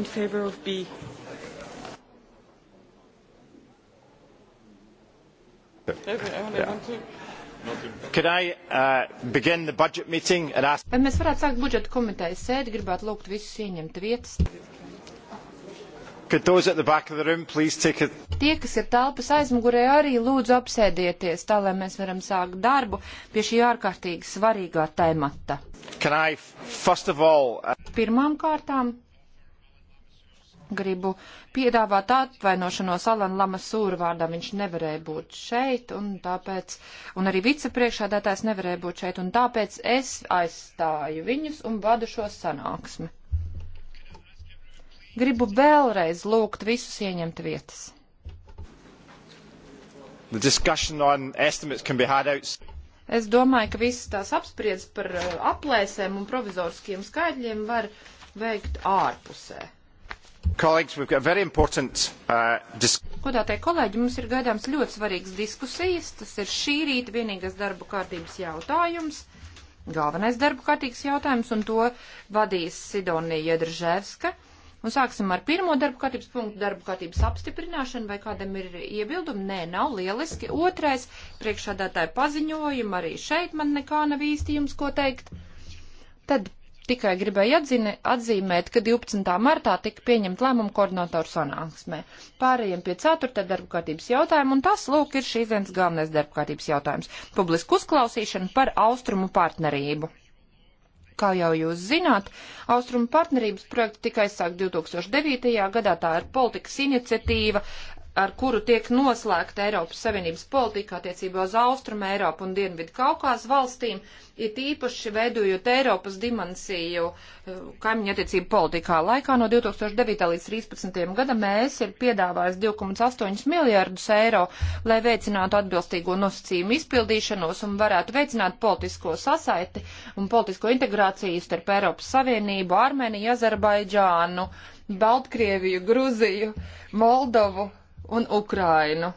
in favor of B? Yeah. Could I uh, begin the budget meeting and ask... Vai mēs varētu sākt budžeta komitejas sēdi, gribētu lūgt visus ieņemt vietas. Could those at the back of the room please take a... Tie, kas ir telpas aizmugurē, arī lūdzu apsēdieties, tā lai mēs varam sākt darbu pie šī ārkārtīgi svarīgā temata. Can I first of all... Uh... Pirmām kārtām gribu piedāvāt atvainošanos Alan Lama Sūra vārdā. Viņš nevarēja būt šeit, un tāpēc, un arī vicepriekšādātājs nevarēja būt šeit, un tāpēc es aizstāju viņus un vadu šo sanāksmi. Gribu vēlreiz lūgt visus ieņemt vietas. Es domāju, ka visas tās apspriedzes par uh, aplēsēm un provizoriskiem skaidļiem var veikt ārpusē. Uh, Godātie kolēģi, mums ir gaidāms ļoti svarīgas diskusijas. Tas ir šī rīta vienīgais darba kārtības jautājums, galvenais darba kārtības jautājums, un to vadīs Sidonija Jedržēvska. Un sāksim ar pirmo darba kārtības punktu, darba kārtības apstiprināšanu, vai kādam ir iebildumi? Nē, nav lieliski. Otrais priekšādātāja paziņojuma, arī šeit man nekā nav īsti jums ko teikt. Tad Tikai gribēju atzine, atzīmēt, ka 12. martā tika pieņemt lēmumu koordinatoru sanāksmē. Pārējiem pie 4. darba kārtības jautājuma, un tas, lūk, ir šīs dienas galvenais darba kārtības jautājums - publisku uzklausīšanu par austrumu partnerību kā jau jūs zināt, Austrumu partnerības projekts tika aizsākt 2009. gadā. Tā ir politikas iniciatīva ar kuru tiek noslēgta Eiropas Savienības politika attiecībā uz Austrumu Eiropu un Dienvidu Kaukās valstīm, ir tīpaši veidojot Eiropas dimensiju uh, kaimiņu attiecību politikā. Laikā no 2009. līdz 2013. gadam mēs ir piedāvājis 2,8 miljārdus eiro, lai veicinātu atbilstīgo nosacījumu izpildīšanos un varētu veicināt politisko sasaiti un politisko integrāciju starp Eiropas Savienību, Armēniju, Azerbaidžānu, Baltkrieviju, Gruziju, Moldovu, un Ukrainu.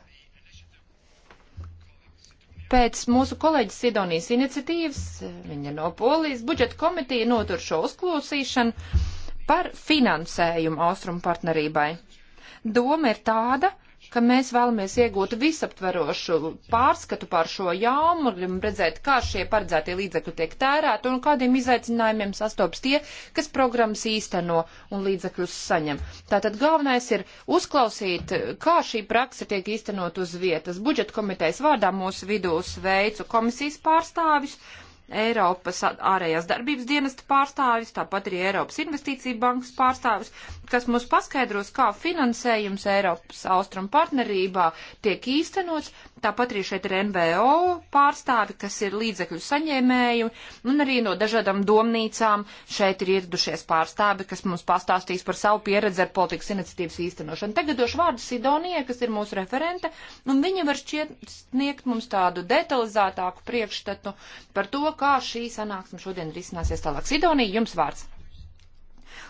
Pēc mūsu kolēģis Sidonijas iniciatīvas, viņa no Polijas, budžeta komiteja notur šo uzklausīšanu par finansējumu austrumu partnerībai. Doma ir tāda, ka mēs vēlamies iegūt visaptverošu pārskatu pār šo jaumu un redzēt, kā šie paredzētie līdzekļi tiek tērēti un kādiem izaicinājumiem sastopas tie, kas programmas īsteno un līdzekļus saņem. Tātad galvenais ir uzklausīt, kā šī praksa tiek īstenot uz vietas. Budžeta komitejas vārdā mūsu vidū sveicu komisijas pārstāvis Eiropas ārējās darbības dienesta pārstāvis, tāpat arī Eiropas investīcija bankas pārstāvis, kas mums paskaidros, kā finansējums Eiropas austrumu partnerībā tiek īstenots, Tāpat arī šeit ir NVO pārstāvi, kas ir līdzekļu saņēmēju, un arī no dažādām domnīcām šeit ir ieradušies pārstāvi, kas mums pastāstīs par savu pieredzi ar politikas iniciatīvas īstenošanu. Tagad došu vārdu Sidonijai, kas ir mūsu referente, un viņa var šķiet sniegt mums tādu detalizētāku priekšstatu par to, kā šī sanāksme šodien risināsies tālāk. Sidonija, jums vārds.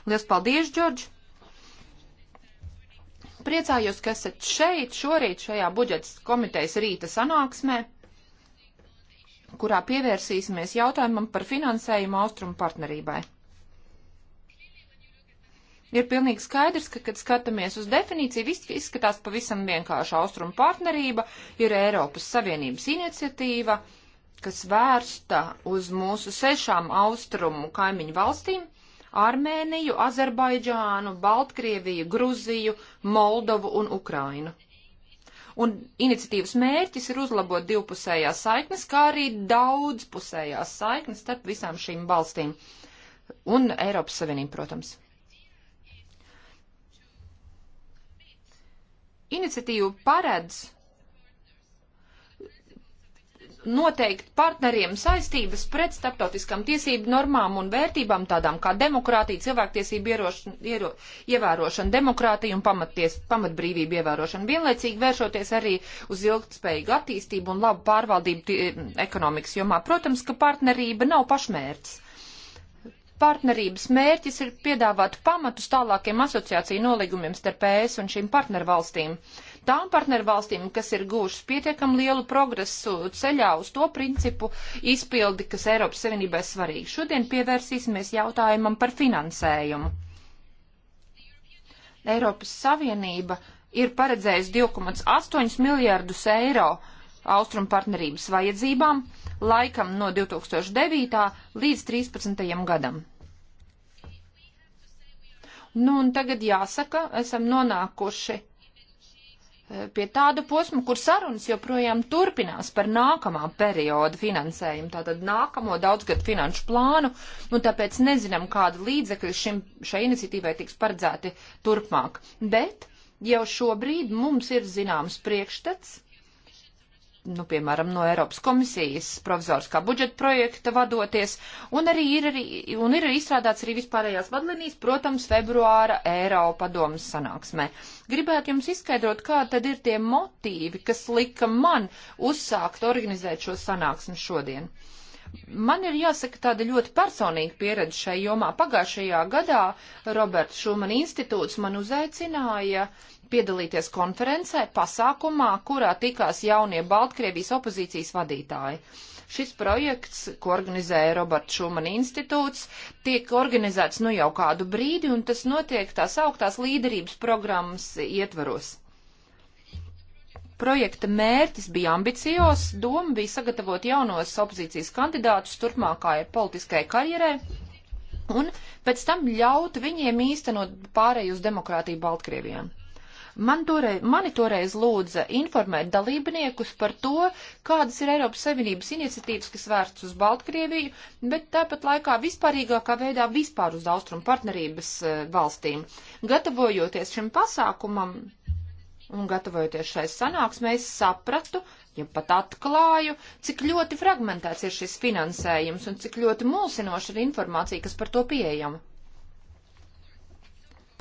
Lielas paldies, Džordž! Priecājos, ka esat šeit šorīt šajā budžetas komitejas rīta sanāksmē, kurā pievērsīsimies jautājumam par finansējumu austrumu partnerībai. Ir pilnīgi skaidrs, ka, kad skatāmies uz definīciju, viss izskatās pavisam vienkārši. Austrumu partnerība ir Eiropas Savienības iniciatīva, kas vērsta uz mūsu sešām austrumu kaimiņu valstīm Armēniju, Azerbaidžānu, Baltkrieviju, Gruziju, Moldovu un Ukrainu. Un iniciatīvas mērķis ir uzlabot divpusējās saiknes, kā arī daudzpusējās saiknes starp visām šīm valstīm un Eiropas Savienību, protams. Iniciatīva paredz noteikt partneriem saistības pret starptautiskām tiesību normām un vērtībām, tādām kā demokrātija, cilvēktiesība ierošana, iero, ievērošana, demokrātija un pamatties, pamatbrīvība ievērošana, vienlaicīgi vēršoties arī uz ilgtspējīgu attīstību un labu pārvaldību ekonomikas jomā. Protams, ka partnerība nav pašmērķis partnerības mērķis ir piedāvāt pamatus tālākiem asociāciju nolīgumiem starp ES un šīm partnervalstīm tām partnervalstīm, kas ir gūšas pietiekam lielu progresu ceļā uz to principu izpildi, kas Eiropas Savienībai svarīgi. Šodien pievērsīsimies jautājumam par finansējumu. Eiropas Savienība ir paredzējusi 2,8 miljārdus eiro austrumu partnerības vajadzībām laikam no 2009. līdz 2013. gadam. Nu, un tagad jāsaka, esam nonākuši pie tāda posma, kur sarunas joprojām turpinās par nākamā perioda finansējumu, tātad nākamo daudzgadu finanšu plānu, un tāpēc nezinām, kāda līdzekļa šim, šai iniciatīvai tiks paredzēti turpmāk. Bet jau šobrīd mums ir zināms priekšstats nu, piemēram, no Eiropas komisijas provizoriskā budžeta projekta vadoties, un arī ir, arī, un ir izstrādāts arī vispārējās vadlinijas, protams, februāra Eiropa domas sanāksmē. Gribētu jums izskaidrot, kā tad ir tie motīvi, kas lika man uzsākt organizēt šo sanāksmi šodien. Man ir jāsaka tāda ļoti personīga pieredze šai jomā. Pagājušajā gadā Roberts Šumana institūts man uzaicināja piedalīties konferencē, pasākumā, kurā tikās jaunie Baltkrievijas opozīcijas vadītāji. Šis projekts, ko organizēja Roberts Šumana institūts, tiek organizēts nu jau kādu brīdi, un tas notiek tās augtās līderības programmas ietvaros. Projekta mērķis bija ambicios, doma bija sagatavot jaunos opozīcijas kandidātus turpmākajai politiskai karjerai un pēc tam ļaut viņiem īstenot pārēju uz demokrātiju Baltkrievijā. Man toreiz, mani toreiz lūdza informēt dalībniekus par to, kādas ir Eiropas Savienības iniciatīvas, kas vērsts uz Baltkrieviju, bet tāpat laikā vispārīgākā veidā vispār uz Austrumu partnerības eh, valstīm. Gatavojoties šim pasākumam un gatavojoties šai sanāksmē, es sapratu, ja pat atklāju, cik ļoti fragmentēts ir šis finansējums un cik ļoti mulsinoša ir informācija, kas par to pieejama.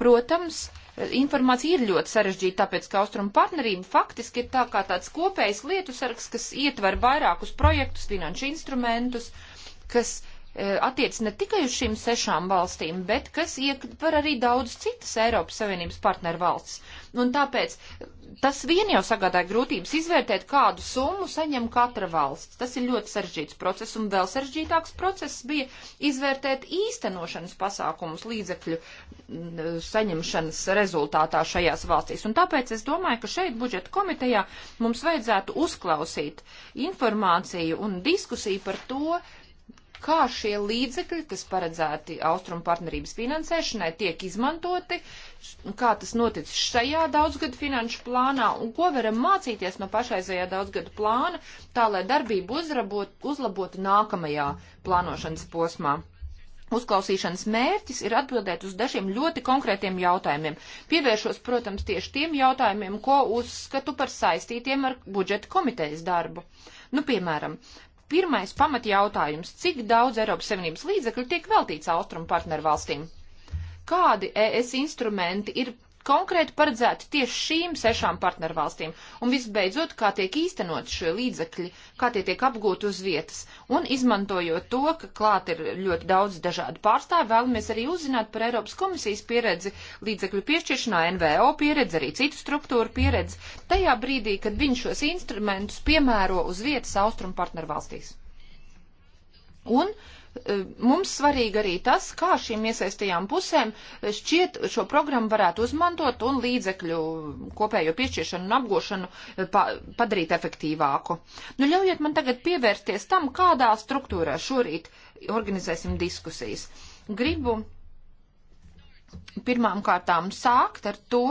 Protams, informācija ir ļoti sarežģīta, tāpēc, ka austrumu partnerība faktiski ir tā kā tāds kopējs lietu sargs, kas ietver vairākus projektus, finanšu instrumentus, kas e, attiec ne tikai uz šīm sešām valstīm, bet kas ietver arī daudz citas Eiropas Savienības partneru valsts. Un tāpēc tas vien jau sagādāja grūtības izvērtēt, kādu summu saņem katra valsts. Tas ir ļoti sarežģīts process, un vēl sarežģītāks process bija izvērtēt īstenošanas pasākumus līdzekļu mm, saņemšanas rezultātā šajās valstīs. Un tāpēc es domāju, ka šeit budžeta komitejā mums vajadzētu uzklausīt informāciju un diskusiju par to, kā šie līdzekļi, kas paredzēti Austrum partnerības finansēšanai, tiek izmantoti uh, Nu, kā tas noticis šajā daudzgadu finanšu plānā un ko varam mācīties no pašreizējā daudzgadu plāna, tā lai darbību uzrabot, uzlabotu nākamajā plānošanas posmā. Uzklausīšanas mērķis ir atbildēt uz dažiem ļoti konkrētiem jautājumiem. Pievēršos, protams, tieši tiem jautājumiem, ko uzskatu par saistītiem ar budžeta komitejas darbu. Nu, piemēram, pirmais pamatjautājums - cik daudz Eiropas Savienības līdzekļu tiek veltīts austrumu partneru valstīm? kādi ES instrumenti ir konkrēti paredzēti tieši šīm sešām partnervalstīm, un visbeidzot, kā tiek īstenot šie līdzekļi, kā tie tiek apgūti uz vietas. Un izmantojot to, ka klāt ir ļoti daudz dažādu pārstāvu, vēlamies arī uzzināt par Eiropas komisijas pieredzi līdzekļu piešķiršanā, NVO pieredzi, arī citu struktūru pieredzi, tajā brīdī, kad viņi šos instrumentus piemēro uz vietas austrumu partnervalstīs. Un Eh, mums svarīgi arī tas, kā šīm iesaistajām pusēm eh, šķiet šo programmu varētu uzmantot un līdzekļu kopējo piešķiršanu un apgošanu eh, pa padarīt efektīvāku. Nu, ļaujiet man tagad pievērsties tam, kādā struktūrā šorīt organizēsim diskusijas. Gribu pirmām kārtām sākt ar to,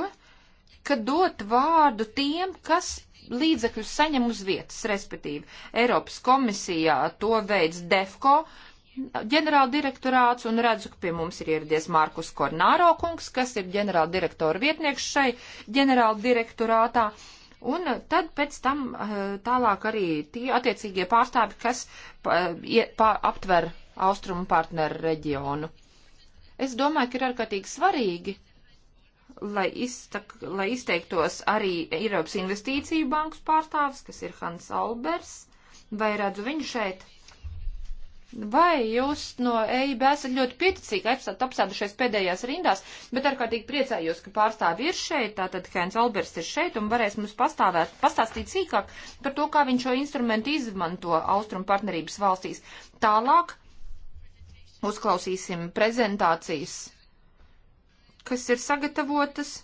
ka dot vārdu tiem, kas līdzekļus saņem uz vietas, respektīvi Eiropas komisijā to veids DEFCO, uh, ģenerāldirektorāts un redzu, ka pie mums ir ieradies Markus Kornāro kungs, kas ir ģenerāldirektora vietnieks šai ģenerāldirektorātā. Un tad pēc tam eh, tālāk arī tie attiecīgie pārstāvi, kas aptver austrumu partneru reģionu. Es domāju, ka ir ārkārtīgi svarīgi lai, iztak, lai izteiktos arī Eiropas investīciju bankas pārstāvis, kas ir Hans Albers. Vai redzu viņu šeit? Vai jūs no EIB esat ļoti pieticīgi, esat apsēdušies pēdējās rindās, bet ārkārtīgi priecājos, ka pārstāvi ir šeit, tātad Hēns Alberts ir šeit un varēs mums pastāvēt, pastāstīt sīkāk par to, kā viņš šo instrumentu izmanto Austrum partnerības valstīs. Tālāk uzklausīsim prezentācijas, kas ir sagatavotas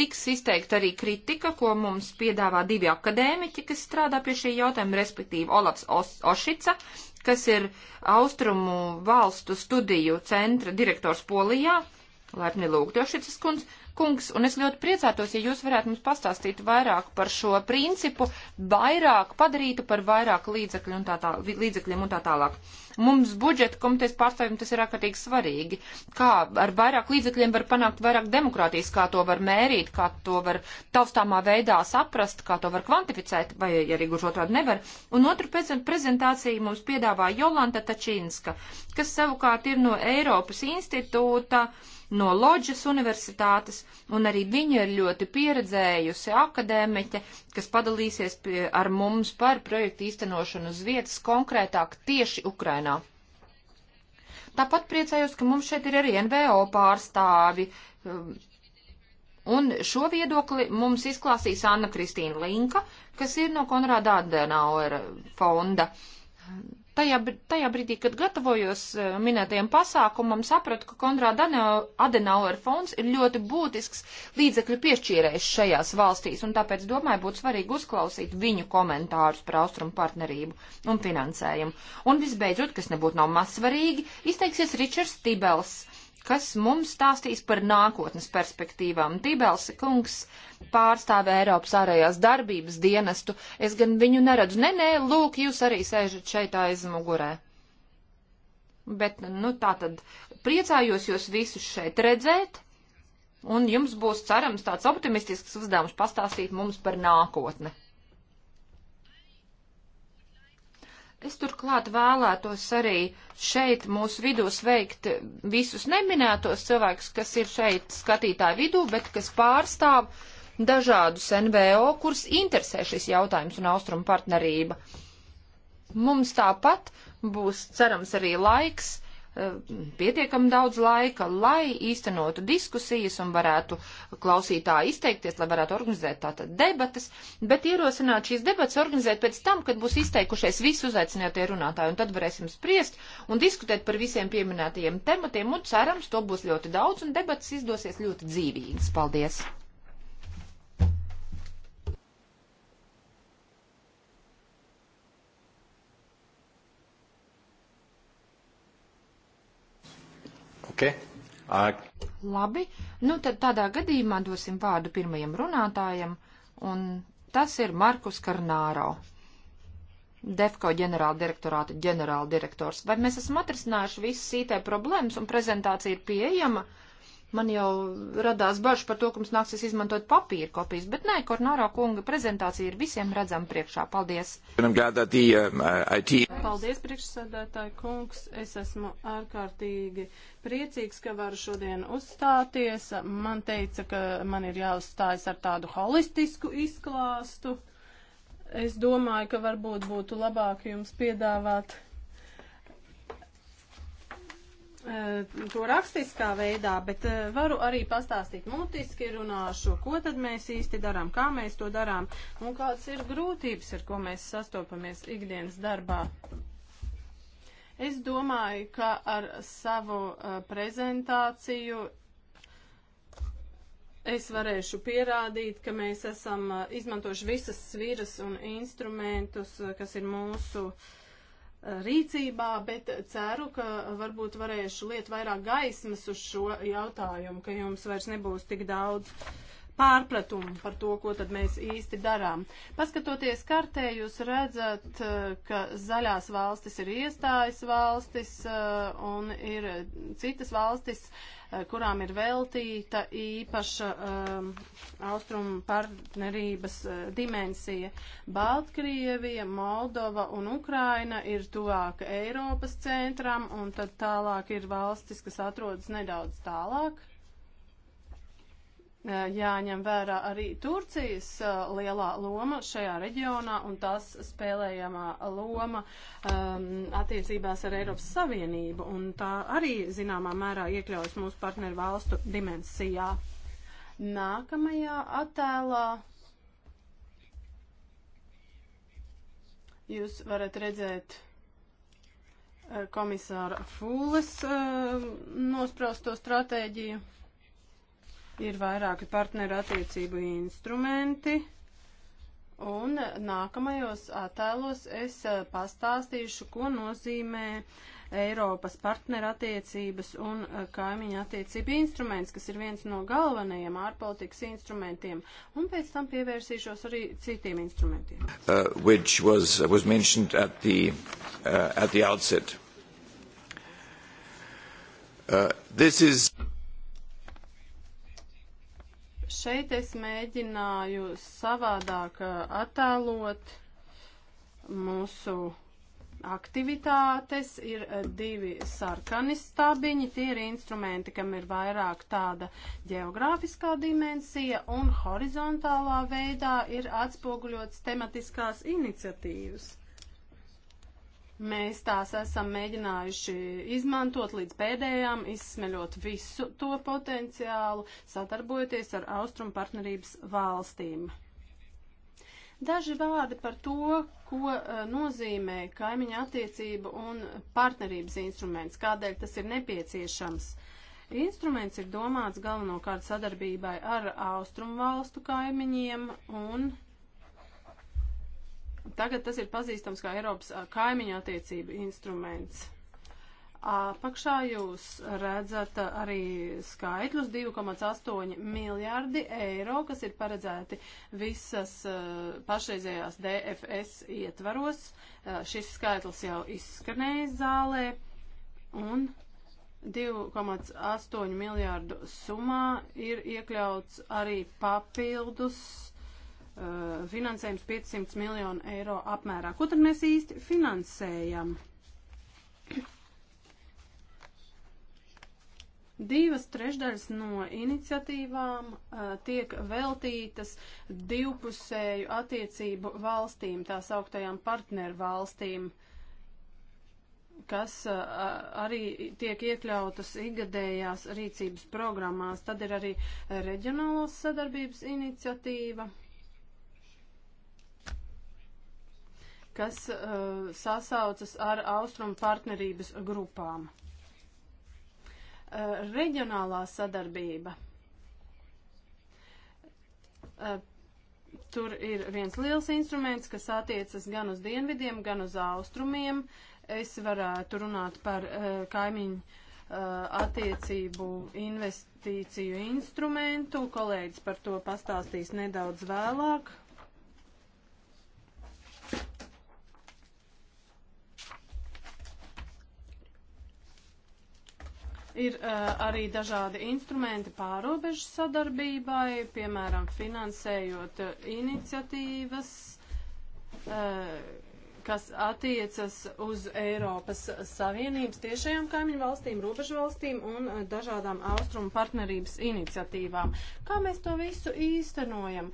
tiks izteikta arī kritika, ko mums piedāvā divi akadēmiķi, kas strādā pie šī jautājuma, respektīvi Olafs Os Ošica, kas ir Austrumu valstu studiju centra direktors Polijā, laipni lūgtu Ošicas kundz, kungs, un es ļoti priecātos, ja jūs varētu mums pastāstīt vairāk par šo principu, vairāk padarītu par vairāk līdzekļu un tā tā, līdzekļiem un tā tālāk. Mums budžeta komitejas pārstāvjiem tas ir ārkārtīgi svarīgi. Kā ar vairāk līdzekļiem var panākt vairāk demokrātijas, kā to var mērīt, kā to var taustāmā veidā saprast, kā to var kvantificēt, vai arī gluži otrādi nevar. Un otru prezentāciju mums piedāvā Jolanta Tačinska, kas savukārt ir no Eiropas institūta. Uh, no Loģas universitātes, un arī viņa ir ļoti pieredzējusi akadēmiķe, kas padalīsies pie, ar mums par projektu īstenošanu uz vietas konkrētāk tieši Ukrainā. Tāpat priecājos, ka mums šeit ir arī NVO pārstāvi. Um, un šo viedokli mums izklāsīs Anna Kristīna Linka, kas ir no Konrāda Adenauera fonda. Tajā, tajā brīdī, kad gatavojos eh, minētajam pasākumam, sapratu, ka Konrāda Adenauer fonds ir ļoti būtisks līdzekļu piešķīrējs šajās valstīs, un tāpēc, domāju, būtu svarīgi uzklausīt viņu komentārus par austrumu partnerību un finansējumu. Un visbeidzot, kas nebūtu nav maz svarīgi, izteiksies Ričards Tibels kas mums stāstīs par nākotnes perspektīvām. Tībelsa kungs pārstāv Eiropas ārējās darbības dienestu. Es gan viņu neredzu. Nē, nē, lūk, jūs arī sēžat šeit aizmugurē. Bet, nu, tā tad priecājos jūs visus šeit redzēt, un jums būs cerams tāds optimistisks uzdevums pastāstīt mums par nākotni. Es turklāt vēlētos arī šeit mūsu vidū sveikt visus neminētos cilvēkus, kas ir šeit skatītāju vidū, bet kas pārstāv dažādus NVO, kurus interesē šis jautājums un austrumu partnerība. Mums tāpat būs cerams arī laiks pietiekam daudz laika, lai īstenotu diskusijas un varētu klausītā izteikties, lai varētu organizēt tātad debatas, bet ierosināt šīs debatas organizēt pēc tam, kad būs izteikušies visi uzaicinātie runātāji, un tad varēsim spriest un diskutēt par visiem pieminētajiem tematiem, un cerams, to būs ļoti daudz, un debatas izdosies ļoti dzīvīgas. Paldies! Okay. I... Labi, nu tad tādā gadījumā dosim vārdu pirmajam runātājam, un tas ir Markus Karnāro, DEFCO ģenerāldirektorāta ģenerāldirektors. Vai mēs esam atrisinājuši visas IT problēmas un prezentācija ir pieejama? Uh, Man jau radās bažas par to, ka mums nāksies izmantot papīra kopijas, bet nē, Kornārā kunga prezentācija ir visiem redzama priekšā. Paldies! Paldies, priekšsēdētāji kungs! Es esmu ārkārtīgi priecīgs, ka varu šodien uzstāties. Man teica, ka man ir jāuzstājas ar tādu holistisku izklāstu. Es domāju, ka varbūt būtu labāk jums piedāvāt Eh, to rakstiskā veidā, bet eh, varu arī pastāstīt mutiski runāšu, ko tad mēs īsti darām, kā mēs to darām un kādas ir grūtības, ar ko mēs sastopamies ikdienas darbā. Es domāju, ka ar savu uh, prezentāciju es varēšu pierādīt, ka mēs esam uh, izmantojuši visas sviras un instrumentus, uh, kas ir mūsu uh, rīcībā, bet ceru, ka varbūt varēšu liet vairāk gaismas uz šo jautājumu, ka jums vairs nebūs tik daudz pārpratumu par to, ko tad mēs īsti darām. Paskatoties kartē, jūs redzat, ka zaļās valstis ir iestājas valstis eh, un ir citas valstis, uh, Eh, kurām ir veltīta īpaša um, austrumu partnerības uh, dimensija. Baltkrievija, Moldova un Ukraina ir tuvāk Eiropas centram, un tad tālāk ir valstis, kas atrodas nedaudz tālāk Eh, jāņem vērā arī Turcijas eh, lielā loma šajā reģionā un tās spēlējamā loma um, attiecībās ar Eiropas Savienību. Un tā arī zināmā mērā iekļaujas mūsu partneru valstu dimensijā. Nākamajā attēlā jūs varat redzēt eh, komisāra Fūles um, nospraustu stratēģiju ir vairāki partneru attiecību instrumenti. Un nākamajos attēlos es eh, pastāstīšu, ko nozīmē Eiropas partnerattiecības un eh, kaimiņa attiecība instruments, kas ir viens no galvenajiem ārpolitikas instrumentiem, un pēc tam pievērsīšos arī citiem instrumentiem. Uh, which was, uh, was mentioned at the, uh, at the outset. Uh, this is... Šeit es mēģināju savādāk uh, attēlot mūsu aktivitātes. Ir uh, divi sarkani stabiņi, tie ir instrumenti, kam ir vairāk tāda geogrāfiskā dimensija, un horizontālā veidā ir atspoguļots tematiskās iniciatīvas. Mēs tās esam mēģinājuši izmantot līdz pēdējām, izsmeļot visu to potenciālu, sadarbojoties ar Austrum partnerības valstīm. Daži vārdi par to, ko eh, nozīmē kaimiņa attiecība un partnerības instruments, kādēļ tas ir nepieciešams. Instruments ir domāts galvenokārt sadarbībai ar austrumu valstu kaimiņiem un Tagad tas ir pazīstams kā Eiropas kaimiņa attiecību instruments. Apakšā jūs redzat arī skaitļus 2,8 miljārdi eiro, kas ir paredzēti visas pašreizējās DFS ietvaros. Šis skaitlis jau izskanējis zālē un 2,8 miljārdu summā ir iekļauts arī papildus Uh, finansējums 500 miljonu eiro apmērā. Ko tad mēs īsti finansējam? Divas trešdaļas no iniciatīvām uh, tiek veltītas divpusēju attiecību valstīm, tā sauktajām partneru valstīm, kas uh, arī tiek iekļautas ikgadējās rīcības programmās. Tad ir arī reģionālās sadarbības iniciatīva. kas uh, sasaucas ar austrumu partnerības grupām. Uh, reģionālā sadarbība. Uh, tur ir viens liels instruments, kas attiecas gan uz dienvidiem, gan uz austrumiem. Es varētu runāt par uh, kaimiņu uh, attiecību investīciju instrumentu. Kolēģis par to pastāstīs nedaudz vēlāk. Ir uh, arī dažādi instrumenti pārobežu sadarbībai, piemēram, finansējot uh, iniciatīvas, uh, kas attiecas uz Eiropas Savienības tiešajām kaimiņu valstīm, robežu valstīm un uh, dažādām austrumu partnerības iniciatīvām. Kā mēs to visu īstenojam?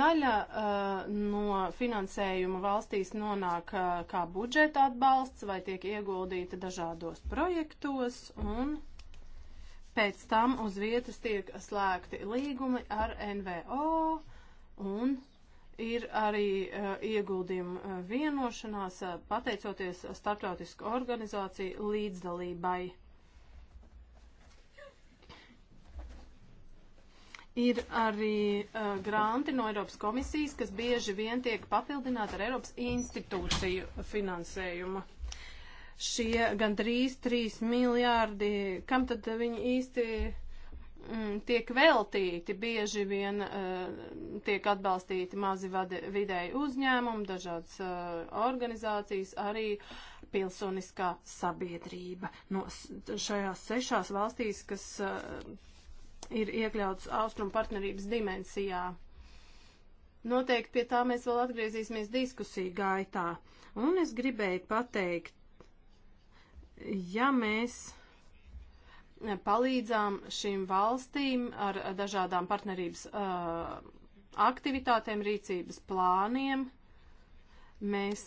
Daļa uh, no finansējuma valstīs nonāk uh, kā budžeta atbalsts vai tiek ieguldīta dažādos projektos un. Pēc tam uz vietas tiek slēgti līgumi ar NVO un ir arī uh, eh, ieguldījuma eh, vienošanās, uh, pateicoties starptautisku organizāciju līdzdalībai. Ir arī uh, granti no Eiropas komisijas, kas bieži vien tiek papildināti ar Eiropas institūciju finansējumu šie gandrīz 3 miljārdi, kam tad viņi īsti mm, tiek veltīti, bieži vien uh, tiek atbalstīti mazi vade, vidēji uzņēmumi, dažādas uh, organizācijas, arī pilsoniskā sabiedrība no šajās sešās valstīs, kas uh, ir iekļauts austrumu partnerības dimensijā. Noteikti pie tā mēs vēl atgriezīsimies diskusiju gaitā. Un es gribēju pateikt, ja mēs palīdzām šīm valstīm ar dažādām partnerības uh, aktivitātēm, rīcības plāniem, mēs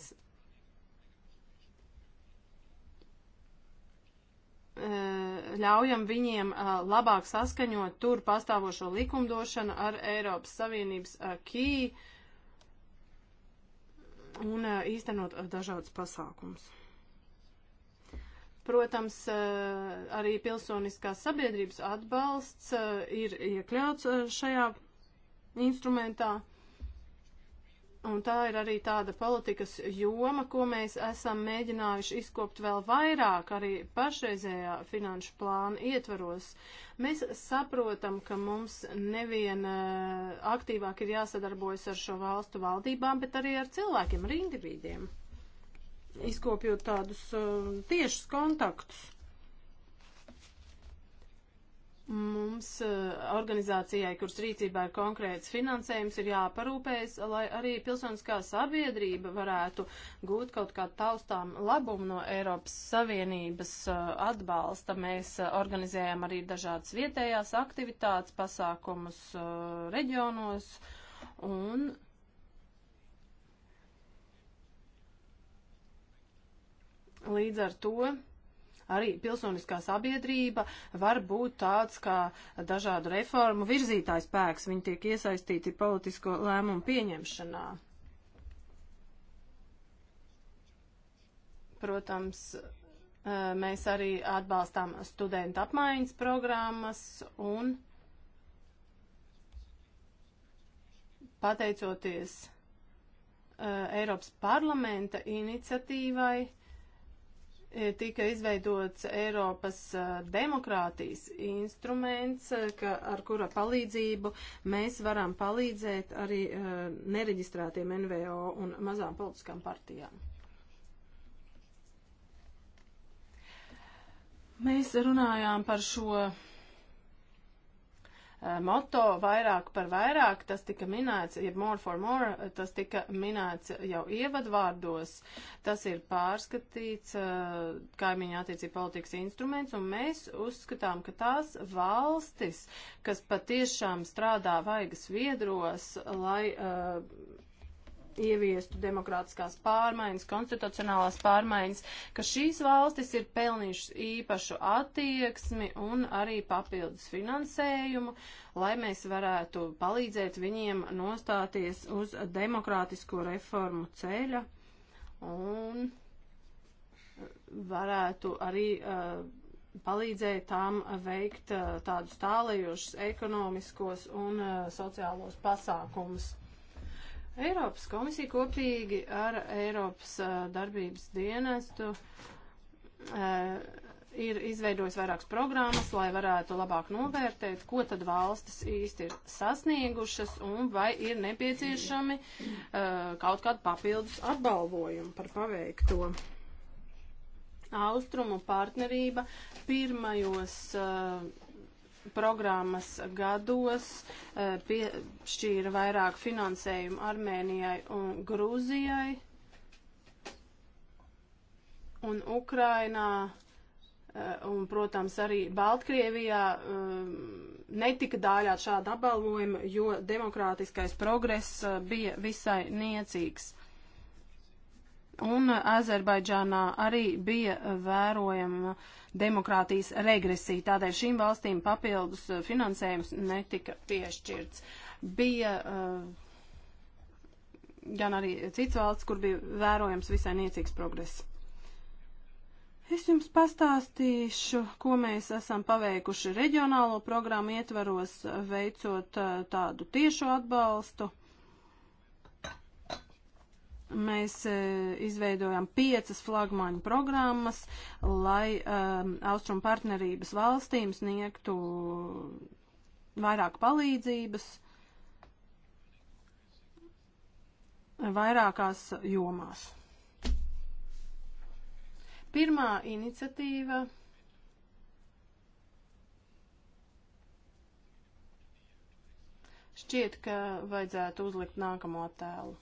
uh, ļaujam viņiem uh, labāk saskaņot tur pastāvošo likumdošanu ar Eiropas Savienības uh, kī un īstenot dažādas pasākums. Protams, eh, arī pilsoniskās sabiedrības atbalsts eh, ir iekļauts eh, šajā instrumentā. Un tā ir arī tāda politikas joma, ko mēs esam mēģinājuši izkopt vēl vairāk arī pašreizējā finanšu plāna ietvaros. Mēs saprotam, ka mums nevien aktīvāk ir jāsadarbojas ar šo valstu valdībām, bet arī ar cilvēkiem, ar individiem izkopjot tādus uh, tiešus kontaktus. Mums uh, organizācijai, kuras rīcībā ir konkrēts finansējums, ir jāparūpējas, lai arī pilsoniskā sabiedrība varētu gūt kaut kā taustām labumu no Eiropas Savienības uh, atbalsta. Mēs uh, organizējam arī dažādas vietējās aktivitātes, pasākumus uh, reģionos un Līdz ar to arī pilsoniskā sabiedrība var būt tāds kā dažādu reformu virzītājs spēks. Viņi tiek iesaistīti politisko lēmumu pieņemšanā. Protams, eh, mēs arī atbalstām studentu apmaiņas programmas un pateicoties eh, Eiropas parlamenta iniciatīvai, tika izveidots Eiropas demokrātijas instruments, ka, ar kura palīdzību mēs varam palīdzēt arī nereģistrētiem NVO un mazām politiskām partijām. Mēs runājām par šo Eh, moto vairāk par vairāk, tas tika minēts, jeb more for more, eh, tas tika minēts jau ievadvārdos, tas ir pārskatīts eh, kaimiņa attiecība politikas instruments, un mēs uzskatām, ka tās valstis, kas patiešām strādā vaigas viedros, lai uh, ieviestu demokrātiskās pārmaiņas, konstitucionālās pārmaiņas, ka šīs valstis ir pelnījušas īpašu attieksmi un arī papildus finansējumu, lai mēs varētu palīdzēt viņiem nostāties uz demokrātisko reformu ceļa un varētu arī uh, palīdzēja tām veikt uh, tādus tālējošus ekonomiskos un uh, sociālos pasākumus. Eiropas komisija kopīgi ar Eiropas darbības dienestu ir izveidojis vairākas programmas, lai varētu labāk novērtēt, ko tad valstis īsti ir sasniegušas un vai ir nepieciešami uh, kaut kādu papildus apbalvojumu par paveikto. Austrumu partnerība pirmajos uh, programmas gados eh, piešķīra vairāk finansējumu Armēnijai un Grūzijai. Un Ukrainā, eh, un, protams, arī Baltkrievijā eh, netika dāļāt šāda apbalvojuma, jo demokrātiskais progress bija visai niecīgs. Un Azerbaidžānā arī bija vērojama demokrātijas regresija, tādēļ šīm valstīm papildus finansējums netika piešķirts. Bija uh, gan arī cits valsts, kur bija vērojams visai niecīgs progress. Es jums pastāstīšu, ko mēs esam paveikuši reģionālo programmu ietvaros, veicot eh, tādu tiešu atbalstu mēs e, izveidojam piecas flagmaņu programmas, lai e, Austrum partnerības valstīm sniegtu vairāk palīdzības vairākās jomās. Pirmā iniciatīva šķiet, ka vajadzētu uzlikt nākamo tēlu.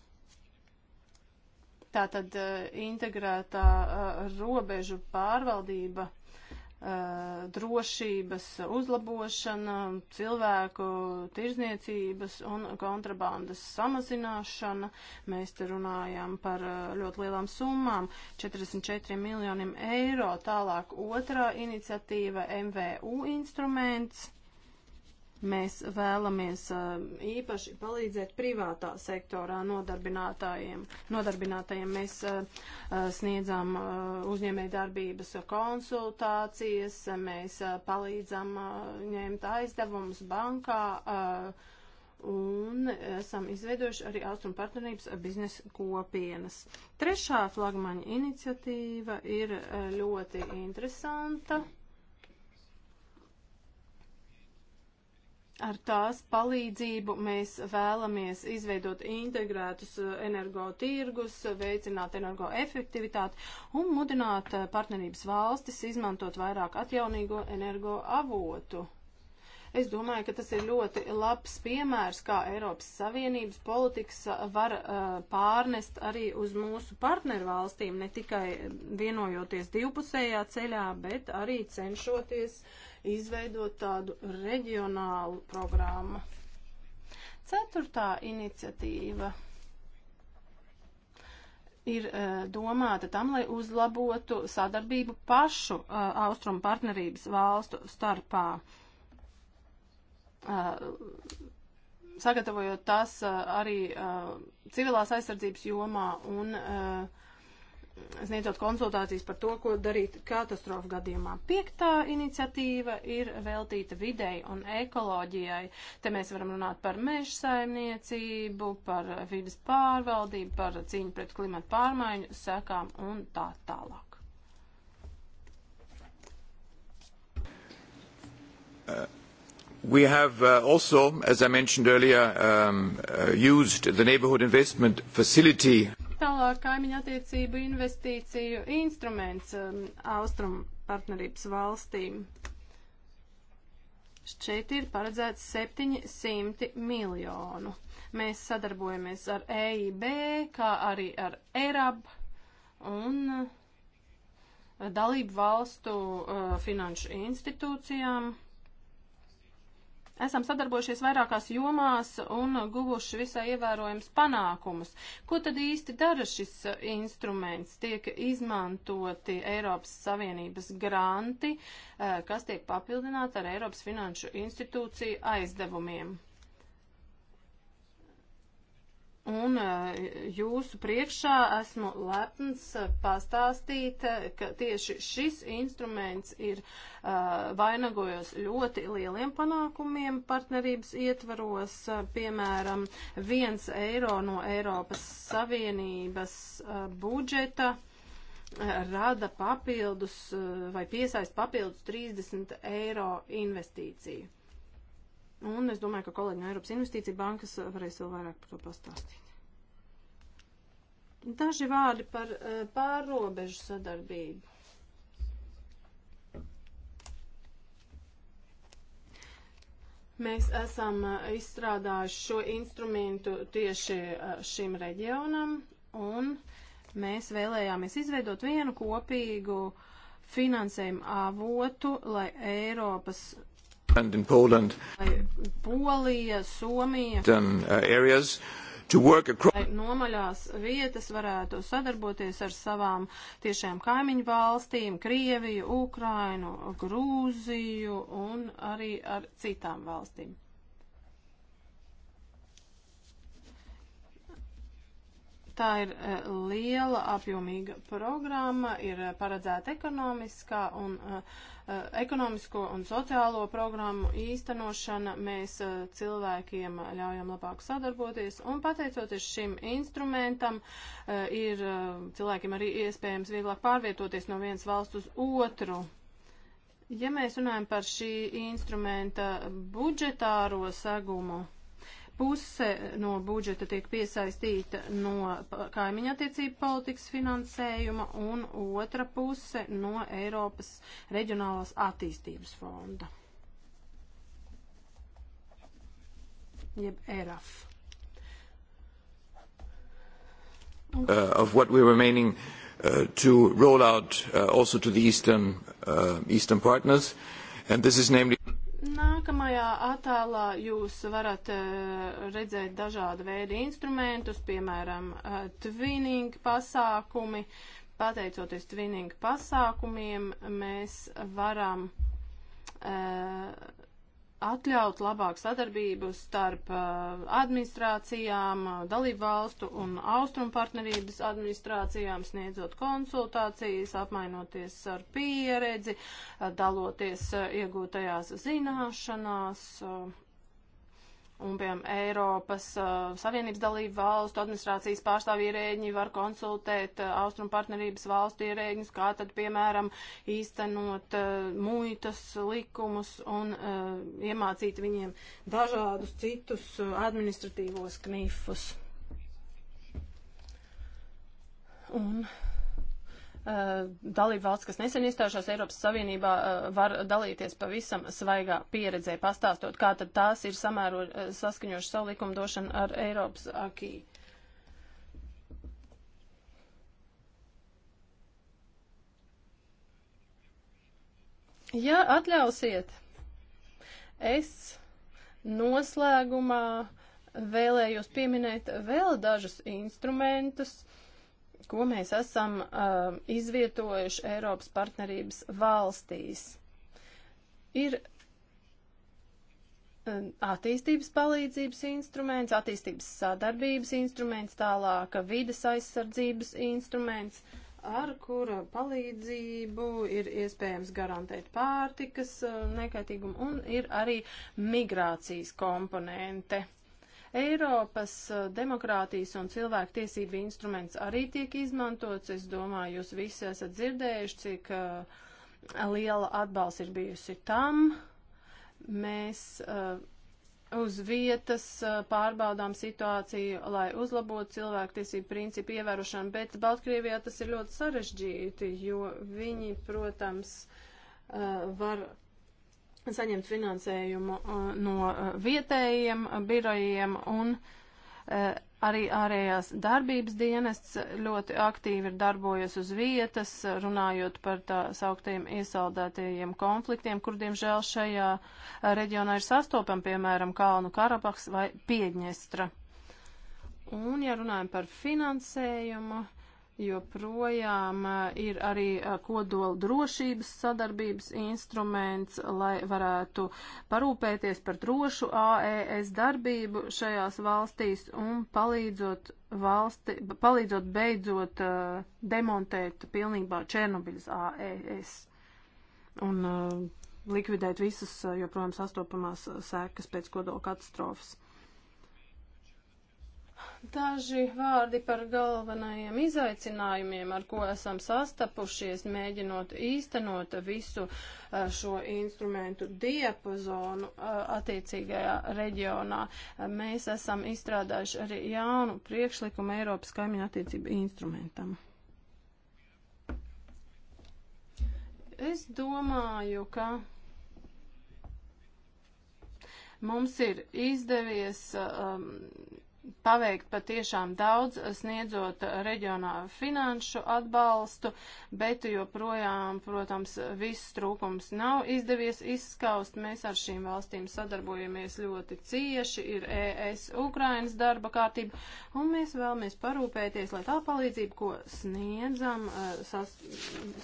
Tātad eh, integrētā eh, robežu pārvaldība eh, drošības uzlabošana, cilvēku tirzniecības un kontrabandas samazināšana. Mēs te runājam par ļoti lielām summām - 44 miljoniem eiro. Tālāk otrā iniciatīva - MVU instruments. Mēs vēlamies eh, īpaši palīdzēt privātā sektorā nodarbinātājiem. nodarbinātājiem mēs eh, eh, sniedzam uzņēmēju darbības konsultācijas, mēs palīdzam ņemt aizdevumus bankā un esam izveidojuši arī Austrum partnerības biznesa kopienas. Trešā flagmaņa iniciatīva ir ļoti interesanta. Mm Ar tās palīdzību mēs vēlamies izveidot integrētus uh, energotirgus, veicināt energoefektivitāti un mudināt uh, partnerības valstis izmantot vairāk atjaunīgo energoavotu. Es domāju, ka tas ir ļoti labs piemērs, kā Eiropas Savienības politikas uh, var uh, pārnest arī uz mūsu partnervalstīm, ne tikai vienojoties divpusējā ceļā, bet arī cenšoties uh, izveidot tādu reģionālu programmu. Ceturtā iniciatīva ir e, domāta tam, lai uzlabotu sadarbību pašu e, austrumu partnerības valstu starpā. E, sagatavojot tas arī civilās aizsardzības jomā un uh, sniedzot konsultācijas par to, ko darīt katastrofu gadījumā. Piektā iniciatīva ir veltīta videi un ekoloģijai. Te mēs varam runāt par meža saimniecību, par vidas pārvaldību, par cīņu pret klimatu pārmaiņu sekām un tā tālāk. Uh, we have uh, also, as I mentioned earlier, um, uh, used the Neighbourhood Investment Facility Tālāk kaimiņa attiecību investīciju instruments um, Austrum partnerības valstīm. Šeit ir paredzēts 700 miljonu. Mēs sadarbojamies ar EIB, kā arī ar ERAB un uh, dalību valstu uh, finanšu institūcijām. Esam sadarbojušies vairākās jomās un guvuši visai ievērojams panākumus. Ko tad īsti dara šis eh, instruments? Tiek izmantoti Eiropas Savienības granti, eh, kas tiek papildināti ar Eiropas finanšu institūciju aizdevumiem. Un eh, jūsu priekšā esmu lepns eh, pastāstīt, eh, ka tieši šis instruments ir vainagojos ļoti lieliem panākumiem partnerības ietvaros. Piemēram, viens eiro no Eiropas Savienības budžeta rada papildus vai piesaist papildus 30 eiro investīciju. Un es domāju, ka kolēģi no Eiropas Investīcija bankas varēs vēl vairāk par to pastāstīt. Daži vārdi par eh, pārrobežu sadarbību. Mēs esam eh, izstrādājuši šo instrumentu tieši eh, šim reģionam, un mēs vēlējāmies izveidot vienu kopīgu finansējumu avotu, lai Eiropas Polija, Somija. And, um, uh, areas, Across... Nomaļās vietas varētu sadarboties ar savām tiešām kaimiņu valstīm, Krieviju, Ukrainu, Grūziju un arī ar citām valstīm. Tā ir eh, liela apjomīga programma, ir eh, paredzēta ekonomiskā un eh, ekonomisko un sociālo programmu īstenošana. Mēs cilvēkiem ļaujam labāk sadarboties un pateicoties šim instrumentam ir cilvēkiem arī iespējams vieglāk pārvietoties no vienas valsts uz otru. Ja mēs runājam par šī instrumenta budžetāro segumu, Puse no budžeta tiek piesaistīta no kaimiņa attiecību politikas finansējuma un otra puse no Eiropas reģionālās attīstības fonda. Jeb ERAF. Uh, of what we're remaining uh, to roll out uh, also to the eastern, uh, eastern partners. And this is namely Nākamajā attēlā jūs varat eh, redzēt dažādu veidu instrumentus, piemēram, eh, twinning pasākumi. Pateicoties twinning pasākumiem, mēs varam uh, atļaut labāku sadarbību starp uh, administrācijām, uh, dalību valstu un austrumu partnerības administrācijām, sniedzot konsultācijas, apmainoties ar pieredzi, uh, daloties iegūtajās zināšanās Un, piemēram, Eiropas uh, Savienības dalību valstu administrācijas pārstāvji ierēģi var konsultēt uh, Austrum partnerības valstu ierēģis, kā tad, piemēram, īstenot uh, muitas likumus un uh, iemācīt viņiem dažādus citus uh, administratīvos knifus. Un Eh, dalību valsts, kas nesen iestājušās Eiropas Savienībā, eh, var dalīties pavisam svaigā pieredzē, pastāstot, kā tad tās ir samēro eh, saskaņojuši savu likumdošanu ar Eiropas akī. Ja atļausiet, es noslēgumā vēlējos pieminēt vēl dažus instrumentus, ko mēs esam uh, izvietojuši Eiropas partnerības valstīs. Ir um, attīstības palīdzības instruments, attīstības sadarbības instruments, tālāk vides aizsardzības instruments, ar kura palīdzību ir iespējams garantēt pārtikas uh, nekaitīgumu un ir arī migrācijas komponente. Eiropas eh, demokrātijas un cilvēktiesība instruments arī tiek izmantots. Es domāju, jūs visi esat dzirdējuši, cik uh, liela atbalsts ir bijusi tam. Mēs uh, uz vietas pārbaudām situāciju, lai uzlabotu cilvēktiesību principu ievērošanu, bet Baltkrievijā tas ir ļoti sarežģīti, jo viņi, protams, var saņemt finansējumu uh, no uh, vietējiem uh, birojiem un arī ārējās darbības dienests ļoti aktīvi ir darbojies uz vietas, runājot par tā sauktiem iesaldētajiem konfliktiem, kur, diemžēl, šajā reģionā ir sastopam, piemēram, Kalnu Karabaks vai Piedņestra. Un, ja runājam par finansējumu, joprojām ir arī kodola drošības sadarbības instruments, lai varētu parūpēties par drošu AES darbību šajās valstīs un palīdzot, valsti, palīdzot beidzot uh, demontēt pilnībā Černobiļas AES un uh, likvidēt visas joprojām sastopamās sēkas pēc kodola katastrofas. Daži vārdi par galvenajiem izaicinājumiem, ar ko esam sastapušies, mēģinot īstenot visu eh, šo instrumentu diapazonu eh, attiecīgajā reģionā. Eh, mēs esam izstrādājuši arī jaunu priekšlikumu Eiropas kaimiņu attiecību instrumentam. Es domāju, ka mums ir izdevies um, paveikt patiešām daudz, sniedzot reģionā finanšu atbalstu, bet joprojām, protams, viss trūkums nav izdevies izskaust. Mēs ar šīm valstīm sadarbojamies ļoti cieši, ir ES Ukrainas darba kārtība, un mēs vēlamies parūpēties, lai tā palīdzība, ko sniedzam, eh, sas,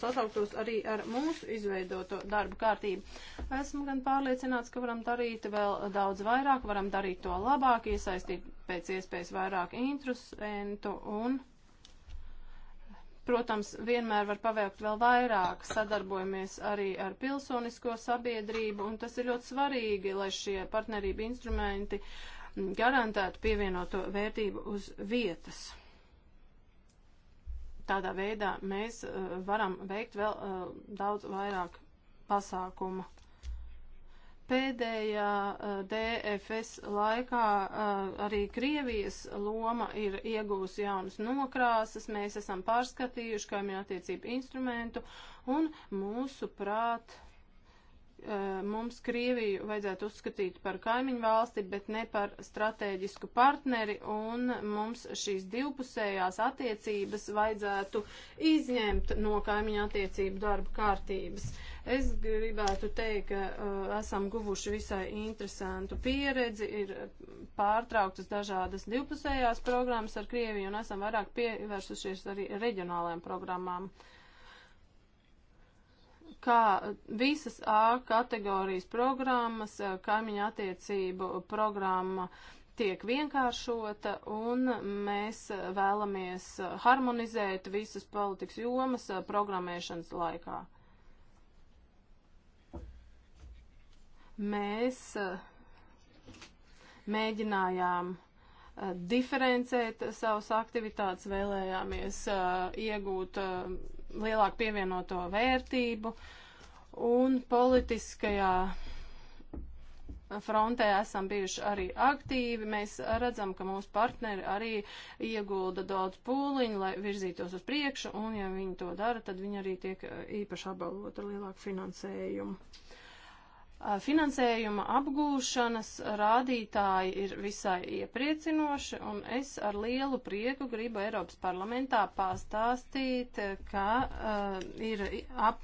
sasauktos arī ar mūsu izveidoto darba kārtību. Esmu gan pārliecināts, ka varam darīt vēl daudz vairāk, varam darīt to labāk, iesaistīt pēc pēc iespējas vairāk intrusentu un protams, vienmēr var paveikt vēl vairāk, sadarbojamies arī ar pilsonisko sabiedrību, un tas ir ļoti svarīgi, lai šie partnerība instrumenti garantētu pievienoto vērtību uz vietas. Tādā veidā mēs uh, varam veikt vēl uh, daudz vairāk pasākumu. Pēdējā eh, DFS laikā eh, arī Krievijas loma ir iegūsi jaunas nokrāsas, mēs esam pārskatījuši kaimiņu attiecību instrumentu un mūsu prāt Eh, mums Krieviju vajadzētu uzskatīt par kaimiņu valsti, bet ne par strateģisku partneri, un mums šīs divpusējās attiecības vajadzētu izņemt no kaimiņu attiecību darba kārtības. Es gribētu teikt, ka eh, esam guvuši visai interesantu pieredzi, ir pārtrauktas dažādas divpusējās programmas ar Krieviju, un esam vairāk pievērsušies arī reģionālajām programmām. Uh, kā visas A kategorijas programmas, eh, kaimiņa attiecību programma tiek vienkāršota un mēs vēlamies eh, harmonizēt visas politikas jomas eh, programmēšanas laikā. Mēs mēģinājām diferencēt savas aktivitātes, vēlējāmies iegūt lielāku pievienoto vērtību un politiskajā frontē esam bijuši arī aktīvi. Mēs redzam, ka mūsu partneri arī iegulda daudz pūliņu, lai virzītos uz priekšu, un ja viņi to dara, tad viņi arī tiek īpaši apbalvot ar lielāku finansējumu. Finansējuma apgūšanas rādītāji ir visai iepriecinoši, un es ar lielu prieku gribu Eiropas parlamentā pastāstīt, ka uh, ir ap,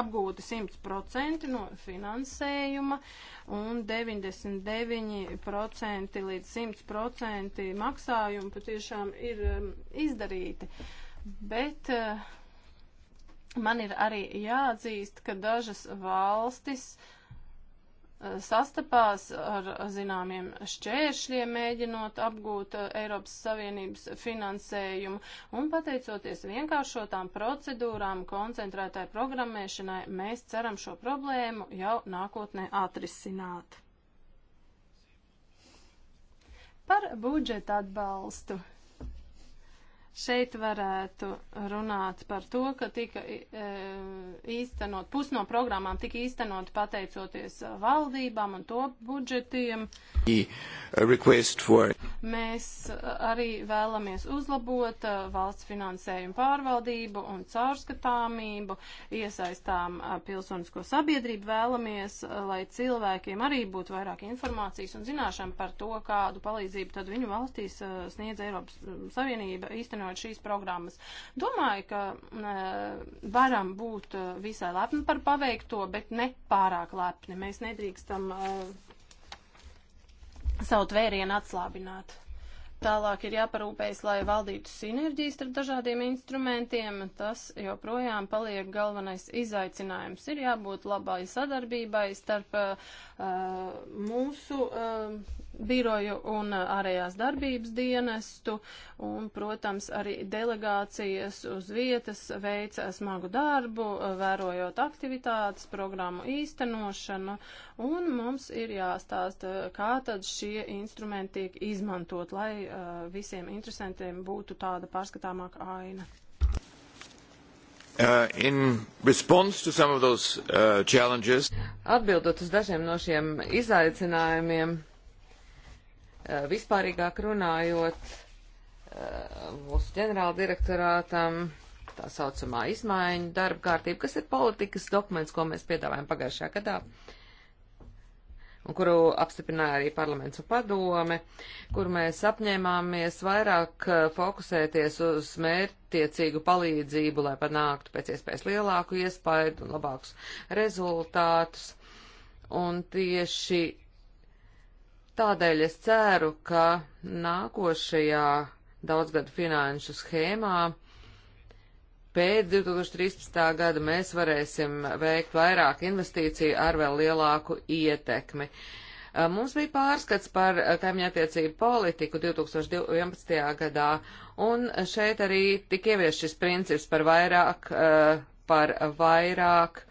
apgūti 100% no finansējuma un 99% līdz 100% maksājumi patiešām ir um, izdarīti. Bet uh, man ir arī jāatzīst, ka dažas valstis uh, sastapās ar zināmiem šķēršļiem, mēģinot apgūt eh, Eiropas Savienības finansējumu, un pateicoties vienkāršotām procedūrām, koncentrētai programmēšanai, mēs ceram šo problēmu jau nākotnē atrisināt. Par budžeta atbalstu. Šeit varētu runāt par to, ka tika e, īstenot, pus no programmām tika īstenot pateicoties e, valdībām un to budžetiem. E, Mēs arī vēlamies uzlabot valsts finansējumu pārvaldību un caurskatāmību, iesaistām pilsonisko sabiedrību, vēlamies, lai cilvēkiem arī būtu vairāk informācijas un zināšana par to, kādu palīdzību tad viņu valstīs sniedz Eiropas Savienība īstenot īstenot šīs programmas. Domāju, ka e, varam būt e, visai lepni par paveikto, bet ne pārāk lepni. Mēs nedrīkstam e, savu tvērienu atslābināt. Tālāk ir jāparūpējas, lai valdītu sinerģijas starp dažādiem instrumentiem. Tas joprojām paliek galvenais izaicinājums. Ir jābūt labai sadarbībai starp uh, mūsu eh, biroju un ārējās darbības dienestu, un, protams, arī delegācijas uz vietas veica smagu darbu, eh, vērojot aktivitātes, programmu īstenošanu, un mums ir jāstāsta, kā tad šie instrumenti tiek izmantot, lai eh, visiem interesantiem būtu tāda pārskatāmāka aina. Uh, in response to some of those uh, challenges. Atbildot uz dažiem no šiem izaicinājumiem, uh, vispārīgāk runājot uh, mūsu ģenerāla direktorātam, tā saucamā izmaiņu darba kārtība, kas ir politikas dokuments, ko mēs piedāvājam pagājušajā gadā. Uh, un kuru apstiprināja arī parlaments un padome, kur mēs apņēmāmies vairāk eh, fokusēties uz mērķtiecīgu palīdzību, lai panāktu pēc iespējas lielāku iespaidu un labākus rezultātus. Un tieši tādēļ es ceru, ka nākošajā daudzgadu finanšu schēmā pēc 2013. gada mēs varēsim veikt vairāk investīciju ar vēl lielāku ietekmi. Mums bija pārskats par kaimiņattiecību politiku 2011. gadā, un šeit arī tik ievies šis princips par vairāk, par vairāk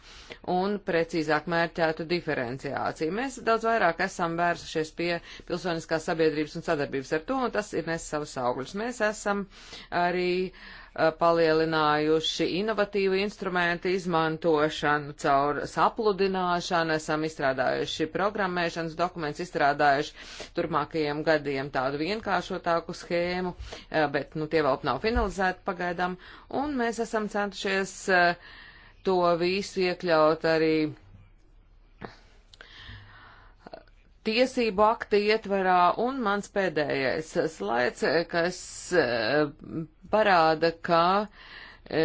un precīzāk mērķētu diferenciāciju. Mēs daudz vairāk esam vērsušies pie pilsoniskās sabiedrības un sadarbības ar to, un tas ir nes savus augļus. Mēs esam arī uh, Eh, palielinājuši inovatīvu instrumentu izmantošanu caur sapludināšanu, esam izstrādājuši programmēšanas dokumentus, izstrādājuši turpmākajiem gadiem tādu vienkāršotāku schēmu, eh, bet nu, tie vēl nav finalizēti pagaidām, un mēs esam centušies eh, to visu iekļaut arī tiesību akta ietvarā, un mans pēdējais slaids, kas parāda, ka e,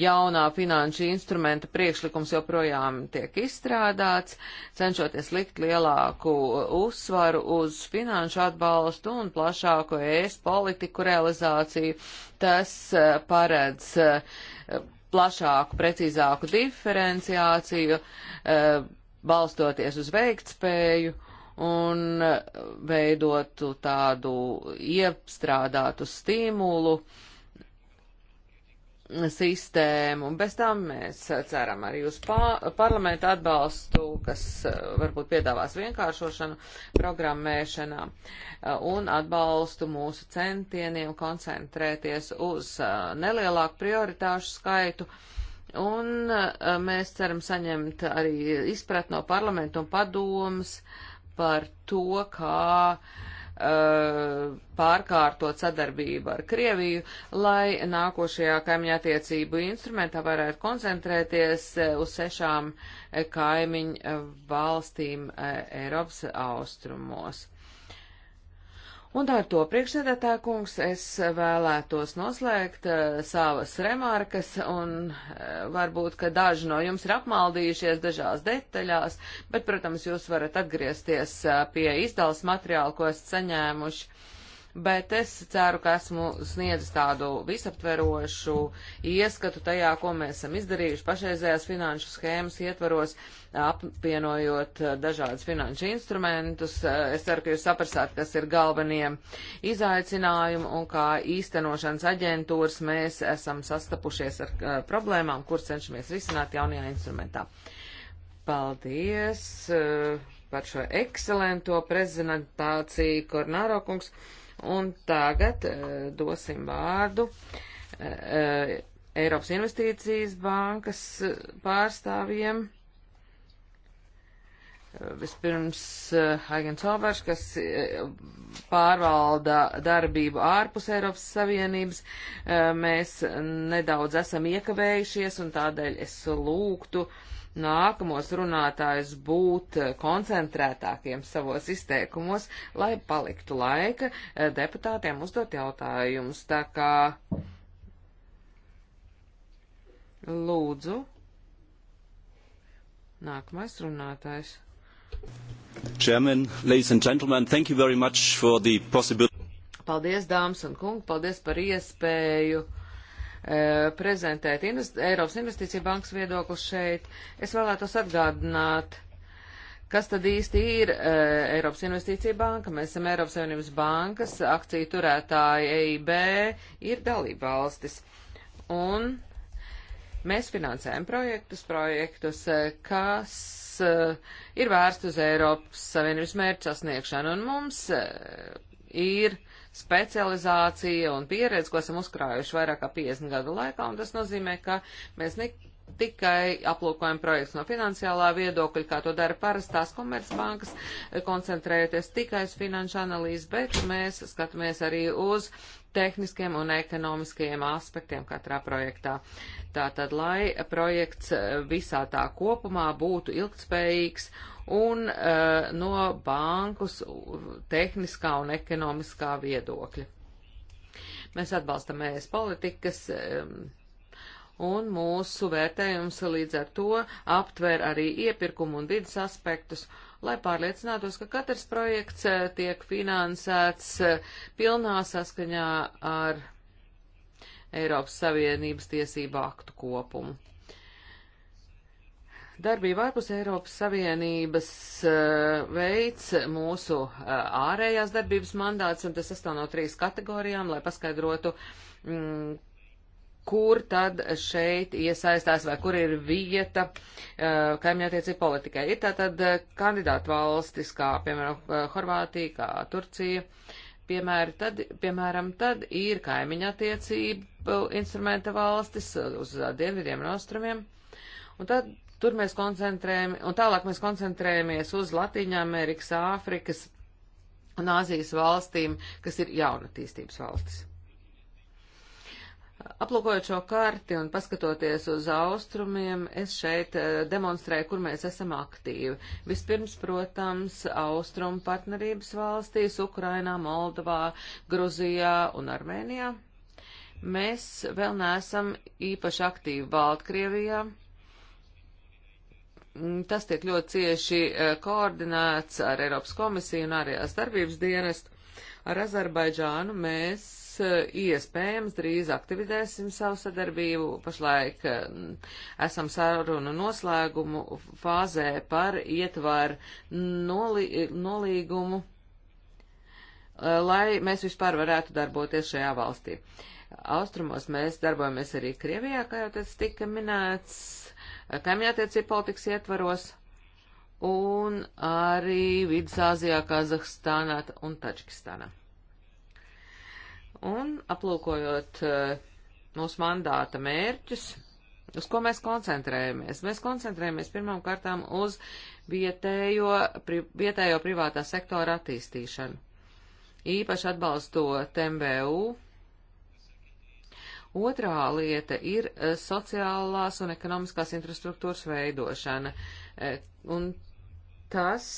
jaunā finanšu instrumenta priekšlikums joprojām tiek izstrādāts, cenšoties likt lielāku uzsvaru uz finanšu atbalstu un plašāko ēst politiku realizāciju. Tas e, paredz e, plašāku, precīzāku diferenciāciju, balstoties uz veiktspēju un veidotu tādu iestrādātu stimulu uh, sistēmu. Bez tam mēs ceram arī uz parlamentu atbalstu, kas eh, varbūt piedāvās vienkāršošanu programmēšanā eh, un atbalstu mūsu centieniem koncentrēties uz eh, nelielāku prioritāšu skaitu. Un mēs ceram saņemt arī izprat no parlamentu un padomas par to, kā uh, Uh, pārkārtot sadarbību ar Krieviju, lai nākošajā kaimiņa attiecību instrumentā varētu koncentrēties uh, uz sešām uh, kaimiņu valstīm Eiropas austrumos. Un ar to priekšsēdētā kungs es vēlētos noslēgt uh, savas remarkas, un uh, varbūt, ka daži no jums ir apmaldījušies dažās detaļās, bet, protams, jūs varat atgriezties uh, pie izdales materiāla, ko esat saņēmuši bet es ceru, ka esmu sniedzis tādu visaptverošu ieskatu tajā, ko mēs esam izdarījuši pašreizējās finanšu schēmas ietvaros, apvienojot eh, dažādas finanšu instrumentus. Eh, es ceru, ka jūs saprasāt, kas ir galvenie izaicinājumi un kā īstenošanas aģentūras mēs esam sastapušies ar uh, problēmām, kur cenšamies risināt jaunajā instrumentā. Paldies! Uh, par šo ekscelento prezentāciju, Kornāro kungs. Un tagad uh, dosim vārdu uh, Eiropas Investīcijas bankas pārstāvjiem. Vispirms Haigens Obers, kas pārvalda darbību ārpus Eiropas Savienības, mēs nedaudz esam iekavējušies un tādēļ es lūgtu uh, nākamos runātājus būt koncentrētākiem savos izteikumos, lai paliktu laika eh, deputātiem uzdot jautājumus. Tā kā lūdzu, nākamais runātājs. Chairman, ladies and gentlemen, thank you very much for the possibility. Paldies, dāmas un kungi, paldies par iespēju uh, E, prezentēt invest Eiropas Investīcija bankas viedokli šeit, es vēlētos atgādināt, kas tad īsti ir e, Eiropas Investīcija banka. Mēs esam Eiropas Savienības bankas, akciju turētāji EIB ir dalība valstis. Un mēs finansējam projektus, projektus, e, kas ir vērsti uz Eiropas Savienības mērķu sasniegšanu. Un mums ir uh, specializācija un pieredze, ko esam uzkrājuši vairāk kā 50 gadu laikā, un tas nozīmē, ka mēs ne tikai aplūkojam projekts no finansiālā viedokļa, kā to dara parastās komercbankas, koncentrējoties tikai uz finanšu analīzi, bet mēs skatāmies arī uz tehniskiem un ekonomiskajiem aspektiem katrā projektā. Tātad, lai projekts eh, visā tā kopumā būtu ilgtspējīgs un uh, no bankus tehniskā un ekonomiskā viedokļa. Mēs atbalstam ES politikas. Um, un mūsu vērtējums līdz ar to aptver arī iepirkumu un vidas aspektus, uh, lai pārliecinātos, ka katrs projekts eh, tiek finansēts eh, pilnā saskaņā ar Eiropas Savienības tiesību aktu kopumu. Darbība ārpus Eiropas Savienības eh, veids mūsu ārējās darbības mandāts, un tas sastāv no trīs kategorijām, lai paskaidrotu, mm, kur tad šeit iesaistās vai kur ir vieta uh, kaimiņattiecību politikai. Ir tātad uh, kandidātu valstis, kā piemēram uh, Horvātija, kā Turcija, piemēram, tad, piemēram, tad ir kaimiņattiecību instrumenta valstis uz dienvidiem un austrumiem. Un tad tur mēs koncentrējam, un tālāk mēs koncentrējamies uz Latīņa Amerikas, Āfrikas un Āzijas valstīm, kas ir jaunatīstības valstis. Aplūkojot šo karti un paskatoties uz austrumiem, es šeit eh, demonstrēju, kur mēs esam aktīvi. Vispirms, protams, austrumu partnerības valstīs - Ukrainā, Moldovā, Gruzijā un Armēnijā. Mēs vēl neesam īpaši aktīvi Baltkrievijā. Tas tiek ļoti cieši eh, koordinēts ar Eiropas komisiju un ārējās darbības dienestu. Ar Azerbaidžānu mēs Eh, iespējams drīz aktivizēsim savu sadarbību. Pašlaik eh, esam sarunu noslēgumu fāzē par ietvaru nolī, nolīgumu, eh, lai mēs vispār varētu darboties šajā valstī. Austrumos mēs darbojamies arī Krievijā, kā jau tas tika minēts, kaimiņattiecību politikas ietvaros un arī Vidusāzijā, Kazahstānā un Tačikistānā. Un aplūkojot eh, mūsu mandāta mērķus, uz ko mēs koncentrējamies? Mēs koncentrējamies pirmām kārtām uz vietējo, pri, vietējo privātā sektora attīstīšanu, īpaši atbalstot MBU. Otrā lieta ir eh, sociālās un ekonomiskās infrastruktūras veidošana, eh, un tas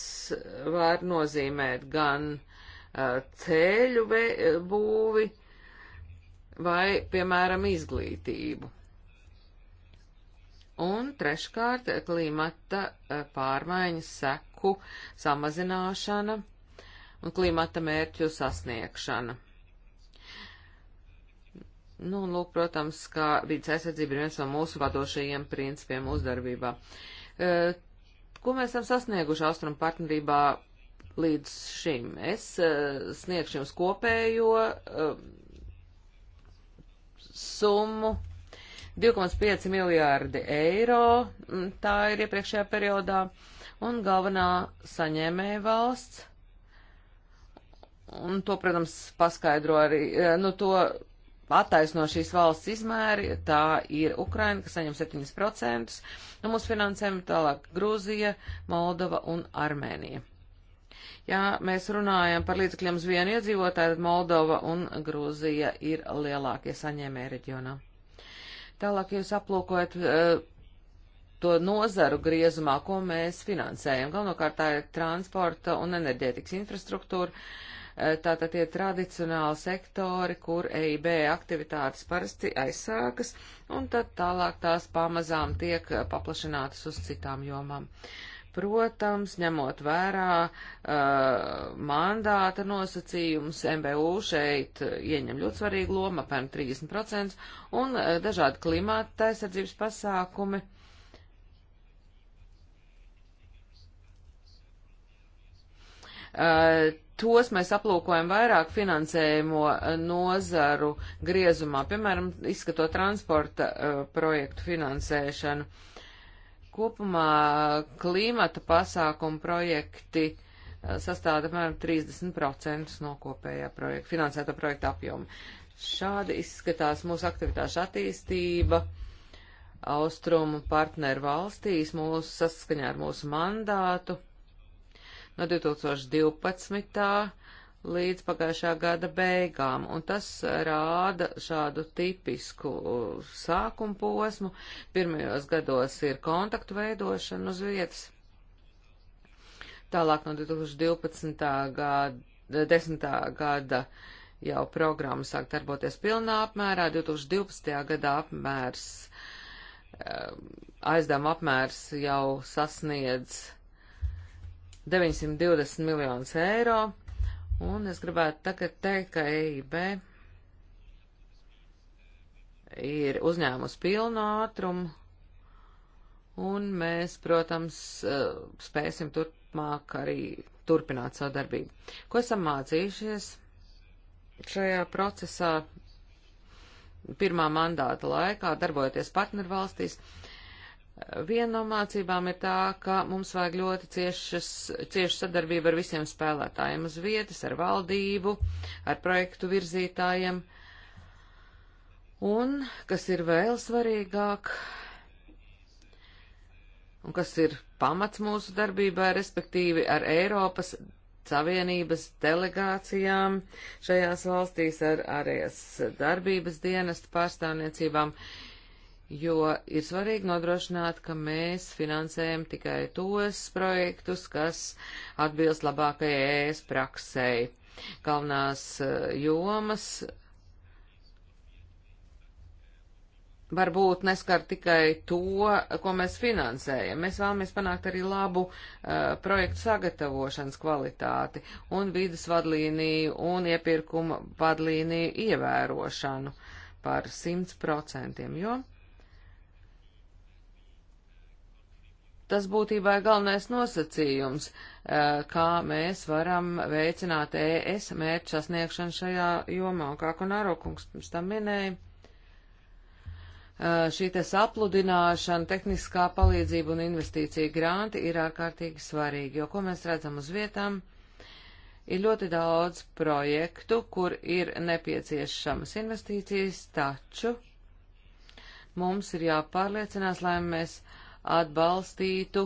var nozīmēt gan uh, Eh, ceļu eh, būvi vai, piemēram, izglītību. Un treškārt, klimata eh, pārmaiņas seku samazināšana un klimata mērķu sasniegšana. Nu, un lūk, protams, kā vidas aizsardzība ir viens no mūsu vadošajiem principiem uzdarbībā. E, ko mēs esam sasnieguši Austrum partnerībā līdz šim. Es uh, sniegšu jums kopējo uh, summu 2,5 miljārdi eiro, mm, tā ir iepriekšējā periodā, un galvenā saņēmēja valsts. Un to, protams, paskaidro arī, eh, nu to attaisno šīs valsts izmēri, tā ir Ukraina, kas saņem 7%, no nu, mūsu finansēm tālāk Grūzija, Moldova un Armēnija. Ja mēs runājam par līdzekļiem uz vienu iedzīvotāju, tad Moldova un Grūzija ir lielākie saņēmēji reģionā. Tālāk jūs aplūkojat uh, to nozaru griezumā, ko mēs finansējam. Galvenokārt tā ir transporta un enerģētikas infrastruktūra. Uh, Tātad tie tradicionāli sektori, kur EIB aktivitātes parasti aizsākas, un tad tālāk tās pamazām tiek eh, paplašinātas uz citām jomām. Uh, Protams, ņemot vērā uh, mandāta nosacījumus, MBU šeit ieņem ļoti svarīgu lomu, apmēram 30%, un uh, dažādi klimata aizsardzības pasākumi. Uh, tos mēs aplūkojam vairāk finansējumu uh, nozaru griezumā, piemēram, izskatot transporta uh, projektu finansēšanu. Uh, Kopumā klimata pasākumu projekti eh, sastāda apmēram 30% no kopējā projekta, finansēto projekta apjoma. Šādi izskatās mūsu aktivitāšu attīstība austrumu partneru valstīs mūsu saskaņā ar mūsu mandātu no 2012 līdz pagājušā gada beigām, un tas rāda šādu tipisku uh, sākumu posmu. Pirmajos gados ir kontaktu veidošana uz vietas, tālāk no 2012. gada, 10. gada jau programma sāk darboties pilnā apmērā, 2012. gadā apmērs, eh, aizdevuma apmērs jau sasniedz 920 miljonus eiro Un es gribētu tagad teikt, ka EIB ir uzņēmus pilnu ātrumu, un mēs, protams, eh, spēsim turpmāk arī turpināt savu darbību. Ko esam mācījušies šajā procesā pirmā mandāta laikā, darbojoties partnervalstīs? valstīs? Viena no mācībām ir tā, ka mums vajag ļoti ciešas, ciešu sadarbību ar visiem spēlētājiem uz vietas, ar valdību, ar projektu virzītājiem. Un, kas ir vēl svarīgāk, un kas ir pamats mūsu darbībai, respektīvi ar Eiropas Savienības delegācijām šajās valstīs, ar ārējās darbības dienestu pārstāvniecībām, uh, jo ir svarīgi nodrošināt, ka mēs finansējam tikai tos projektus, kas atbilst labākajai ES praksei. Galvenās eh, jomas varbūt neskar tikai to, ko mēs finansējam. Mēs vēlamies panākt arī labu uh, projektu sagatavošanas kvalitāti un vidas vadlīniju un iepirkuma vadlīniju ievērošanu par 100%, jo tas būtībā ir galvenais nosacījums, eh, kā mēs varam veicināt ES mērķu sasniegšanu šajā jomā, un kā Konārokungs pirms tam minēja. Eh, šī te sapludināšana, tehniskā palīdzība un investīcija granti ir ārkārtīgi svarīgi, jo, ko mēs redzam uz vietām, ir ļoti daudz projektu, kur ir nepieciešamas investīcijas, taču mums ir jāpārliecinās, lai mēs uh, atbalstītu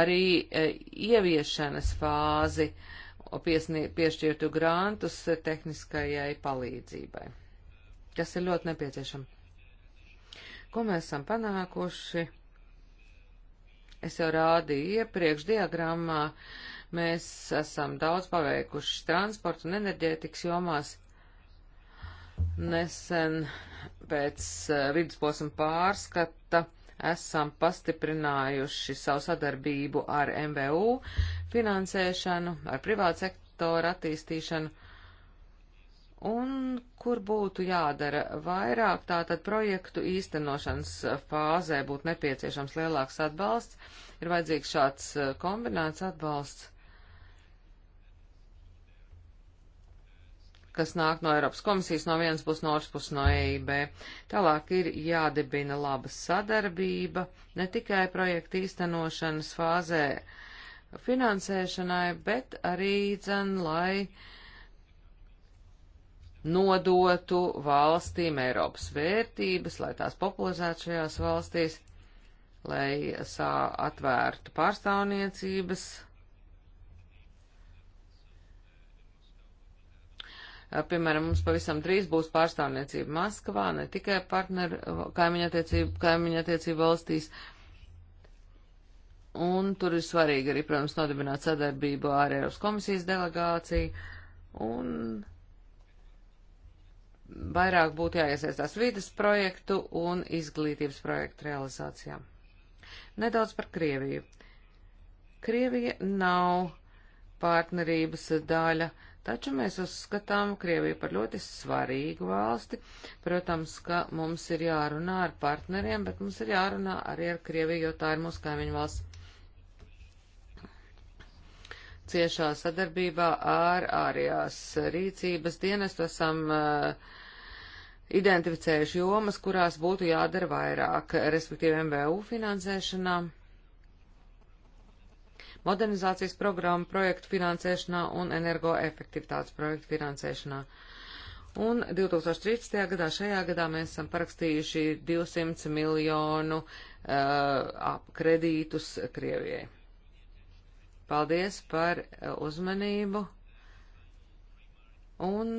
arī e, ieviešanas fāzi, piešķirtu grantus e, tehniskajai palīdzībai, kas ir ļoti nepieciešama. Ko mēs esam panākuši? Es jau rādīju iepriekš diagrammā, mēs esam daudz paveikuši transporta un enerģētikas jomās. Nesen pēc e, vidusposma pārskata esam pastiprinājuši savu sadarbību ar MVU finansēšanu, ar privātu sektoru attīstīšanu, un kur būtu jādara vairāk, tātad projektu īstenošanas fāzē būtu nepieciešams lielāks atbalsts, ir vajadzīgs šāds eh, kombinēts atbalsts kas nāk no Eiropas komisijas no vienas puses, no otras puses no EIB. Tālāk ir jādibina laba sadarbība ne tikai projekta īstenošanas fāzē finansēšanai, bet arī dzen, lai nodotu valstīm Eiropas vērtības, lai tās popularizētu šajās valstīs, lai sā atvērtu pārstāvniecības Piemēram, mums pavisam drīz būs pārstāvniecība Maskavā, ne tikai partneru kaimiņattiecību, kaimiņattiecību valstīs. Un tur ir svarīgi arī, protams, nodibināt sadarbību ar Eiropas komisijas delegāciju un vairāk būtu jāiesaistās vidas projektu un izglītības projektu realizācijā. Nedaudz par Krieviju. Krievija nav partnerības daļa uh, Taču mēs uzskatām Krieviju par ļoti svarīgu valsti. Protams, ka mums ir jārunā ar partneriem, bet mums ir jārunā arī ar Krieviju, jo tā ir mūsu kaimiņu valsts. Ciešā sadarbībā ar ārējās rīcības dienestu esam uh, identificējuši jomas, kurās būtu jādara vairāk, respektīvi MVU finansēšanām modernizācijas programmu projektu finansēšanā un energoefektivitātes projektu finansēšanā. Un 2013. gadā šajā gadā mēs esam parakstījuši 200 miljonu uh, kredītus Krievijai. Paldies par uh, uzmanību un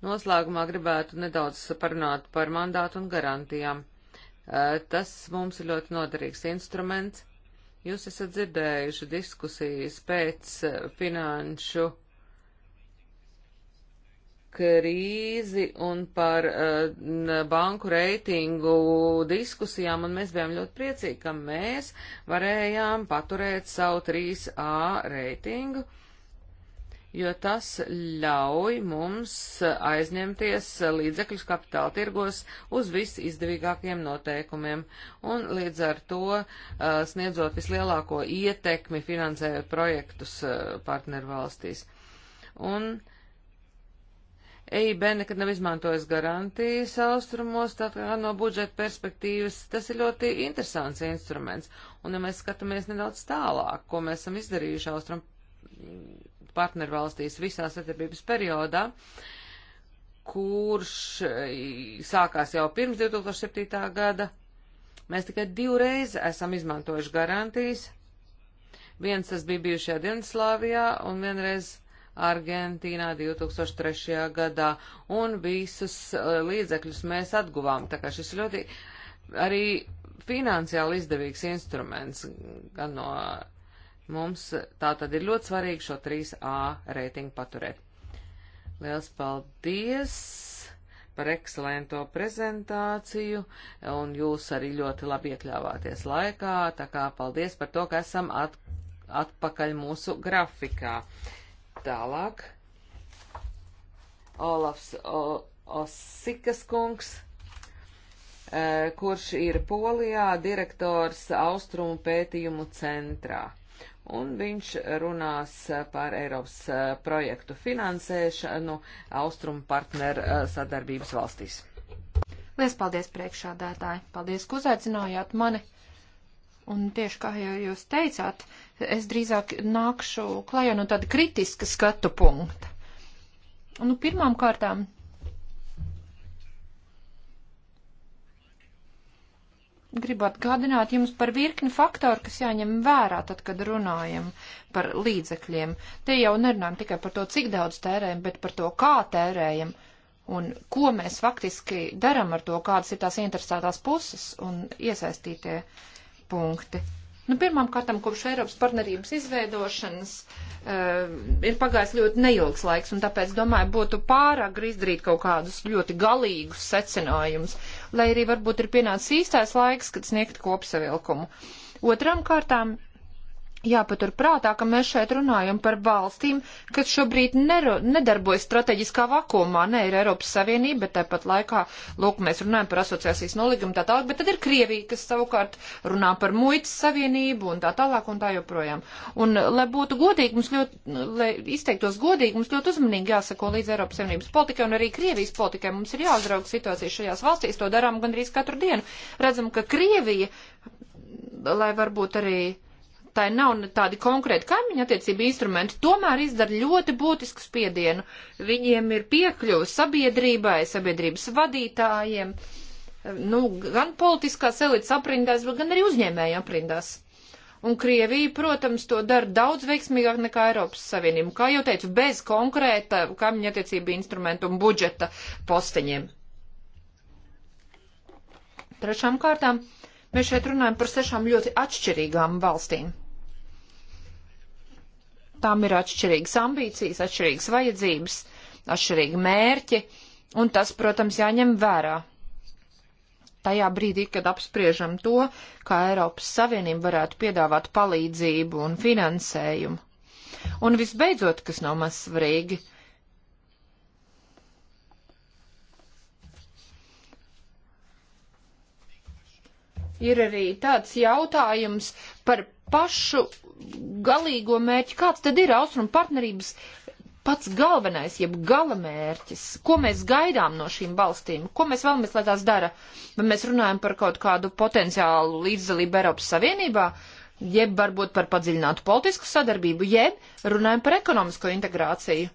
Noslēgumā gribētu nedaudz parunāt par mandātu un garantijām. Uh, tas mums ir ļoti noderīgs instruments, Jūs esat dzirdējuši diskusijas pēc eh, finanšu krīzi un par uh, banku reitingu diskusijām, un mēs bijām ļoti priecīgi, ka mēs varējām paturēt savu 3A reitingu. Uh, jo tas ļauj mums aizņemties līdzekļus kapitāla tirgos uz visizdevīgākiem noteikumiem un līdz ar to uh, sniedzot vislielāko ietekmi finansējot projektus uh, partnervalstīs. Un EIB nekad nav izmantojis garantijas austrumos, tā kā no budžeta perspektīvas tas ir ļoti interesants instruments. Un ja mēs skatāmies nedaudz tālāk, ko mēs esam izdarījuši austrumu partnervalstīs visā sadarbības periodā, kurš eh, sākās jau pirms 2007. gada. Mēs tikai divreiz esam izmantojuši garantijas. Viens tas bija bijušajā Dienaslāvijā un vienreiz Argentīnā 2003. gadā, un visus eh, līdzekļus mēs atguvām. Tā kā šis ļoti arī finansiāli izdevīgs instruments gan no Mums tā tad ir ļoti svarīgi šo 3A reitingu paturēt. Liels paldies par ekscelento prezentāciju, un jūs arī ļoti labi iekļāvāties laikā, tā kā paldies par to, ka esam at, atpakaļ mūsu grafikā. Tālāk. Olafs o, Osikas kungs eh, kurš ir Polijā direktors Austrumu pētījumu centrā un viņš runās eh, par Eiropas eh, projektu finansēšanu Austrumu partneru eh, sadarbības valstīs. Lies paldies priekšādētāji, paldies, ka uzaicinājāt mani. Un tieši kā jau jūs teicāt, es drīzāk nākšu klajā no tāda kritiska skatu punkta. Nu, pirmām kārtām Gribu atgādināt jums par virkni faktoru, kas jāņem vērā, tad, kad runājam par līdzekļiem. Te jau nerunājam tikai par to, cik daudz tērējam, bet par to, kā tērējam un ko mēs faktiski daram ar to, kādas ir tās interesētās puses un iesaistītie punkti. Nu, pirmām kārtām, kopš Eiropas partnerības izveidošanas uh, ir pagājis ļoti neilgs laiks, un tāpēc, domāju, būtu pārāk izdarīt kaut kādus ļoti galīgus secinājumus, lai arī varbūt ir pienācis īstais laiks, kad sniegt kopsavilkumu. Otram kārtām Jāpaturprātā, ka mēs šeit runājam par valstīm, kas šobrīd nero, nedarbojas strateģiskā vakumā. Nē, ir Eiropas Savienība, bet tāpat laikā, lūk, mēs runājam par asociācijas nolīgumu tā tālāk, bet tad ir Krievija, kas savukārt runā par muitas savienību un tā tālāk un tā joprojām. Un, lai būtu godīgi, mums ļoti, lai izteiktos godīgi, mums ļoti uzmanīgi jāsako līdz Eiropas Savienības politikai un arī Krievijas politikai. Mums ir jāuzrauga situācija šajās valstīs, to darām gandrīz katru dienu. Redzam, ka Krievija, lai varbūt arī tā nav tādi konkrēti kaimiņa attiecība instrumenti, tomēr izdara ļoti būtisku spiedienu. Viņiem ir piekļuva sabiedrībai, sabiedrības vadītājiem, nu, gan politiskās elites aprindās, gan arī uzņēmēja aprindās. Un Krievija, protams, to dara daudz veiksmīgāk nekā Eiropas Savienība, kā jau teicu, bez konkrēta kaimiņa attiecība instrumentu un budžeta posteņiem. Trešām kārtām mēs šeit runājam par sešām ļoti atšķirīgām valstīm. Tām ir atšķirīgas ambīcijas, atšķirīgas vajadzības, atšķirīgi mērķi, un tas, protams, jāņem vērā. Tajā brīdī, kad apspriežam to, kā Eiropas Savienība varētu piedāvāt palīdzību un finansējumu. Un visbeidzot, kas nav maz svarīgi, ir arī tāds jautājums par pašu galīgo mērķi. Kāds tad ir austrumu partnerības pats galvenais, jeb gala mērķis, ko mēs gaidām no šīm valstīm, ko mēs vēlamies, lai tās dara, vai mēs runājam par kaut kādu potenciālu līdzdalību Eiropas Savienībā, jeb varbūt par padziļinātu politisku sadarbību, jeb runājam par ekonomisko integrāciju.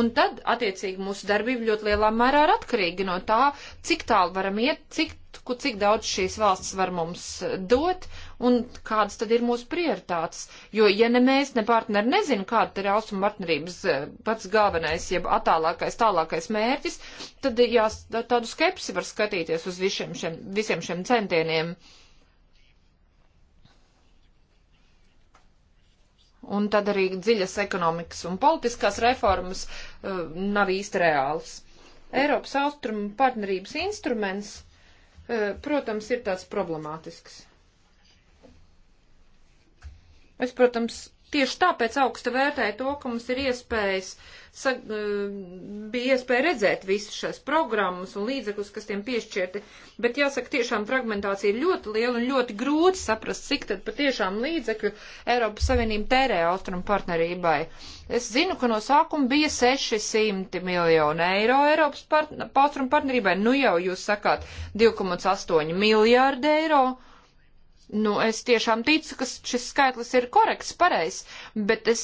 Un tad, attiecīgi, mūsu darbība ļoti lielā mērā ir atkarīga no tā, cik tālu varam iet, cik, cik daudz šīs valsts var mums dot un kādas tad ir mūsu prioritātes. Jo, ja ne mēs, ne partneri nezinām, kāda ir austrumu partnerības eh, pats galvenais, jeb attālākais, tālākais mērķis, tad jās, tādu skepsi var skatīties uz visiem šiem, visiem šiem centieniem. Uh, Un tad arī dziļas ekonomikas un politiskās reformas uh, nav īsti reāls. Eiropas austrumu partnerības instruments, uh, protams, ir tāds problemātisks. Es, protams, Tieši tāpēc augstu vērtēju to, ka mums ir iespējas, sa, eh, bija iespēja redzēt visas šīs programmas un līdzekļus, kas tiem piešķirti, bet jāsaka, tiešām fragmentācija ir ļoti liela un ļoti grūti saprast, cik tad patiešām līdzekļu Eiropas Savienība tērē austrumu partnerībai. Es zinu, ka no sākuma bija 600 miljoni eiro Eiropas part, austrumu partnerībai, nu jau jūs sakāt 2,8 miljārdi eiro. Nu, es tiešām ticu, ka šis skaitlis ir korekts, pareizs, bet es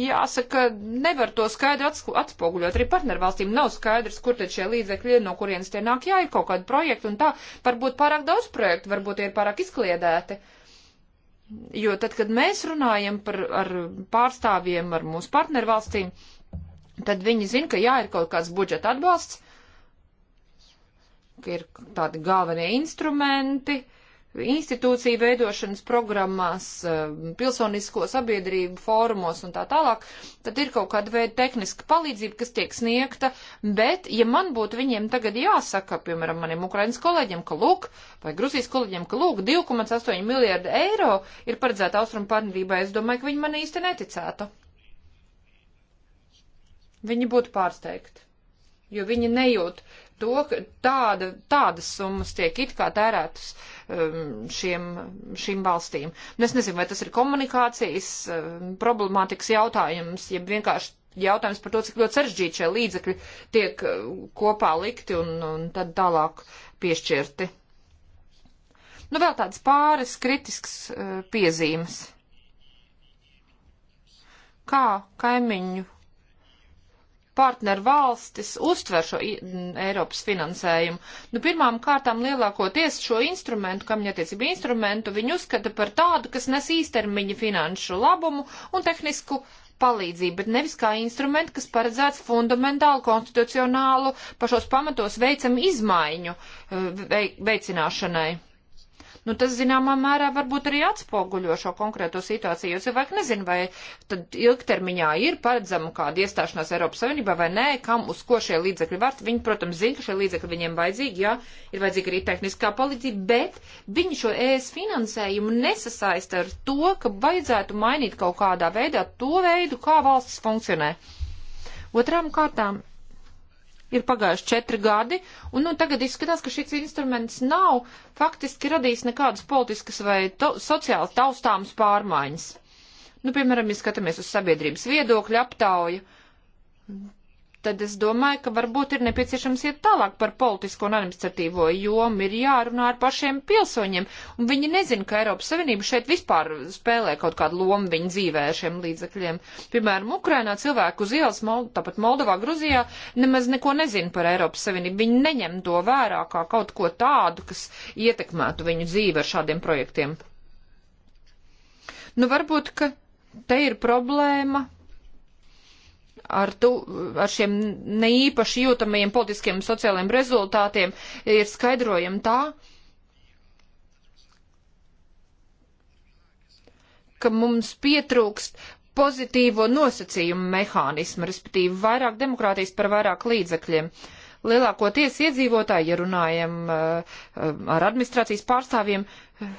jāsaka, nevar to skaidri atspoguļot. Arī partnervalstīm nav skaidrs, kur tad šie līdzekļi ir, no kurienes tie nāk. Jā, ir kaut kādi projekti un tā, varbūt pārāk daudz projektu, varbūt ir pārāk izkliedēti. Jo tad, kad mēs runājam par, ar pārstāvjiem, ar mūsu partnervalstīm, tad viņi zina, ka jā, ir kaut kāds budžeta atbalsts, ka ir tādi galvenie instrumenti, uh, institūciju veidošanas programmās, eh, pilsonisko sabiedrību fórumos un tā tālāk, tad ir kaut kāda veida tehniska palīdzība, kas tiek sniegta, bet, ja man būtu viņiem tagad jāsaka, piemēram, maniem Ukrainas kolēģiem, ka lūk, vai Gruzijas kolēģiem, ka lūk, 2,8 miljārdi eiro ir paredzēta austrumu partnerībai, es domāju, ka viņi man īsti neticētu. Viņi būtu pārsteigti, jo viņi nejūt to, ka tāda, tādas summas tiek it kā tērētas uh, Um, šiem, šīm valstīm. Nu, es nezinu, vai tas ir komunikācijas um, problemātikas jautājums, ja vienkārši jautājums par to, cik ļoti sarežģīti šie līdzekļi tiek uh, kopā likti un, un tad tālāk piešķirti. Nu, vēl tāds pāris kritisks uh, piezīmes. Kā kaimiņu partneru valstis uztver šo Eiropas finansējumu. Nu, pirmām kārtām lielākoties šo instrumentu, kam ņatiecību instrumentu, viņi uzskata par tādu, kas nes īstermiņa finanšu labumu un tehnisku palīdzību, bet nevis kā instrumentu, kas paredzēts fundamentālu konstitucionālu pašos pamatos veicam izmaiņu uh, veicināšanai nu tas zināmā mērā varbūt arī atspoguļo šo konkrēto situāciju, jo cilvēki nezin, vai tad ilgtermiņā ir paredzama kāda iestāšanās Eiropas Savienībā vai nē, kam uz ko šie līdzekļi vart. Viņi, protams, zina, ka šie līdzekļi viņiem vajadzīgi, jā, ir vajadzīga arī tehniskā palīdzība, bet viņi šo ES finansējumu nesasaista ar to, ka vajadzētu mainīt kaut kādā veidā to veidu, kā valstis funkcionē. Otrām kārtām ir pagājuši četri gadi, un nu, tagad izskatās, ka šis instruments nav faktiski radījis nekādas politiskas vai to, sociāli taustāmas pārmaiņas. Nu, piemēram, ja skatāmies uz sabiedrības viedokļu aptauju, tad es domāju, ka varbūt ir nepieciešams iet tālāk par politisko un administratīvo jomu, ir jārunā ar pašiem pilsoņiem, un viņi nezina, ka Eiropas Savienība šeit vispār spēlē kaut kādu lomu viņu dzīvē ar šiem līdzekļiem. Piemēram, Ukrainā cilvēku uz ielas, Mold tāpat Moldovā, Gruzijā, nemaz neko nezina par Eiropas Savienību. Viņi neņem to vērā kā kaut ko tādu, kas ietekmētu viņu dzīvi ar šādiem projektiem. Nu, varbūt, ka te ir problēma ar, tu, ar šiem neīpaši jūtamajiem politiskiem un sociālajiem rezultātiem ir skaidrojama tā, ka mums pietrūkst pozitīvo nosacījumu mehānismu, respektīvi vairāk demokrātijas par vairāk līdzekļiem. Lielākoties iedzīvotāji, ja runājam eh, eh, ar administrācijas pārstāvjiem, uh,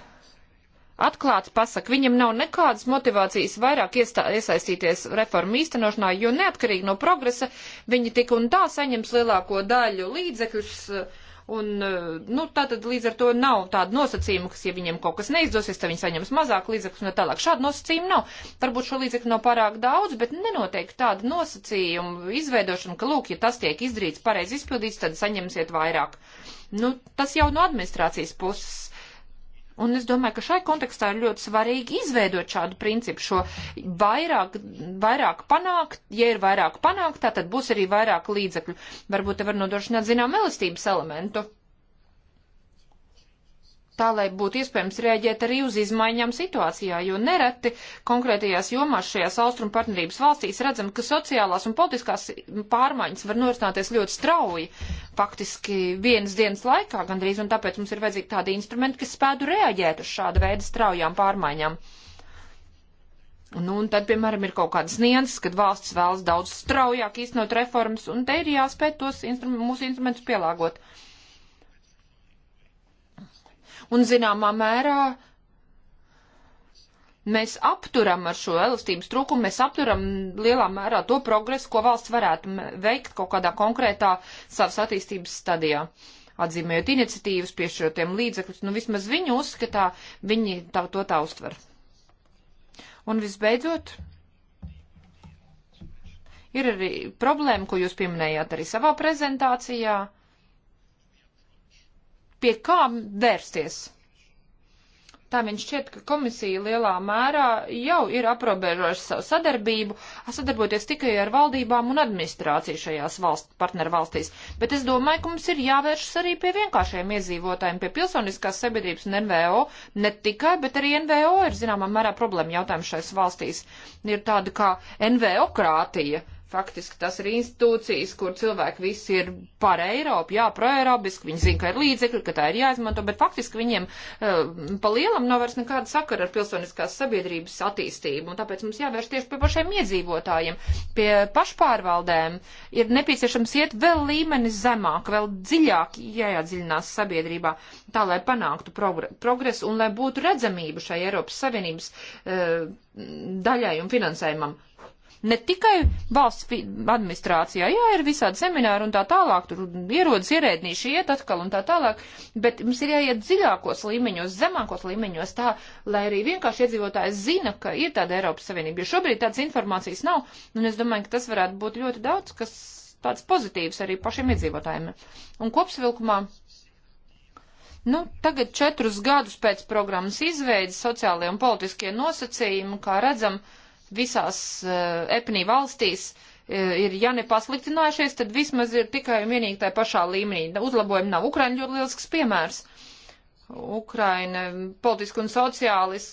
atklāti pasaka, viņam nav nekādas motivācijas vairāk iestā, iesaistīties reformu īstenošanā, jo neatkarīgi no progresa viņi tik un tā saņems lielāko daļu līdzekļus. Eh, un, eh, nu, tātad līdz ar to nav tāda nosacījuma, kas, ja viņiem kaut kas neizdosies, tad viņi saņems mazāk līdzekļus un tā tālāk. Šāda nosacījuma nav. Varbūt šo līdzekļu nav pārāk daudz, bet nenotiek tāda nosacījuma izveidošana, ka, lūk, ja tas tiek izdarīts pareizi izpildīts, tad saņemsiet vairāk. Nu, tas jau no administrācijas puses Un es domāju, ka šai kontekstā ir ļoti svarīgi izveidot šādu principu, šo vairāk, vairāk panākt, ja ir vairāk panākt, tā tad būs arī vairāk līdzekļu. Varbūt te var nodrošināt zinām elastības elementu tā, lai būtu iespējams rēģēt arī uz izmaiņām situācijā, jo nereti konkrētajās jomās šajās austrumu partnerības valstīs redzam, ka sociālās un politiskās pārmaiņas var norisināties ļoti strauji, faktiski vienas dienas laikā gandrīz, un tāpēc mums ir vajadzīgi tādi instrumenti, kas spētu rēģēt uz šāda veida straujām pārmaiņām. Nu, un tad, piemēram, ir kaut kādas nianses, kad valsts vēlas daudz straujāk īstenot reformas, un te ir jāspēj tos instrum mūsu instrumentus pielāgot. Uh, un zināmā mērā mēs apturam ar šo elastības trūkumu, mēs apturam lielā mērā to progresu, ko valsts varētu veikt kaut kādā konkrētā savas attīstības stadijā. Atzīmējot iniciatīvas, piešķirotiem līdzekļus, nu vismaz viņu uzskatā, viņi tā, to tā uztver. Un visbeidzot, ir arī problēma, ko jūs pieminējāt arī savā prezentācijā pie kā vērsties. Tā viņš šķiet, ka komisija lielā mērā jau ir aprobežojusi savu sadarbību, sadarboties tikai ar valdībām un administrāciju šajās valsts, partnervalstīs. Bet es domāju, ka mums ir jāvēršas arī pie vienkāršiem iedzīvotājiem, pie pilsoniskās sabiedrības un NVO. Ne tikai, bet arī NVO ir zināmā mērā problēma jautājums šais valstīs. Ir tāda kā NVO krātija Faktiski tas ir institūcijas, kur cilvēki visi ir par Eiropu, jā, proeiropiski, viņi zina, ka ir līdzekļi, ka tā ir jāizmanto, bet faktiski viņiem uh, pa lielam nav vairs nekāda sakara ar pilsoniskās sabiedrības attīstību, un tāpēc mums jāvērš tieši pie pašiem iedzīvotājiem, pie pašpārvaldēm. Ir nepieciešams iet vēl līmenis zemāk, vēl dziļāk jāiedziļinās sabiedrībā, tā lai panāktu progr progresu un lai būtu redzamība šai Eiropas Savienības uh, daļai un finansējumam ne tikai valsts administrācijā, jā, ir visādi semināri un tā tālāk, tur ierodas ierēdnīši iet atkal un tā tālāk, bet mums ir jāiet dziļākos līmeņos, zemākos līmeņos tā, lai arī vienkārši iedzīvotājs zina, ka ir tāda Eiropas Savienība, jo šobrīd tādas informācijas nav, un es domāju, ka tas varētu būt ļoti daudz, kas tāds pozitīvs arī pašiem iedzīvotājiem. Un kopsvilkumā Nu, tagad četrus gadus pēc programmas izveidas sociālajie un politiskie nosacījumi, kā redzam, uh, visās eh, epnī valstīs eh, ir, ja ne pasliktinājušies, tad vismaz ir tikai un vienīgi tajā pašā līmenī. Uzlabojumi nav. Ukraina ļoti lielisks piemērs. Ukraina politiski un sociālis,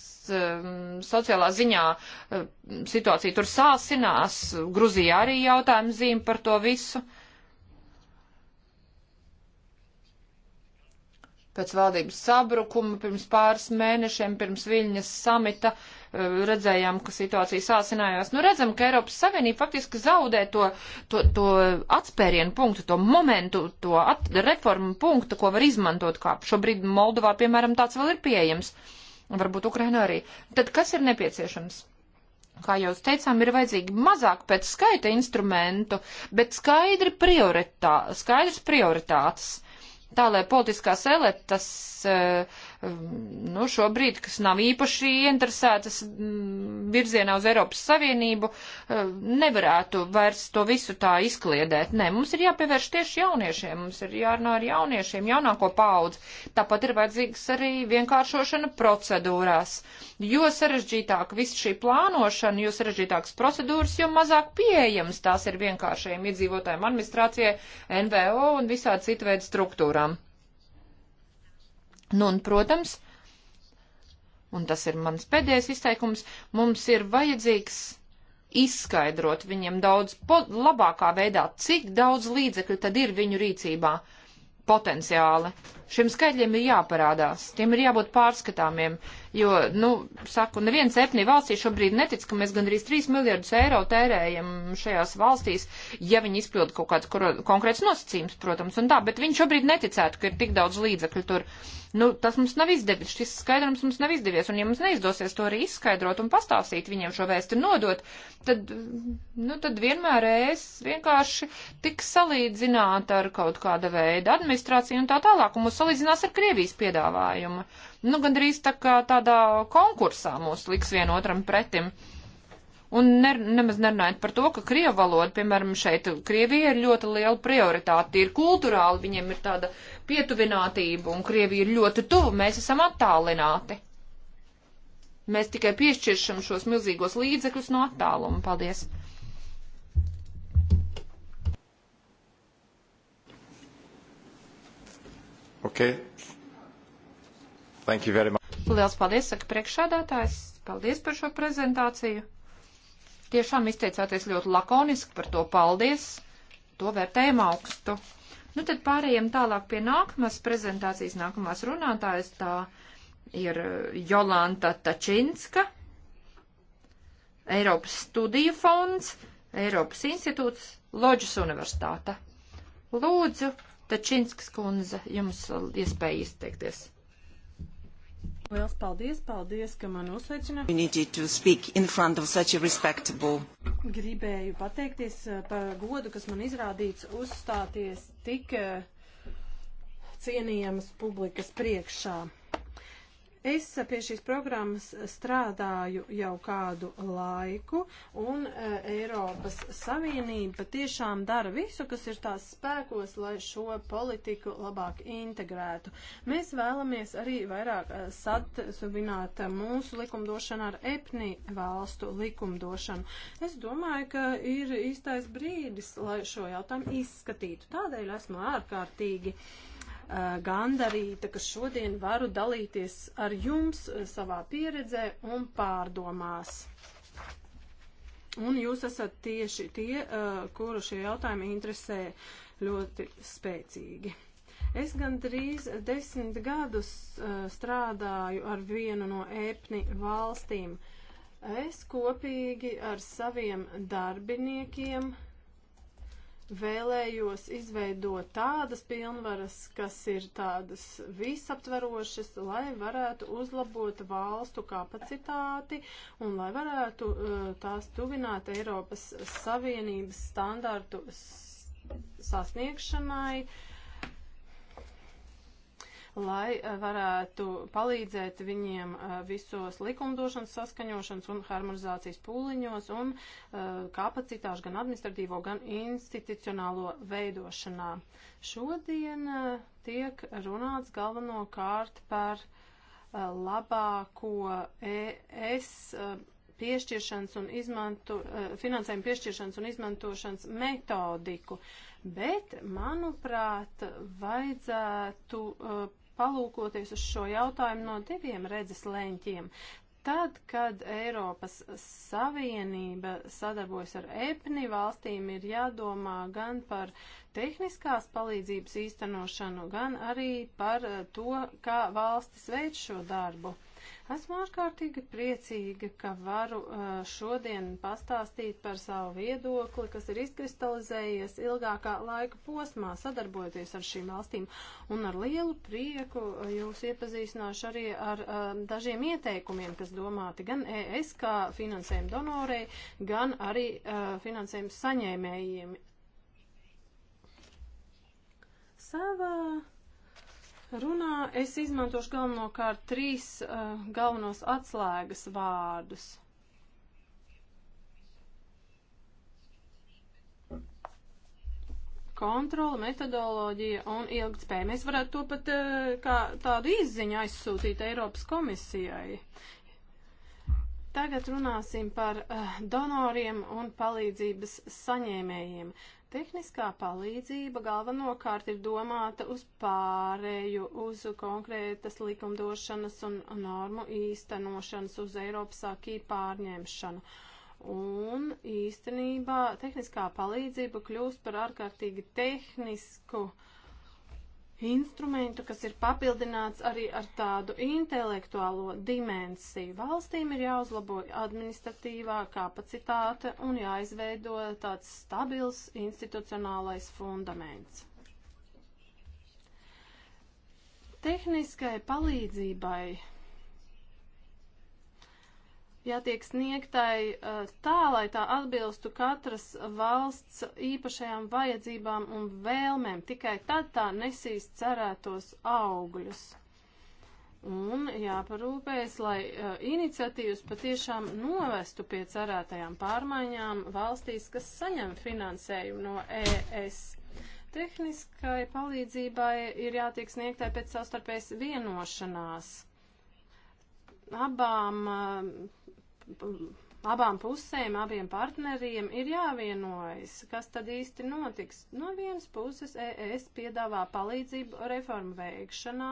sociālā ziņā eh, situācija tur sāsinās. Gruzija arī jautājumu zīme par to visu. Pēc valdības sabrukuma pirms pāris mēnešiem, pirms Viļņas samita, uh, Eh, redzējām, ka situācija sāsinājās. Nu, redzam, ka Eiropas Savienība faktiski zaudē to, to, to atspērienu punktu, to momentu, to at, reformu punktu, ko var izmantot, kā šobrīd Moldovā, piemēram, tāds vēl ir pieejams. Varbūt Ukrainā arī. Tad kas ir nepieciešams? kā jau teicām, ir vajadzīgi mazāk pēc skaita instrumentu, bet skaidri prioritā, skaidrs prioritātes. Tā, lai politiskās elites uh, Ehm, nu, šobrīd, kas nav īpaši interesētas mm, virzienā uz Eiropas Savienību, ehm, nevarētu vairs to visu tā izkliedēt. Nē, mums ir jāpievērš tieši jauniešiem, mums ir jārunā ar jauniešiem, jaunāko paudzi. Tāpat ir vajadzīgs arī vienkāršošana procedūrās. Jo sarežģītāk viss šī plānošana, jo sarežģītākas procedūras, jo mazāk pieejams tās ir vienkāršajiem iedzīvotājiem, administrācijai, NVO un visādi citu veidu struktūrām. Nu, un, protams, un tas ir mans pēdējais izteikums, mums ir vajadzīgs izskaidrot viņiem daudz labākā veidā, cik daudz līdzekļu tad ir viņu rīcībā potenciāli. Šiem skaidriem ir jāparādās, tiem ir jābūt pārskatāmiem, jo, nu, saku, neviens etnī valstī šobrīd netic, ka mēs gandrīz 3 miljardus eiro tērējam šajās valstīs, ja viņi izpilda kaut kāds konkrēts nosacījums, protams, un tā, bet viņi šobrīd neticētu, ka ir tik daudz līdzekļu tur. Uh, Nu, tas mums nav izdevies, šis skaidrums mums nav izdevies, un ja mums neizdosies to arī izskaidrot un pastāstīt viņiem šo vēstu nodot, tad, nu, tad vienmēr es vienkārši tik salīdzināta ar kaut kāda veida administrāciju un tā tālāk, un mūs salīdzinās ar Krievijas piedāvājumu. Nu, gandrīz tā kā tādā konkursā mūs liks vienotram pretim. Uh, Un ne, nemaz nerunājot par to, ka krievu valoda, piemēram, šeit Krievija ir ļoti liela prioritāte, ir kulturāli, viņiem ir tāda pietuvinātība, un Krievija ir ļoti tuvu, mēs esam attālināti. Mēs tikai piešķiršam šos milzīgos līdzekļus no attāluma. Paldies! Okay. Thank you very much. Lielas paldies, saka priekšādātājs. Paldies par šo prezentāciju. Tiešām izteicāties ļoti lakoniski par to paldies. To vērtējam augstu. Nu tad pārējiem tālāk pie nākamās prezentācijas, nākamās runātājas. Tā ir eh, Jolanta Tačinska, Eiropas studiju fonds, Eiropas institūts, Loģis universitāte. Lūdzu, Tačinskas kundze, jums iespēja izteikties. Liels paldies, paldies, ka man uzsveicināt. Gribēju pateikties eh, par godu, kas man izrādīts uzstāties tik eh, cienījamas publikas priekšā. Es pie šīs programmas strādāju jau kādu laiku, un e, Eiropas Savienība tiešām dara visu, kas ir tās spēkos, lai šo politiku labāk integrētu. Mēs vēlamies arī vairāk e, satsuvināt mūsu likumdošanu ar EPNI valstu likumdošanu. Es domāju, ka ir īstais brīdis, lai šo jautājumu izskatītu. Tādēļ esmu ārkārtīgi. Uh, gandarīta, ka šodien varu dalīties ar jums savā pieredzē un pārdomās. Un jūs esat tieši tie, kuru šie jautājumi interesē ļoti spēcīgi. Es gandrīz desmit gadus strādāju ar vienu no ēpni valstīm. Es kopīgi ar saviem darbiniekiem uh, vēlējos izveidot tādas pilnvaras, kas ir tādas visaptverošas, lai varētu uzlabot valstu kapacitāti un lai varētu uh, tās tuvināt Eiropas Savienības standartu sasniegšanai. Uh, lai eh, varētu palīdzēt viņiem eh, visos likumdošanas saskaņošanas un harmonizācijas pūliņos un eh, kapacitāšu gan administratīvo, gan institucionālo veidošanā. Šodien tiek runāts galvenokārt par labāko ES piešķiršanas un izmanto, finansējuma piešķiršanas un izmantošanas metodiku, bet, manuprāt, vajadzētu palūkoties uz šo jautājumu no diviem redzes leņķiem. Tad, kad Eiropas Savienība sadarbojas ar EPNI, valstīm ir jādomā gan par tehniskās palīdzības īstenošanu, gan arī par to, kā valstis veic šo darbu. Esmu ārkārtīgi priecīga, ka varu uh, šodien pastāstīt par savu viedokli, kas ir izkristalizējies ilgākā laika posmā, sadarbojoties ar šīm valstīm. Un ar lielu prieku uh, jūs iepazīstināšu arī ar uh, dažiem ieteikumiem, kas domāti gan ES kā finansējuma donorei, gan arī finansējuma saņēmējiem. Savā runā es izmantošu galvenokārt trīs uh, galvenos atslēgas vārdus. Kontrola, metodoloģija un ilgtspēja. Mēs varētu to pat uh, kā tādu izziņu aizsūtīt Eiropas komisijai. Tagad runāsim par uh, donoriem un palīdzības saņēmējiem. Uh, Tehniskā palīdzība galvenokārt ir domāta uz pārēju, uz konkrētas likumdošanas un normu īstenošanas, uz Eiropas akī pārņemšanu. Un īstenībā tehniskā palīdzība kļūst par ārkārtīgi tehnisku uh, instrumentu, kas ir papildināts arī ar tādu intelektuālo dimensiju. Valstīm ir jāuzlabo administratīvā kapacitāte un jāizveido tāds stabils institucionālais fundaments. Tehniskai palīdzībai jātiek sniegtai eh, tā, lai tā atbilstu katras valsts īpašajām vajadzībām un vēlmēm. Tikai tad tā nesīs cerētos augļus. Un jāparūpējas, lai uh, iniciatīvas patiešām novestu pie cerētajām pārmaiņām valstīs, kas saņem finansējumu no ES. Tehniskai palīdzībai ir jātiek sniegtai pēc savstarpējas vienošanās. Abām uh, abām pusēm, abiem partneriem ir jāvienojas, kas tad īsti notiks. No vienas puses ES piedāvā palīdzību reformu veikšanā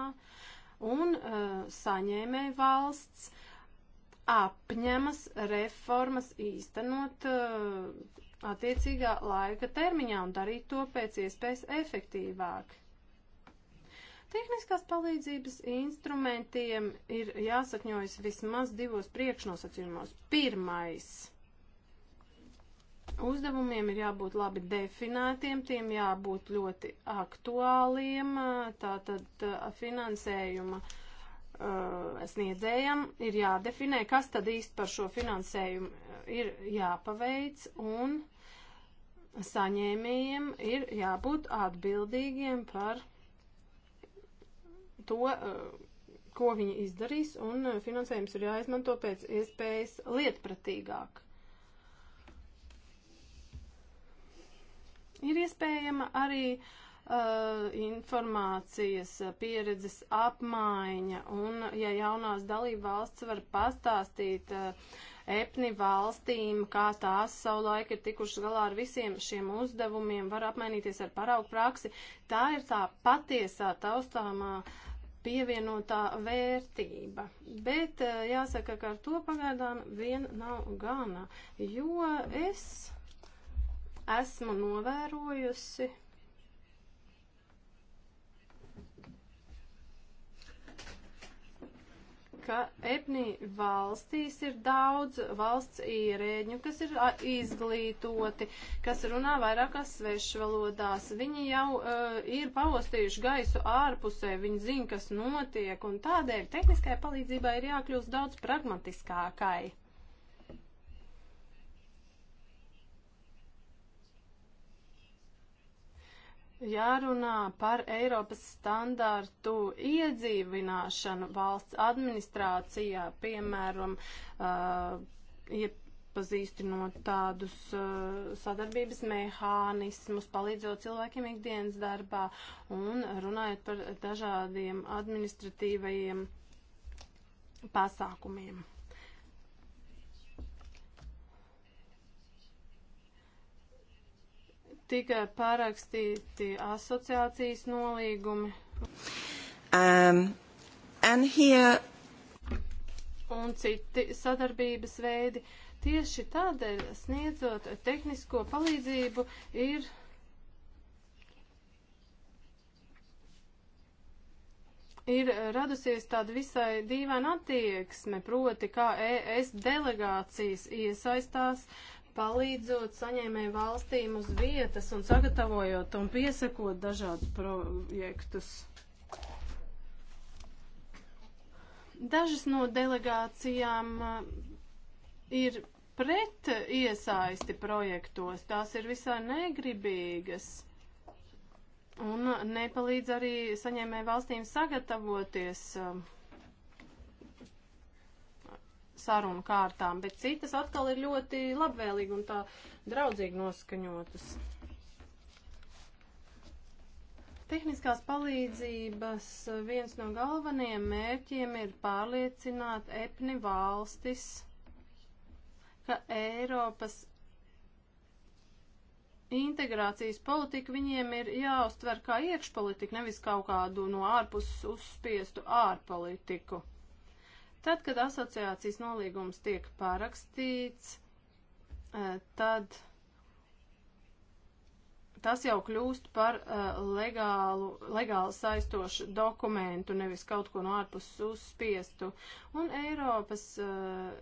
un uh, saņēmē valsts apņemas reformas īstenot uh, attiecīgā laika termiņā un darīt to pēc iespējas efektīvāk. Tehniskās palīdzības instrumentiem ir jāsakņojas vismaz divos priekšnosacījumos. Pirmais. Uzdevumiem ir jābūt labi definētiem, tiem jābūt ļoti aktuāliem, tātad finansējuma uh, sniedzējam ir jādefinē, kas tad īsti par šo finansējumu ir jāpaveic un saņēmējiem ir jābūt atbildīgiem par finansējumu to, eh, ko viņi izdarīs, un eh, finansējums ir jāizmanto pēc iespējas lietpratīgāk. Ir iespējama arī uh, informācijas, pieredzes apmaiņa, un ja jaunās dalība valsts var pastāstīt EPNI valstīm, kā tās savulaik ir tikušas galā ar visiem šiem uzdevumiem, var apmainīties ar paraugu praksi, tā ir tā patiesā taustāmā uh, pievienotā vērtība. Bet eh, jāsaka, ka ar to pagaidām vien nav gana, jo es esmu novērojusi ka EPNI valstīs ir daudz valsts ierēģņu, kas ir izglītoti, kas runā vairākās svešvalodās. Viņi jau uh, ir paostījuši gaisu ārpusē, viņi zina, kas notiek, un tādēļ tehniskai palīdzībai ir jākļūst daudz pragmatiskākai. jārunā par Eiropas standārtu iedzīvināšanu valsts administrācijā, piemēram, uh, iepazīstinot tādus uh, sadarbības mehānismus, palīdzot cilvēkiem ikdienas darbā un runājot par dažādiem administratīvajiem pasākumiem. tika pārakstīti asociācijas nolīgumi. Um, and here... Un citi sadarbības veidi. Tieši tādēļ sniedzot tehnisko palīdzību ir. ir radusies tāda visai dīvaina attieksme, proti, kā ES delegācijas iesaistās uh, palīdzot saņēmēju valstīm uz vietas un sagatavojot un piesakot dažādus projektus. Dažas no delegācijām uh, ir pret iesaisti projektos, tās ir visai negribīgas un uh, nepalīdz arī saņēmēju valstīm sagatavoties. Uh, sarunu kārtām, bet citas atkal ir ļoti labvēlīgi un tā draudzīgi noskaņotas. Tehniskās palīdzības eh, viens no galvenajiem mērķiem ir pārliecināt epni valstis, ka Eiropas integrācijas politika viņiem ir jāuztver kā iekšpolitika, nevis kaut kādu no ārpuses uzspiestu ārpolitiku. Tad, kad asociācijas nolīgums tiek parakstīts, eh, tad tas jau kļūst par uh, legālu, legāli saistošu dokumentu, nevis kaut ko no ārpuses uzspiestu. Un Eiropas uh,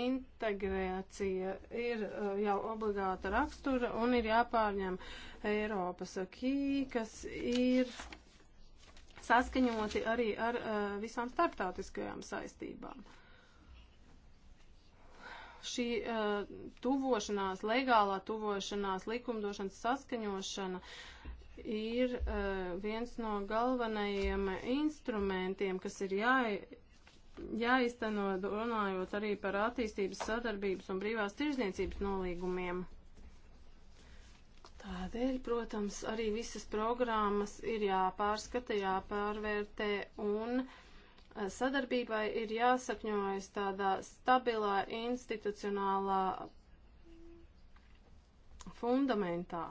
integrācija ir uh, jau obligāta rakstura un ir jāpārņem Eiropas akī, kas ir. Uh, saskaņoti arī ar uh, visām starptautiskajām saistībām. Šī uh, tuvošanās, legālā tuvošanās, likumdošanas saskaņošana ir uh, viens no galvenajiem instrumentiem, kas ir jā, jāizteno, runājot arī par attīstības sadarbības un brīvās tirzniecības nolīgumiem. Tādēļ, protams, arī visas programmas ir jāpārskata, jāpārvērtē un eh, sadarbībai ir jāsakņojas tādā stabilā institucionālā fundamentā.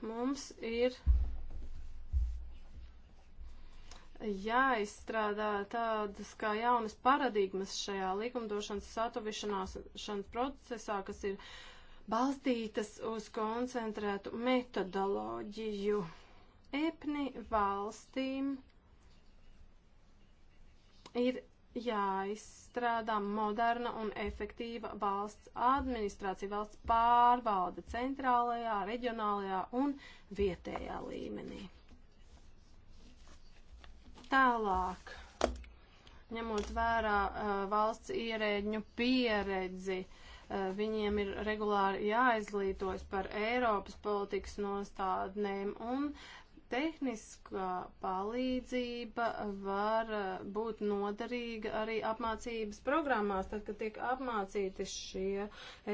Mums ir jāizstrādā tādas kā jaunas paradigmas šajā likumdošanas satuvišanās procesā, kas ir uh, balstītas uz koncentrētu metodoloģiju. EPNI valstīm ir jāizstrādā moderna un efektīva valsts administrācija, valsts pārvalde centrālajā, reģionālajā un vietējā līmenī. Tālāk, ņemot vērā uh, valsts ierēģņu pieredzi, uh, Eh, viņiem ir regulāri jāizglītojas par Eiropas politikas nostādnēm un tehniskā palīdzība var eh, būt noderīga arī apmācības programmās, tad, kad tiek apmācīti šie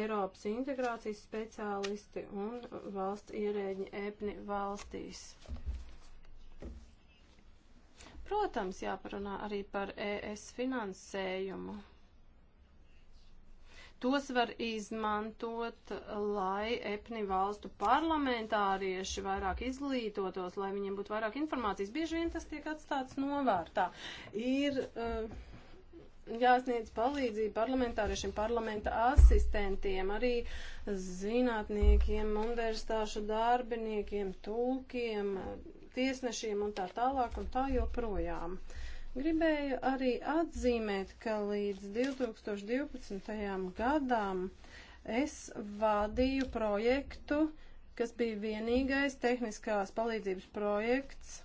Eiropas integrācijas speciālisti un valsts ierēģi epni valstīs. Protams, jāparunā arī par ES finansējumu. Tos var izmantot, lai epni valstu parlamentārieši vairāk izglītotos, lai viņiem būtu vairāk informācijas. Bieži vien tas tiek atstāts novārtā. Ir, uh, jāsniedz palīdzība parlamentāriešiem, parlamenta asistentiem, arī zinātniekiem, universitāšu darbiniekiem, tulkiem, tiesnešiem un tā tālāk un tā joprojām. Uh, Gribēju arī atzīmēt, ka līdz 2012. gadam es vadīju projektu, kas bija vienīgais tehniskās palīdzības projekts,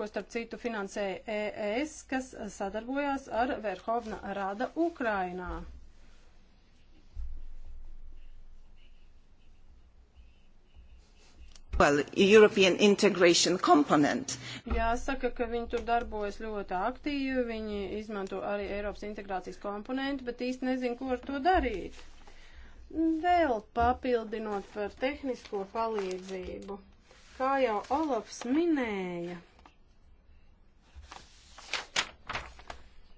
ko starp citu finansēja ES, kas sadarbojās ar Verhovna Rada Ukrainā. well, European integration component. Jāsaka, ka viņi tur darbojas ļoti aktīvi, viņi izmanto arī Eiropas integrācijas komponentu, bet īsti nezinu, ko ar to darīt. Vēl papildinot par tehnisko palīdzību, kā jau Olafs minēja,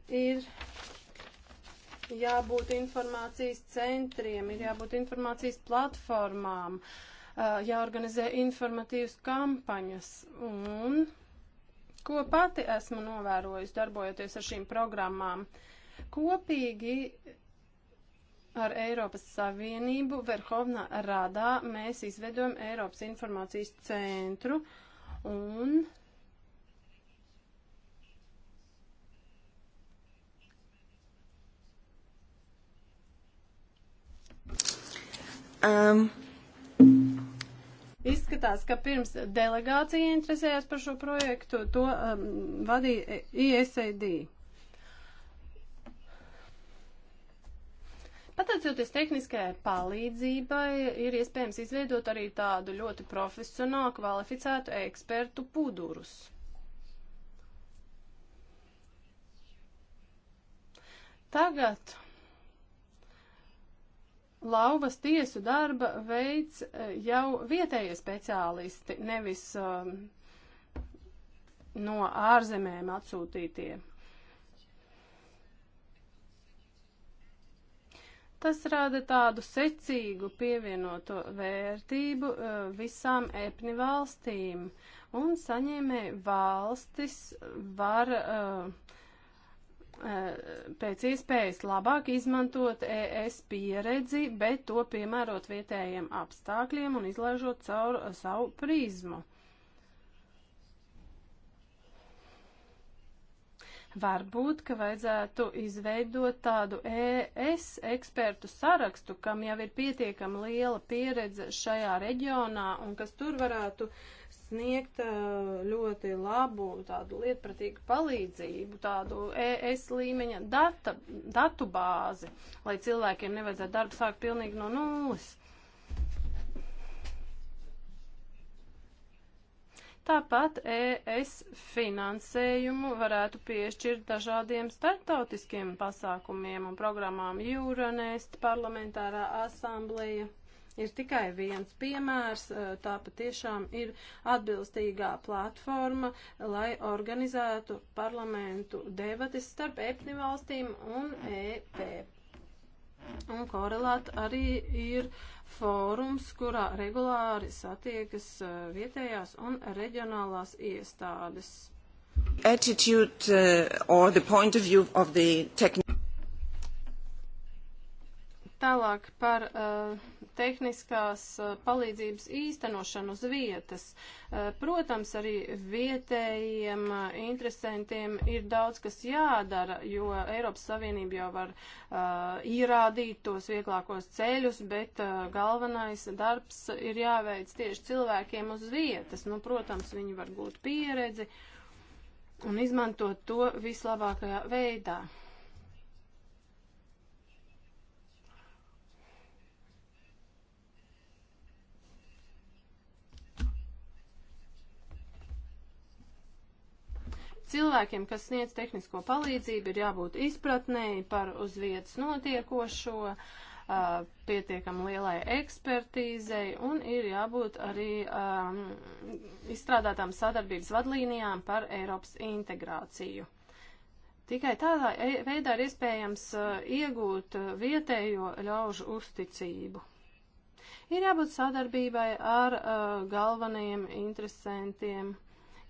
ir jābūt informācijas centriem, ir jābūt informācijas platformām. Uh, jāorganizē informatīvas kampaņas. Un ko pati esmu novērojusi, darbojoties ar šīm programmām, kopīgi ar Eiropas Savienību Verhovna Radā mēs izveidojam Eiropas informācijas centru un Um, Izskatās, ka pirms delegācija interesējās par šo projektu, to um, vadīja ISAD. Pateicoties tehniskajai palīdzībai, ir iespējams izveidot arī tādu ļoti profesionālu, kvalificētu ekspertu pudurus. Tagad lauvas tiesu darba veids e, jau vietējie speciālisti, nevis um, no ārzemēm atsūtītie. Tas rada tādu secīgu pievienoto vērtību e, visām epni valstīm, un saņēmē valstis var uh, Eh, pēc iespējas labāk izmantot ES pieredzi, bet to piemērot vietējiem apstākļiem un izlaižot caur eh, savu prizmu. Varbūt, ka vajadzētu izveidot tādu ES ekspertu sarakstu, kam jau ir pietiekama liela pieredze šajā reģionā un kas tur varētu sniegt ļoti labu, tādu lietpratīgu palīdzību, tādu ES līmeņa data, datu bāzi, lai cilvēkiem nevajadzētu darbu sākt pilnīgi no nulles. Tāpat ES finansējumu varētu piešķirt dažādiem startautiskiem pasākumiem un programmām Euronest, parlamentārā asambleja ir tikai viens piemērs, tā patiešām ir atbilstīgā platforma, lai organizētu parlamentu debatis starp EPNI valstīm un EP. Un korelāt arī ir fórums, kurā regulāri satiekas vietējās un reģionālās iestādes. Attitude uh, or the point of view of the technical. Tālāk par uh, tehniskās eh, palīdzības īstenošanu uz vietas. Eh, protams, arī vietējiem eh, interesantiem ir daudz, kas jādara, jo Eiropas Savienība jau var uh, īrādīt tos vieglākos ceļus, bet uh, galvenais darbs ir jāveic tieši cilvēkiem uz vietas. Nu, protams, viņi var gūt pieredzi un izmantot to vislabākajā veidā. Cilvēkiem, kas sniedz tehnisko palīdzību, ir jābūt izpratnēji par uz vietas notiekošo, pietiekam lielai ekspertīzei un ir jābūt arī um, izstrādātām sadarbības vadlīnijām par Eiropas integrāciju. Tikai tādā e, veidā ir iespējams iegūt vietējo ļaužu uzticību. Ir jābūt sadarbībai ar uh, galvenajiem interesantiem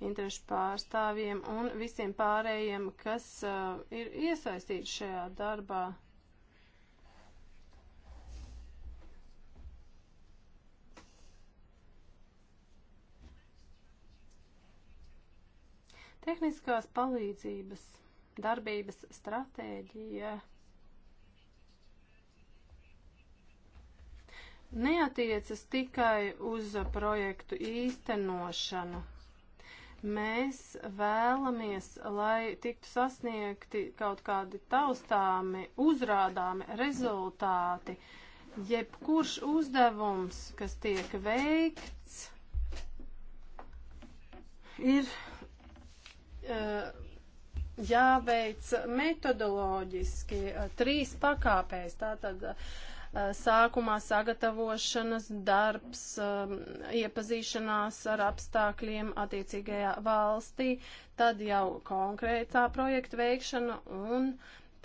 interešu pārstāvjiem un visiem pārējiem, kas uh, ir iesaistīti šajā darbā. Tehniskās palīdzības darbības stratēģija neatiecas tikai uz projektu īstenošanu. Mēs vēlamies, lai tiktu sasniegti kaut kādi taustāmi, uzrādāmi rezultāti. Jebkurš uzdevums, kas tiek veikts, ir. Uh, jāveic metodoloģiski eh, trīs pakāpēs. Tātad eh, Eh, sākumā sagatavošanas darbs, eh, iepazīšanās ar apstākļiem attiecīgajā valstī, tad jau konkrētā projekta veikšana un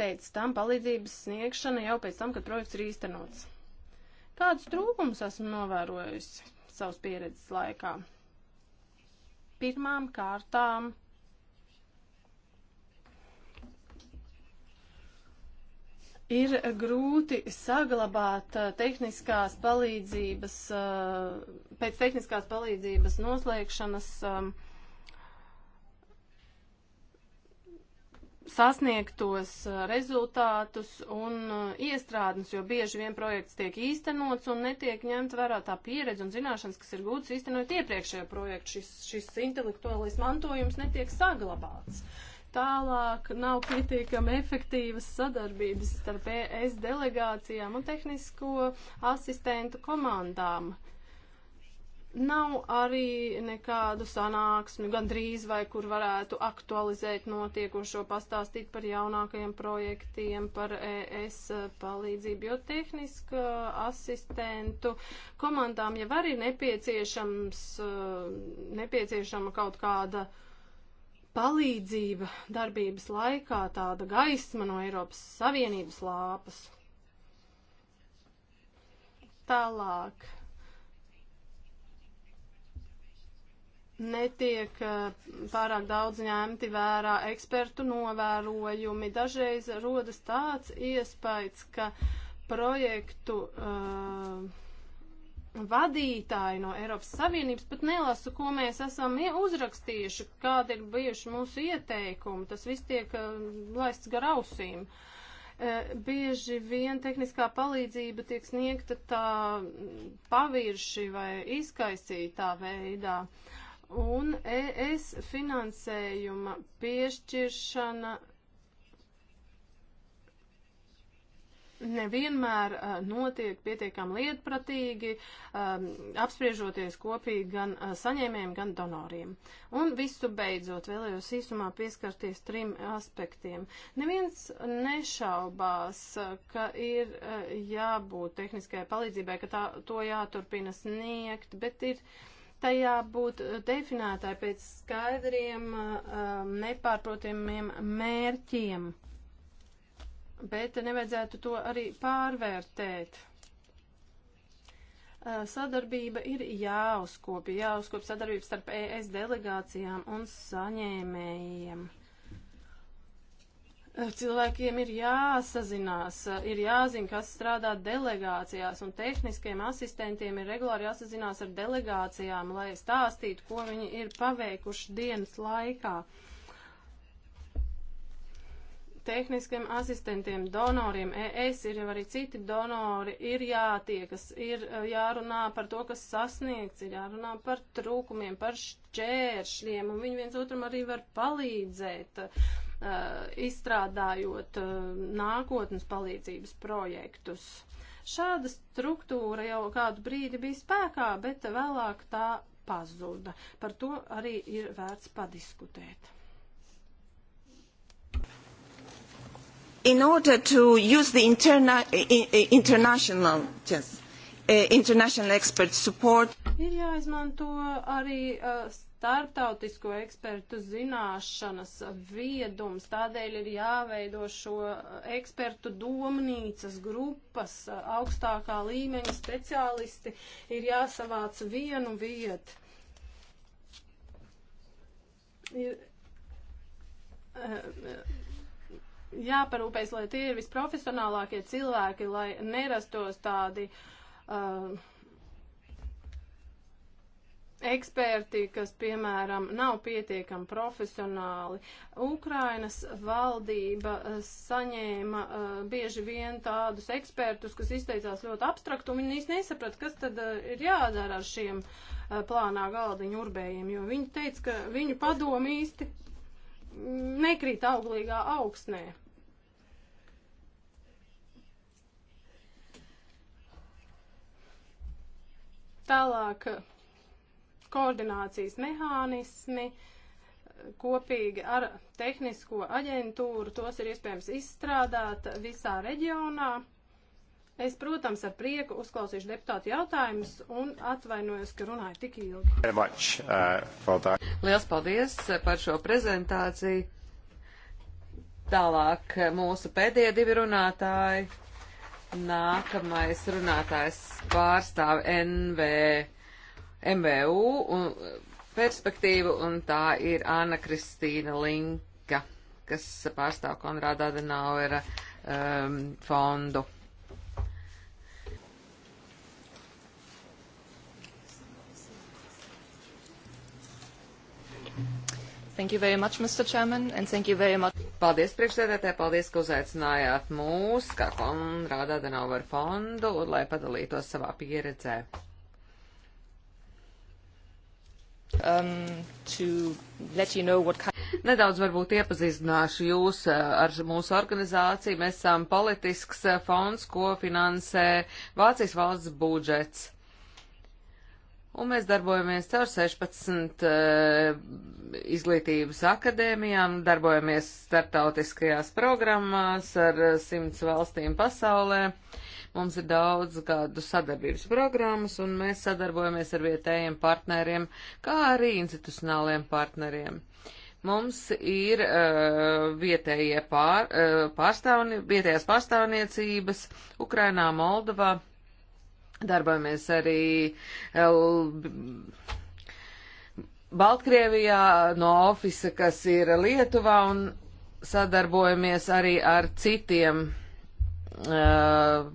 pēc tam palīdzības sniegšana jau pēc tam, kad projekts ir īstenots. Kādus trūkumus esmu novērojusi savas pieredzes laikā? Pirmām kārtām ir grūti saglabāt eh, tehniskās palīdzības, eh, pēc tehniskās palīdzības noslēgšanas ehm, sasniegtos eh, rezultātus un iestrādnes, jo bieži vien projekts tiek īstenots un netiek ņemt vērā tā pieredze un zināšanas, kas ir gūtas īstenot iepriekšējo projektu. Šis, šis intelektuālais mantojums netiek saglabāts. Uh, Tālāk nav pietiekami efektīvas sadarbības starp ES delegācijām un tehnisko asistentu komandām. Nav arī nekādu sanāksmi, gandrīz vai kur varētu aktualizēt notiekošo, pastāstīt par jaunākajiem projektiem, par ES palīdzību, jo tehniska asistentu komandām jau arī nepieciešams, nepieciešama kaut kāda uh, palīdzība darbības laikā, tāda gaisma no Eiropas Savienības lāpas. Tālāk. Netiek eh, pārāk daudz ņemti vērā ekspertu novērojumi. Dažreiz rodas tāds iespējas, ka projektu uh, vadītāji no Eiropas Savienības pat nelasa, ko mēs esam uzrakstījuši, kādi ir bijuši mūsu ieteikumi. Tas viss tiek uh, laists gar ausīm. Uh, bieži vien tehniskā palīdzība tiek sniegta tā pavirši vai izkaisītā veidā. Un ES finansējuma piešķiršana uh, nevienmēr uh, notiek pietiekami lietpratīgi, um, apspriežoties kopīgi gan uh, saņēmējiem, gan donoriem. Un visu beidzot vēlējos īsumā pieskarties trim aspektiem. Neviens nešaubās, ka ir uh, jābūt tehniskajai palīdzībai, ka tā, to jāturpina sniegt, bet ir tajā būt definētāji pēc skaidriem, nepārprotamiem mērķiem bet nevajadzētu to arī pārvērtēt. Sadarbība ir jāuzkopja, jāuzkopja sadarbība starp ES delegācijām un saņēmējiem. Cilvēkiem ir jāsazinās, ir jāzina, kas strādā delegācijās, un tehniskiem asistentiem ir regulāri jāsazinās ar delegācijām, lai stāstītu, ko viņi ir paveikuši dienas laikā. Uh, tehniskiem asistentiem, donoriem, ES ir jau arī citi donori, ir jātiekas, ir e, jārunā par to, kas sasniegts, ir jārunā par trūkumiem, par šķēršļiem, un viņi viens otram arī var palīdzēt, uh, izstrādājot uh, nākotnes palīdzības projektus. Šāda struktūra jau kādu brīdi bija spēkā, bet vēlāk tā pazuda. Par to arī ir vērts padiskutēt. in order to use the interna international, yes, uh, international expert support. Ir jāizmanto arī uh, starptautisko ekspertu zināšanas viedums, tādēļ ir jāveido šo uh, ekspertu domnīcas grupas, uh, augstākā līmeņa speciālisti ir jāsavāc vienu vietu. Ir, uh, uh, jāparūpēs, lai tie ir visprofesionālākie cilvēki, lai nerastos tādi. Uh, eksperti, kas, piemēram, nav pietiekami profesionāli. Ukrainas valdība uh, saņēma uh, bieži vien tādus ekspertus, kas izteicās ļoti abstrakt, un viņi īsti nesaprat, kas tad uh, ir jādara ar šiem uh, plānā galdiņu urbējiem, jo viņi teica, ka viņu padomi īsti nekrīt auglīgā augsnē. Tālāk koordinācijas mehānismi kopīgi ar tehnisko aģentūru, tos ir iespējams izstrādāt visā reģionā. Es, protams, ar prieku uzklausīšu deputātu jautājumus un atvainojos, ka runāju tik ilgi. Much, uh, Liels paldies uh, par šo prezentāciju. Tālāk uh, mūsu pēdējie divi runātāji Nākamais runātājs pārstāv NV, MVU un perspektīvu, un tā ir Anna Kristīna Linka, kas pārstāv Konrāda Adenauera um, fondu. Thank you very much, Mr. Chairman, and thank you very much. Paldies priekšsēdētāji, paldies, ka uzaicinājāt mūs, kā Konrāda Adenauer fondu, lai padalītos savā pieredzē. Um, you know what... Nedaudz varbūt iepazīstināšu jūs uh, ar mūsu organizāciju. Mēs esam politisks uh, fonds, ko finansē Vācijas valsts budžets. Un mēs darbojamies caur 16 uh, eh, izglītības akadēmijām, darbojamies startautiskajās programmās ar 100 eh, valstīm pasaulē. Mums ir daudz gadu sadarbības programmas, un mēs sadarbojamies ar vietējiem partneriem, kā arī institucionāliem partneriem. Mums ir uh, vietējie pār, uh, pārstāvni, vietējās pārstāvniecības Ukrainā, Moldovā. Darbojamies arī Baltkrievijā no ofisa, kas ir Lietuvā, un sadarbojamies arī ar citiem uh,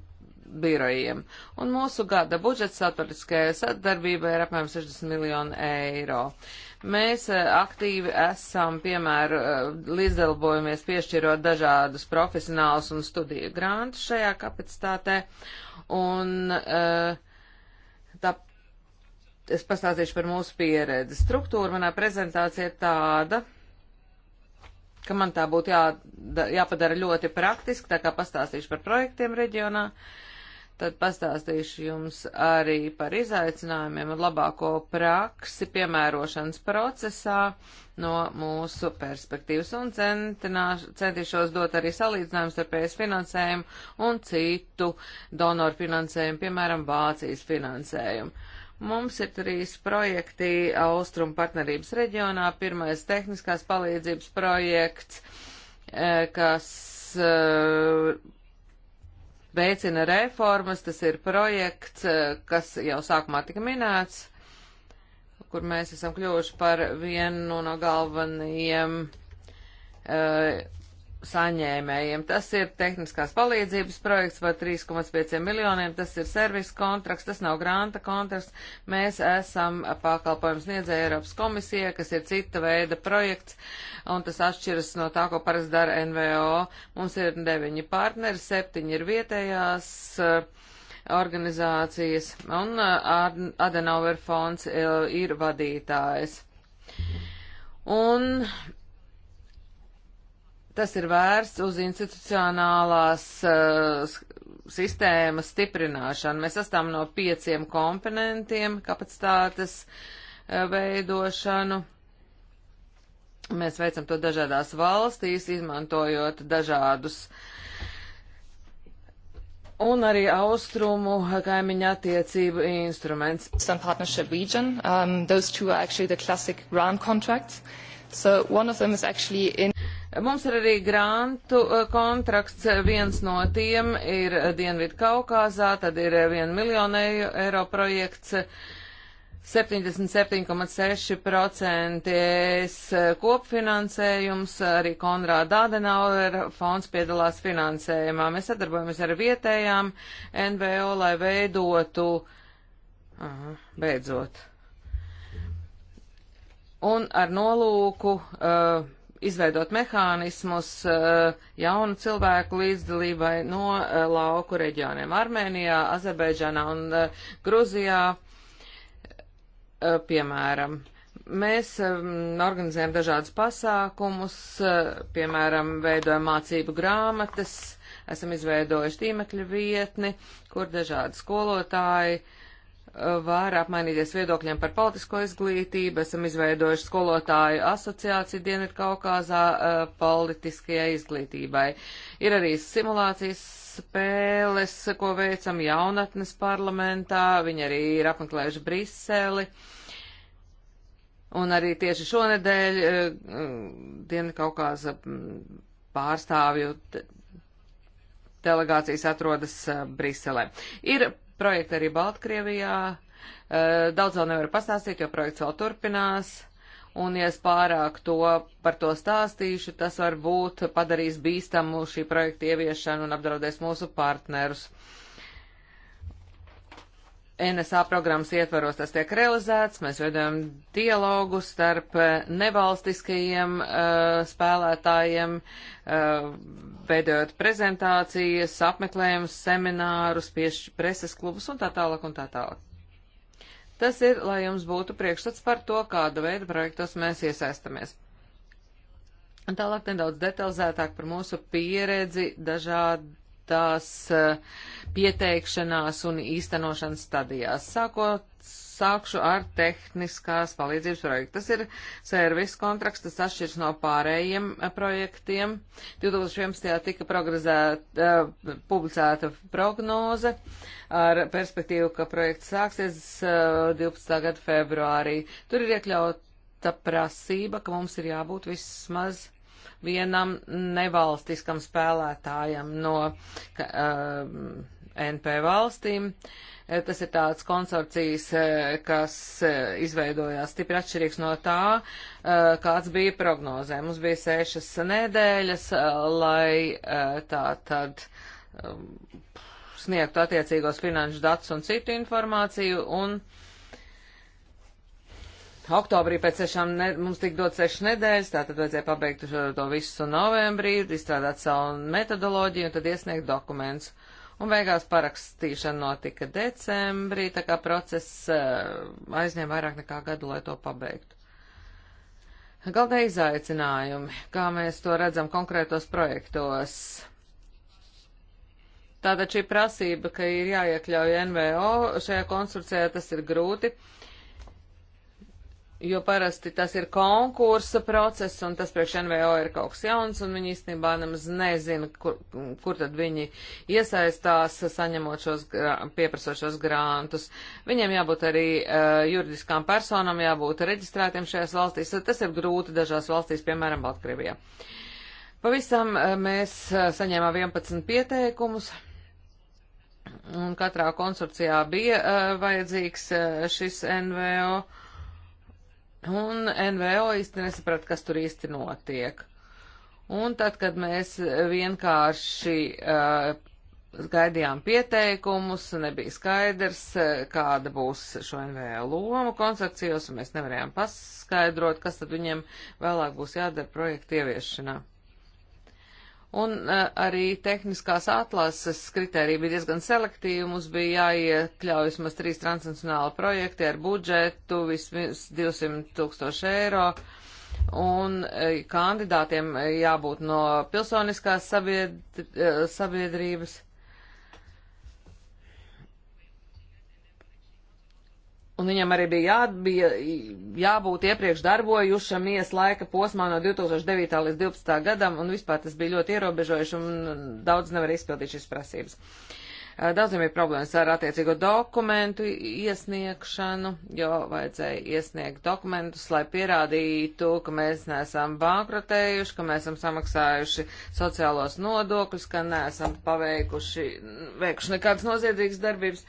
birojiem. Un mūsu gada budžets saturiskajai sadarbībai ir apmēram 60 miljonu eiro. Mēs aktīvi esam, piemēram, līdzdarbojamies piešķirot dažādus profesionālus un studiju grantus šajā kapacitātē. Uh, un eh, tā, es pastāstīšu par mūsu pieredzi. Struktūra manā prezentācijā ir tāda, ka man tā būtu jā, jāpadara ļoti praktiski, tā kā pastāstīšu par projektiem reģionā. Uh, Tad pastāstīšu jums arī par izaicinājumiem un labāko praksi piemērošanas procesā no mūsu perspektīvas un centināš, centīšos dot arī salīdzinājumus ar PS finansējumu un citu donoru finansējumu, piemēram, Vācijas finansējumu. Mums ir trīs projekti Austrum partnerības reģionā. Pirmais tehniskās palīdzības projekts, eh, kas eh, veicina reformas, tas ir projekts, eh, kas jau sākumā tika minēts, kur mēs esam kļuvuši par vienu no galvenajiem uh, saņēmējiem. Tas ir tehniskās palīdzības projekts par 3,5 miljoniem, tas ir servis kontrakts, tas nav granta kontrakts. Mēs esam pakalpojums sniedzēja Eiropas komisija, kas ir cita veida projekts, un tas atšķiras no tā, ko parasti dara NVO. Mums ir deviņi partneri, septiņi ir vietējās eh, organizācijas, un eh, Adenauer fonds eh, ir vadītājs. Un Tas ir vērsts uz institucionālās uh, sistēmas stiprināšanu. Mēs sastāvam no pieciem komponentiem - kapacitātes uh, veidošanu. Mēs veicam to dažādās valstīs, izmantojot dažādus un arī austrumu kaimiņu attiecību instruments. Some partnership region, um, those two are actually the classic grant contracts. So one of them is actually in Mums ir arī grantu eh, kontrakts, viens no tiem ir Dienvidu Kaukāzā, tad ir 1 miljonu eiro projekts, 77,6% eh, kopfinansējums, arī Konrāda Adenauer fonds piedalās finansējumā. Mēs sadarbojamies ar vietējām NVO, lai veidotu, aha, beidzot, un ar nolūku. Uh, izveidot mehānismus eh, jaunu cilvēku līdzdalībai no eh, lauku reģioniem Armēnijā, Azerbaidžānā un eh, Gruzijā, piemēram. Mēs mm, organizējam dažādus pasākumus, piemēram, veidojam mācību grāmatas, esam izveidojuši tīmekļa vietni, kur dažādi skolotāji uh, var apmainīties viedokļiem par politisko izglītību. Esam izveidojuši skolotāju asociāciju Dienvidkaukāzā uh, eh, politiskajai izglītībai. Ir arī simulācijas spēles, ko veicam jaunatnes parlamentā. Viņi arī ir apmeklējuši Briseli. Un arī tieši šonedēļ uh, eh, Dienvidkaukāza mm, pārstāvju delegācijas atrodas uh, Briselē. Ir projekti arī Baltkrievijā. Eh, daudz vēl nevaru pastāstīt, jo projekts vēl turpinās. Un, ja es pārāk to par to stāstīšu, tas varbūt padarīs bīstamu šī projekta ieviešanu un apdraudēs mūsu partnerus. Uh, NSA programmas ietvaros tas tiek realizēts, mēs veidojam dialogu starp eh, nevalstiskajiem uh, spēlētājiem, uh, veidojot prezentācijas, apmeklējumus, seminārus, piešķi preses klubus un tā tālāk un tā tālāk. Tas ir, lai jums būtu priekšstats par to, kāda veida projektos mēs iesaistamies. Un tālāk nedaudz detalizētāk par mūsu pieredzi dažādu tās eh, pieteikšanās un īstenošanas stadijās. Sākot, sākšu ar tehniskās palīdzības projektu. Tas ir servis kontrakts, tas atšķirs no pārējiem eh, projektiem. 2011. tika uh, publicēta prognoze ar perspektīvu, ka projekts sāksies uh, 12. gada februārī. Tur ir iekļauta prasība, ka mums ir jābūt vismaz vienam nevalstiskam spēlētājam no uh, eh, NP valstīm. Eh, tas ir tāds konsorcijs, eh, kas izveidojās stipri atšķirīgs no tā, kāds bija prognozē. Mums bija sešas nedēļas, lai tā tad sniegtu attiecīgos finanšu datus un citu informāciju, un uh, Oktobrī pēc sešām ne, mums tika dot sešas nedēļas, tātad vajadzēja pabeigt to visu novembrī, izstrādāt savu metodoloģiju un tad iesniegt dokumentus. Un beigās parakstīšana notika decembrī, tā kā process eh, aizņēma vairāk nekā gadu, lai to pabeigtu. Galda izaicinājumi, kā mēs to redzam konkrētos projektos. Tātad šī prasība, ka ir jāiekļauj NVO šajā konstrukcijā, tas ir grūti. Uh, jo parasti tas ir konkursa process, un tas priekš NVO ir kaut kas jauns, un viņi īstenībā nemaz nezina, kur, kur tad viņi iesaistās, saņemot šos pieprasošos grantus. Viņiem jābūt arī uh, juridiskām personām, jābūt reģistrētiem šajās valstīs. Tas ir grūti dažās valstīs, piemēram, Baltkrievijā. Pavisam eh, mēs eh, saņēmām 11 pieteikumus. Un katrā konsorcijā bija uh, vajadzīgs uh, šis NVO uh, Un NVO īsti nesaprat, kas tur īsti notiek. Un tad, kad mēs vienkārši uh, gaidījām pieteikumus, nebija skaidrs, uh, kāda būs šo NVO loma koncepcijos, un mēs nevarējām paskaidrot, kas tad viņiem vēlāk būs jādara projekta ieviešanā. Un e, arī tehniskās atlases kritērija bija diezgan selektīva. Mums bija jāiekļauj vismaz trīs transnacionāla projekti ar budžetu vismaz 200 tūkstoši eiro. Un e, kandidātiem jābūt no pilsoniskās sabiedr e, sabiedrības. Un viņam arī bija, jā, bija jābūt iepriekš darbojušamies laika posmā no 2009. līdz 2012. gadam, un vispār tas bija ļoti ierobežojuši, un daudz nevar izpildīt šīs prasības. Daudziem ir problēmas ar attiecīgo dokumentu iesniegšanu, jo vajadzēja iesniegt dokumentus, lai pierādītu, ka mēs neesam bankrotējuši, ka mēs esam samaksājuši sociālos nodokļus, ka neesam paveikuši, veikuši nekādas noziedzīgas darbības.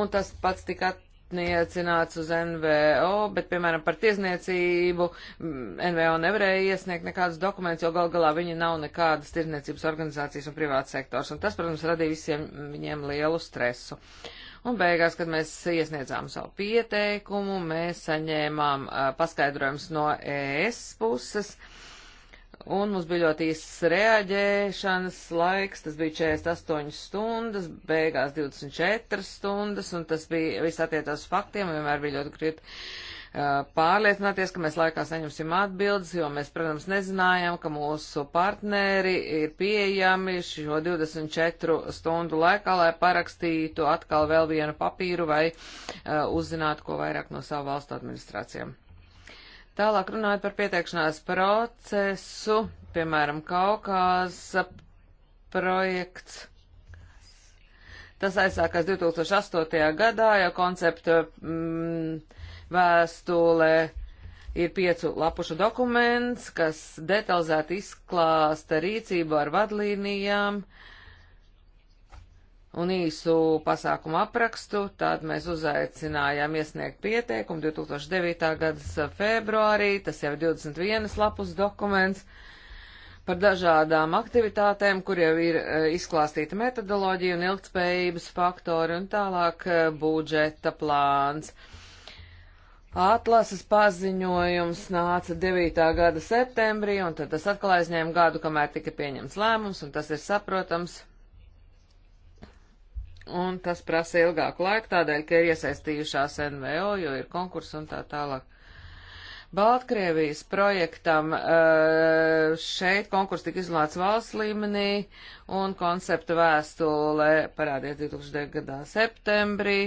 Un tas pats tika attiecināts uz NVO, bet, piemēram, par tirzniecību mm, NVO nevarēja iesniegt nekādus dokumentus, jo gal galā viņi nav nekādas tirzniecības organizācijas un privāts sektors. Un tas, protams, radīja visiem viņiem lielu stresu. Un beigās, kad mēs iesniedzām savu pieteikumu, mēs saņēmām uh, paskaidrojums no ES puses. Uh, Un mums bija ļoti īsts reaģēšanas laiks, tas bija 48 stundas, beigās 24 stundas, un tas bija viss attiecās uz faktiem, vienmēr bija ļoti grūti uh, pārliecināties, ka mēs laikā saņemsim atbildes, jo mēs, protams, nezinājām, ka mūsu partneri ir pieejami šo 24 stundu laikā, lai parakstītu atkal vēl vienu papīru vai uh, uzzinātu ko vairāk no savu valstu administrācijām. Tālāk runājot par pieteikšanās procesu, piemēram, Kaukāza projekts. Tas aizsākās 2008. gadā, jo koncepta mm, vēstulē ir piecu lapušu dokuments, kas detalizēti izklāsta rīcību ar vadlīnijām, uh, un īsu pasākumu aprakstu, tad mēs uzaicinājām iesniegt pieteikumu 2009. gada februārī, tas jau ir 21 lapus dokuments par dažādām aktivitātēm, kur jau ir e, izklāstīta metodoloģija un ilgtspējības faktori un tālāk e, budžeta plāns. Atlases paziņojums nāca 9. gada septembrī, un tad tas atkal aizņēma gadu, kamēr tika pieņemts lēmums, un tas ir saprotams, Un tas prasa ilgāku laiku, tādēļ, ka ir iesaistījušās NVO, jo ir konkurss un tā tālāk. Baltkrievijas projektam eh, šeit konkurss tika izlāts valsts līmenī un koncepta vēstule parādījās 2009. gadā septembrī.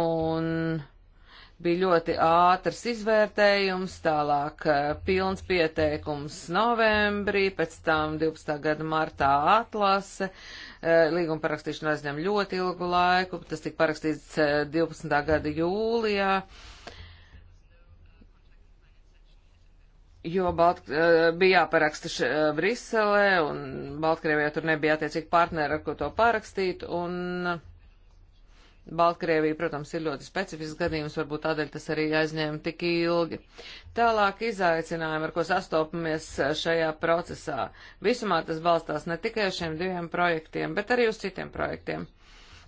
Un bija ļoti ātrs izvērtējums, tālāk eh, pilns pieteikums novembrī, pēc tam 12. gada martā atlase. Eh, Līguma parakstīšana aizņem ļoti ilgu laiku, tas tika parakstīts 12. Eh, gada jūlijā. Jo Balt, bija jāparaksta Briselē, un Baltkrievijā tur nebija attiecīgi partneri, ar ko to parakstīt, un uh, Baltkrievija, protams, ir ļoti specifisks gadījums, varbūt tādēļ tas arī aizņēma tik ilgi. Tālāk izaicinājumi, ar ko sastopamies šajā procesā. Visumā tas balstās ne tikai uz šiem diviem projektiem, bet arī uz citiem projektiem.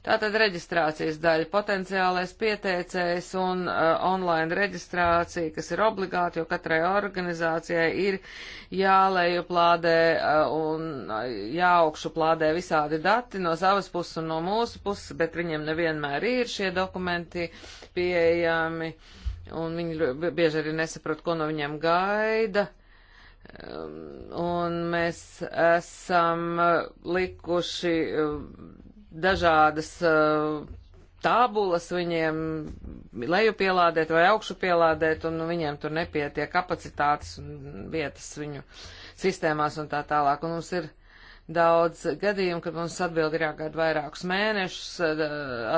Tātad reģistrācijas daļa, potenciālais pieteicējs un uh, online reģistrācija, kas ir obligāti, jo katrai organizācijai ir jāleju plādē uh, un uh, jāaugšu plādē visādi dati no savas puses un no mūsu puses, bet viņiem nevienmēr ir šie dokumenti pieejami. Un viņi bieži arī nesaprot, ko no viņiem gaida. Um, un mēs esam uh, likuši uh, dažādas uh, tābulas viņiem leju pielādēt vai augšu pielādēt, un viņiem tur nepietiek kapacitātes un vietas viņu sistēmās un tā tālāk. Un mums ir daudz gadījumu, kad mums atbildi ir jāgaida vairākus mēnešus, uh,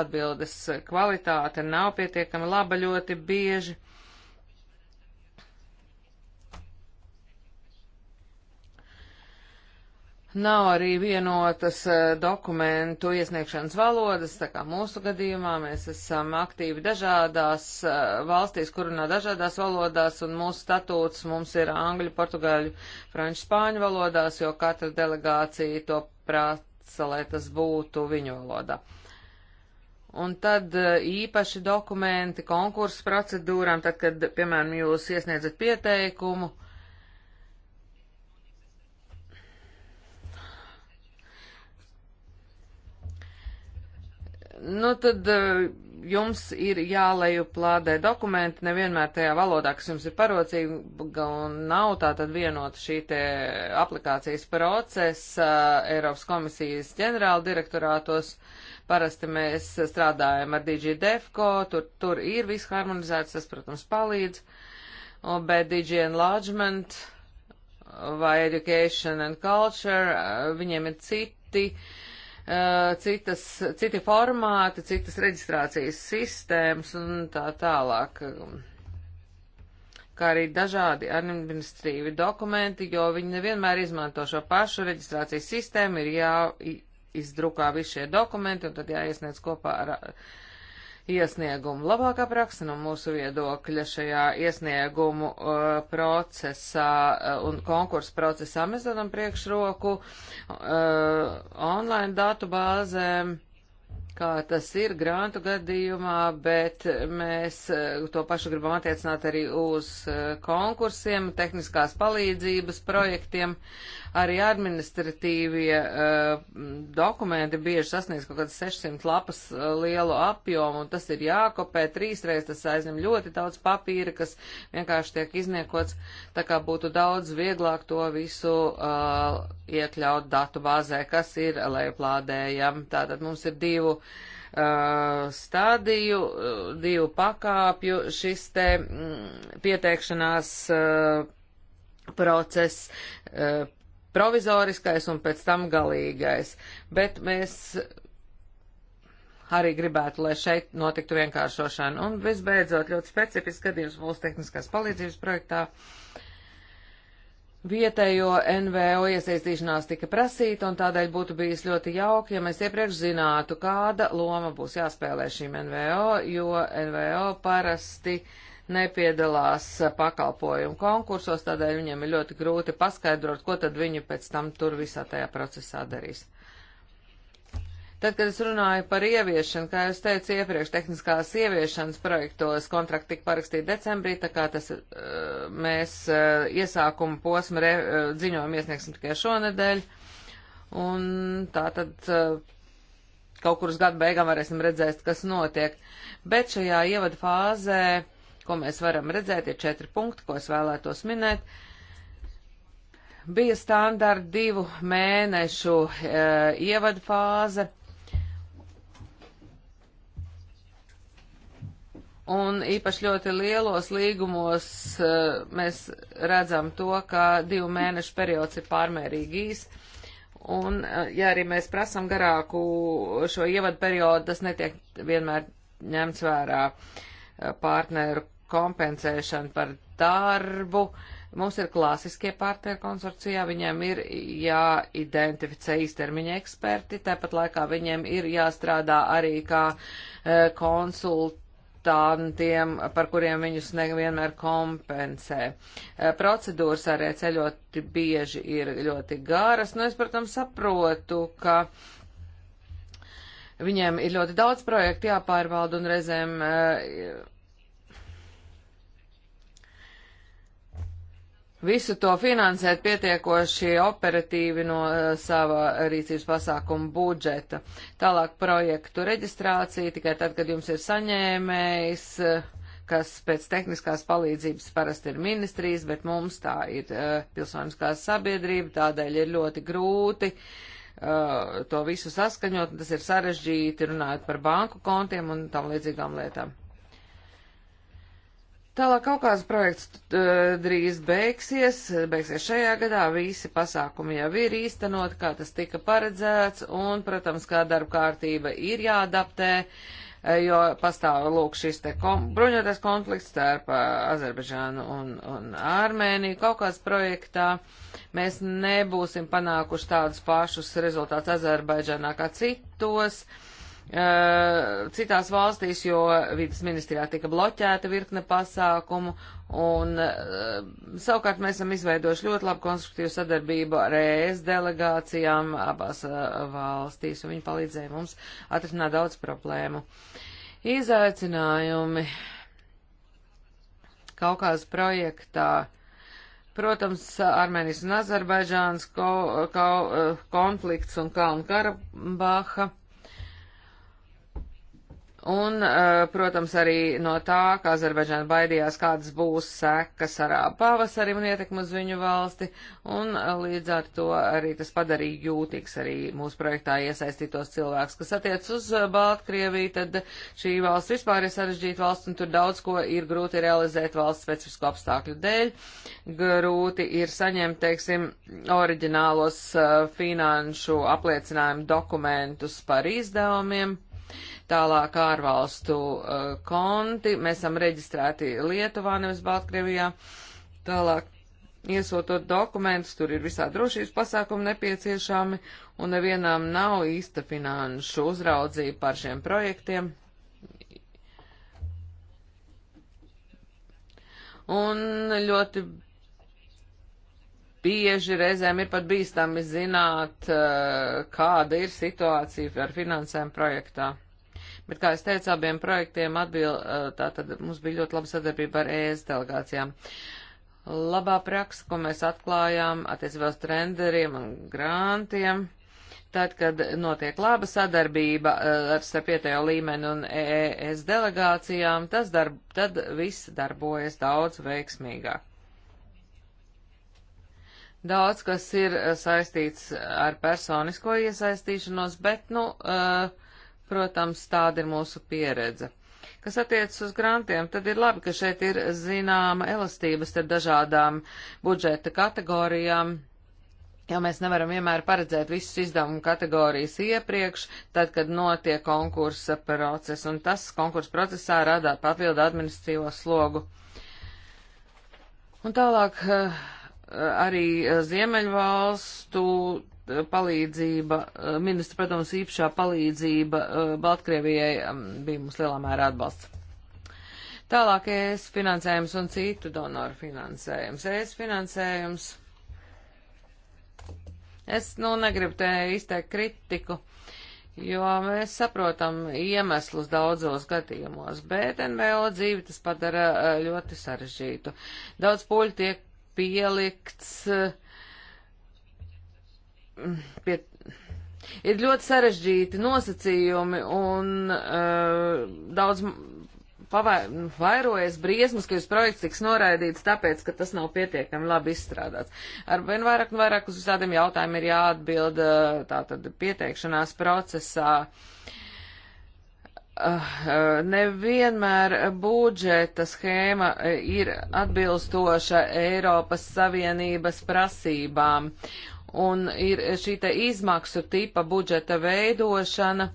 atbildes kvalitāte nav pietiekami laba ļoti bieži. Nav arī vienotas eh, dokumentu iesniegšanas valodas, tā kā mūsu gadījumā mēs esam aktīvi dažādās eh, valstīs, kur runā dažādās valodās, un mūsu statūts mums ir angļu, portugāļu, franču, spāņu valodās, jo katra delegācija to prasa, lai tas būtu viņu valodā. Un tad eh, īpaši dokumenti konkursu procedūrām, tad, kad, piemēram, jūs iesniedzat pieteikumu, uh, nu tad eh, jums ir jālejuplādē dokumenti nevienmēr tajā valodā, kas jums ir parocīga un nav tā tad vienota šī te aplikācijas procesa Eiropas komisijas ģenerāla direktorātos. Parasti mēs strādājam ar DG Defco, tur, tur ir viss harmonizēts, tas, protams, palīdz, bet DG Enlargement vai Education and Culture, eh, viņiem ir citi Eh, citas, citi formāti, citas reģistrācijas sistēmas un tā tālāk, kā arī dažādi administrīvi dokumenti, jo viņi nevienmēr izmanto šo pašu reģistrācijas sistēmu, ir jāizdrukā visi šie dokumenti un tad jāiesniedz kopā ar iesniegumu. Labākā praksa no mūsu viedokļa šajā iesniegumu uh, procesā uh, un konkursu procesā mēs dodam priekšroku uh, online datu bāzēm, kā tas ir grantu gadījumā, bet mēs uh, to pašu gribam attiecināt arī uz uh, konkursiem, tehniskās palīdzības projektiem. Uh, Arī administratīvie uh, dokumenti bieži sasniegs kaut kādas 600 lapas uh, lielu apjomu, un tas ir jākopē trīsreiz, tas aizņem ļoti daudz papīra, kas vienkārši tiek izniekots, tā kā būtu daudz vieglāk to visu uh, iekļaut datu bāzē, kas ir lejuplādējam. Tātad mums ir divu stādiju, divu pakāpju šis te mm, pieteikšanās process provizoriskais un pēc tam galīgais. Bet mēs arī gribētu, lai šeit notiktu vienkāršošana. Un visbeidzot, ļoti specifisks gadījums mūsu tehniskās palīdzības projektā. Vietējo NVO iesaistīšanās tika prasīta, un tādēļ būtu bijis ļoti jauki, ja mēs iepriekš zinātu, kāda loma būs jāspēlē šīm NVO, jo NVO parasti uh, nepiedalās pakalpojumu konkursos, tādēļ viņiem ir ļoti grūti paskaidrot, ko tad viņi pēc tam tur visā tajā procesā darīs. Tad, kad es runāju par ieviešanu, kā jau teicu iepriekš, tehniskās ieviešanas projektos kontrakti tika parakstīti decembrī, tā kā tas eh, mēs eh, iesākumu posmu eh, ziņojumu iesniegsim tikai šonedēļ. Un tā tad kaut kur uz gadu beigām varēsim redzēt, kas notiek. Bet šajā ievada fāzē ko mēs varam redzēt, ir četri punkti, ko es vēlētos minēt. Bija standarta divu mēnešu e, ievadu fāze. Un īpaši ļoti lielos līgumos eh, mēs redzam to, ka divu mēnešu periods ir pārmērīgi īs. Un, eh, ja arī mēs prasam garāku šo ievadu periodu, tas netiek vienmēr ņemts vērā. Uh, partneru kompensēšanu par darbu. Mums ir klasiskie partneri konsorcijā, viņiem ir jāidentificē īstermiņa eksperti, tāpat laikā viņiem ir jāstrādā arī kā e, konsultantiem, par kuriem viņus nevienmēr kompensē. E, procedūras arī ceļoti bieži ir ļoti garas. Nu, es, protams, saprotu, ka uh, Viņiem ir ļoti daudz projektu jāpārvalda un reizēm eh, visu to finansēt pietiekoši operatīvi no eh, sava rīcības pasākuma budžeta. Tālāk projektu reģistrācija tikai tad, kad jums ir saņēmējs, eh, kas pēc tehniskās palīdzības parasti ir ministrijas, bet mums tā ir pilsoniskā sabiedrība, tādēļ ir ļoti grūti uh, uh, to visu saskaņot, un tas ir sarežģīti runājot par banku kontiem un tam līdzīgām lietām. Tālāk kaut kāds projekts uh, drīz beigsies, beigsies šajā gadā, visi pasākumi jau ir īstenot, kā tas tika paredzēts, un, protams, kā darba kārtība ir jāadaptē. Uh, jo pastāv lūk šis te kom, bruņotais konflikts starp Azerbaidžānu un, un Armēniju. Kaut kāds projektā mēs nebūsim panākuši tādus pašus rezultātus Azerbaidžānā kā citos. Uh, Uh, citās valstīs, jo vidas ministrijā tika bloķēta virkne pasākumu, un uh, savukārt mēs esam izveidojuši ļoti labu konstruktīvu sadarbību ar ES delegācijām abās uh, valstīs, un viņi palīdzēja mums atrisināt daudz problēmu. Izaicinājumi Kaukās projektā. Protams, Armēnijas un Azerbaidžānas ko, ko, konflikts un Kalnu Karabaha Un, uh, protams, arī no tā, ka Azerbaidžāna baidījās, kādas būs sekas arābu uh, pavasarim un ietekmas viņu valsti, un uh, līdz ar to arī tas padarīja jūtīgs arī mūsu projektā iesaistītos cilvēks. Kas attiec uz Baltkrieviju, tad šī valsts vispār ir sarežģīta valsts, un tur daudz ko ir grūti realizēt valsts specifisko apstākļu dēļ. Grūti ir saņemt, teiksim, oriģinālos finanšu apliecinājumu dokumentus par izdevumiem tālāk ārvalstu uh, konti. Mēs esam reģistrēti Lietuvā, nevis Baltkrievijā. Tālāk iesūtot dokumentus, tur ir visā drošības pasākumi nepieciešami, un nevienām nav īsta finanšu uzraudzība par šiem projektiem. Un ļoti bieži reizēm ir pat bīstami zināt, uh, kāda ir situācija ar finansēm projektā. Bet, kā es teicu, abiem projektiem atbil, tātad mums bija ļoti laba sadarbība ar ES delegācijām. Labā praksa, ko mēs atklājām attiecībā uz trenderiem un grantiem, tad, kad notiek laba sadarbība ar starpietējo līmeni un ES delegācijām, tas darb, tad viss darbojas daudz veiksmīgāk. Daudz, kas ir saistīts ar personisko iesaistīšanos, bet, nu, uh, Protams, tāda ir mūsu pieredze. Kas attiecas uz grantiem, tad ir labi, ka šeit ir zināma elastības ar dažādām budžeta kategorijām. Ja mēs nevaram vienmēr paredzēt visus izdevumu kategorijas iepriekš, tad, kad notiek konkursa process, un tas konkursa procesā rada papildu administratīvo slogu. Un tālāk eh, arī eh, Ziemeļvalstu palīdzība, eh, ministra, protams, īpašā palīdzība eh, Baltkrievijai bija mums lielā mērā atbalsts. Tālāk ES finansējums un citu donoru finansējums. ES finansējums. Es, nu, negribu te izteikt kritiku, jo mēs saprotam iemeslus daudzos gadījumos, bet NVO dzīvi tas padara eh, ļoti sarežģītu. Daudz poļu tiek pielikts uh, pie, ir ļoti sarežģīti nosacījumi un uh, daudz pavai, nu, vairojas briesmas, ka jūs projekts tiks noraidīts tāpēc, ka tas nav pietiekami labi izstrādāts. Ar vien vairāk un vairāk uz tādiem jautājumiem ir jāatbild eh, tātad pieteikšanās procesā. Eh, nevienmēr budžeta schēma ir atbilstoša Eiropas Savienības prasībām. Uh, un ir šī te izmaksu tipa budžeta veidošana.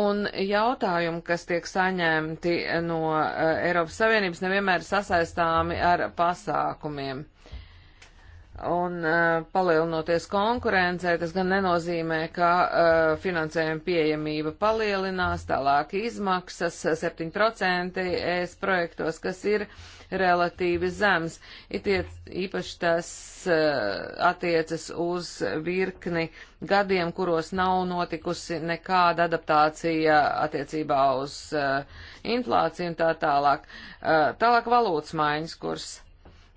Un jautājumi, kas tiek saņemti no eh, Eiropas Savienības, nevienmēr sasaistāmi ar pasākumiem. Un uh, palielinoties konkurencē, tas gan nenozīmē, ka uh, finansējuma pieejamība palielinās, tālāk izmaksas 7% ES projektos, kas ir relatīvi zems. Itiet, īpaši tas uh, attiecas uz virkni gadiem, kuros nav notikusi nekāda adaptācija attiecībā uz inflāciju un tā tālāk. Tālāk valūtas maiņas kurs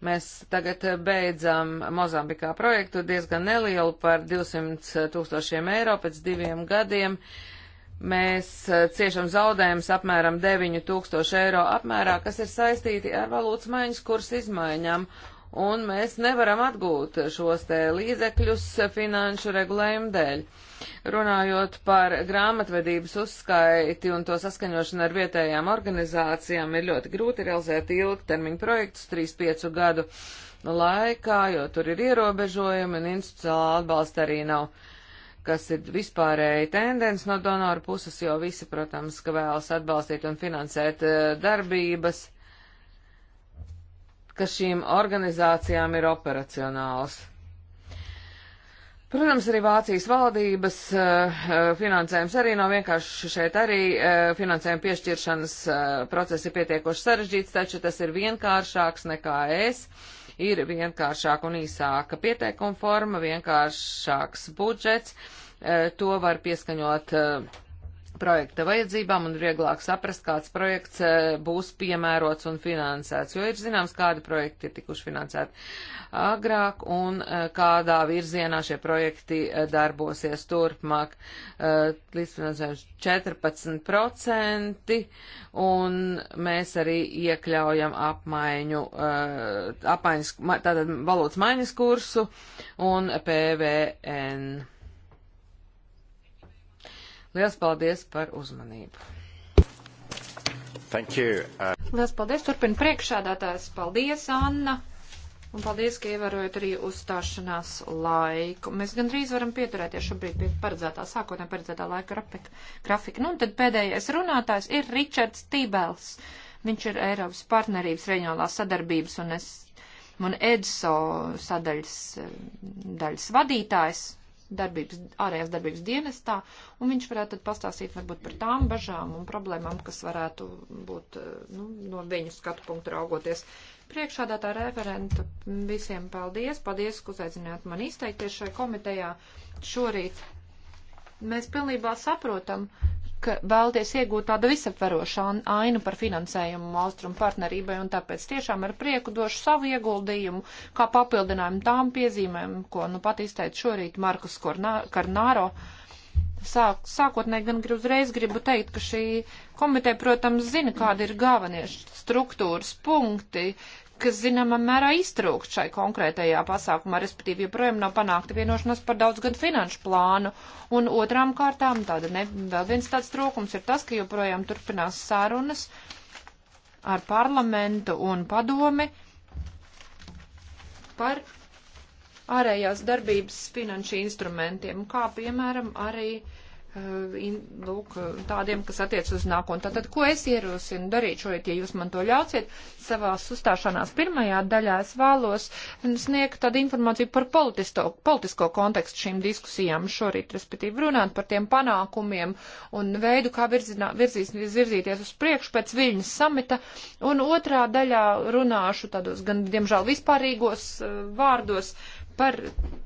Mēs tagad beidzam Mozambikā projektu diezgan nelielu par 200 tūkstošiem eiro pēc diviem gadiem. Mēs eh, ciešam zaudējumus apmēram 9 tūkstoši eiro apmērā, kas ir saistīti ar valūtas maiņas kursu izmaiņām un mēs nevaram atgūt šos te līdzekļus finanšu regulējumu dēļ. Runājot par grāmatvedības uzskaiti un to saskaņošanu ar vietējām organizācijām, ir ļoti grūti realizēt ilgtermiņu projektus 3-5 gadu laikā, jo tur ir ierobežojumi un institucionāla atbalsta arī nav kas ir vispārēji tendence no donoru puses, jo visi, protams, ka vēlas atbalstīt un finansēt eh, darbības, ka šīm organizācijām ir operacionāls. Protams, arī Vācijas valdības eh, eh, finansējums arī nav vienkārši šeit arī eh, finansējuma piešķiršanas process ir pietiekoši sarežģīts, taču tas ir vienkāršāks nekā es. Ir vienkāršāka un īsāka pieteikuma forma, vienkāršāks budžets, to var pieskaņot projekta vajadzībām un ir vieglāk saprast, kāds projekts eh, būs piemērots un finansēts, jo ir zināms, kādi projekti ir tikuši finansēti agrāk un eh, kādā virzienā šie projekti eh, darbosies turpmāk. Līdzfinansējums 14% un mēs arī iekļaujam apmaiņu, apmaiņas, tātad valūtas maiņas kursu un PVN. Liels paldies par uzmanību! Thank you. Uh... Liels paldies, turpina priekšādātājs. Paldies, Anna! Un paldies, ka ievērojat arī uzstāšanās laiku. Mēs gandrīz varam pieturēties šobrīd pie paredzētā, sākotnē paredzētā laika grafika. Nu, un tad pēdējais runātājs ir Ričards Tībels. Viņš ir Eiropas partnerības reģionālās sadarbības un, es, un EDSO sadaļas eh, daļas vadītājs darbības, ārējās darbības dienestā, un viņš varētu tad pastāstīt varbūt par tām bažām un problēmām, kas varētu būt eh, nu, no viņu skatu punktu raugoties. Priekšādā tā referenta visiem paldies, paldies, ka uzaicinājāt mani izteikties šai komitejā šorīt. Mēs pilnībā saprotam, ka vēlties iegūt tādu visaptverošu ainu par finansējumu austrumu partnerībai, un tāpēc tiešām ar prieku došu savu ieguldījumu, kā papildinājumu tām piezīmēm, ko nu pat izteica šorīt Markus Karnāro. Sāk, sākotnēji gan uzreiz gribu teikt, ka šī komiteja, protams, zina, kāda ir galvenie struktūras punkti, kas zināmā mērā iztrūkst šai konkrētajā pasākumā, respektīvi joprojām nav panākta vienošanās par daudzgadu finanšu plānu. Un otrām kārtām tāda ne, vēl viens tāds trūkums ir tas, ka joprojām turpinās sarunas ar parlamentu un padomi par ārējās darbības finanšu instrumentiem, kā piemēram arī uh, Eh, in, lūk, tādiem, kas attiec uz nākotnē. Tātad, ko es ierosinu darīt šodien, ja jūs man to ļausiet, savās uzstāšanās pirmajā daļā es vēlos sniegt tādu informāciju par politisto, politisko kontekstu šīm diskusijām šorīt, respektīvi runāt par tiem panākumiem un veidu, kā virzinā, virzīs, virzīties uz priekšu pēc Viļņas samita, un otrā daļā runāšu tādos gan, diemžēl, vispārīgos eh, vārdos. Uh, par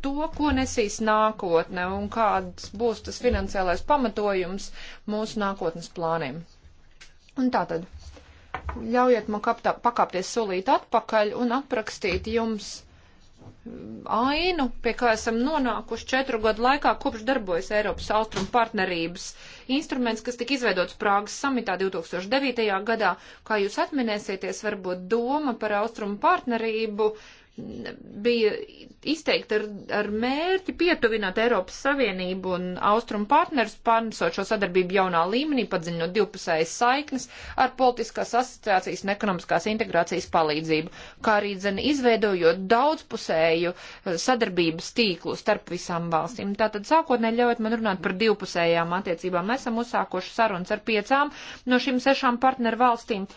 to, ko nesīs nākotne un kāds būs tas finansiālais pamatojums mūsu nākotnes plāniem. Un tātad, ļaujiet man kaptā, pakāpties solīt atpakaļ un aprakstīt jums mm, ainu, pie kā esam nonākuši četru gadu laikā, kopš darbojas Eiropas austrumu partnerības instruments, kas tika izveidots Prāgas samitā 2009. gadā. Kā jūs atminēsieties, varbūt doma par austrumu partnerību bija izteikti ar, ar mērķi pietuvināt Eiropas Savienību un Austrumu partnerus, pārnesot šo sadarbību jaunā līmenī, padziļinot divpusējas saiknes ar politiskās asociācijas un ekonomiskās integrācijas palīdzību, kā arī dzen izveidojot daudzpusēju eh, sadarbības tīklu starp visām valstīm. Tātad sākotnēji ļaujot man runāt par divpusējām attiecībām. Mēs esam uzsākuši sarunas ar piecām no šīm sešām partneru valstīm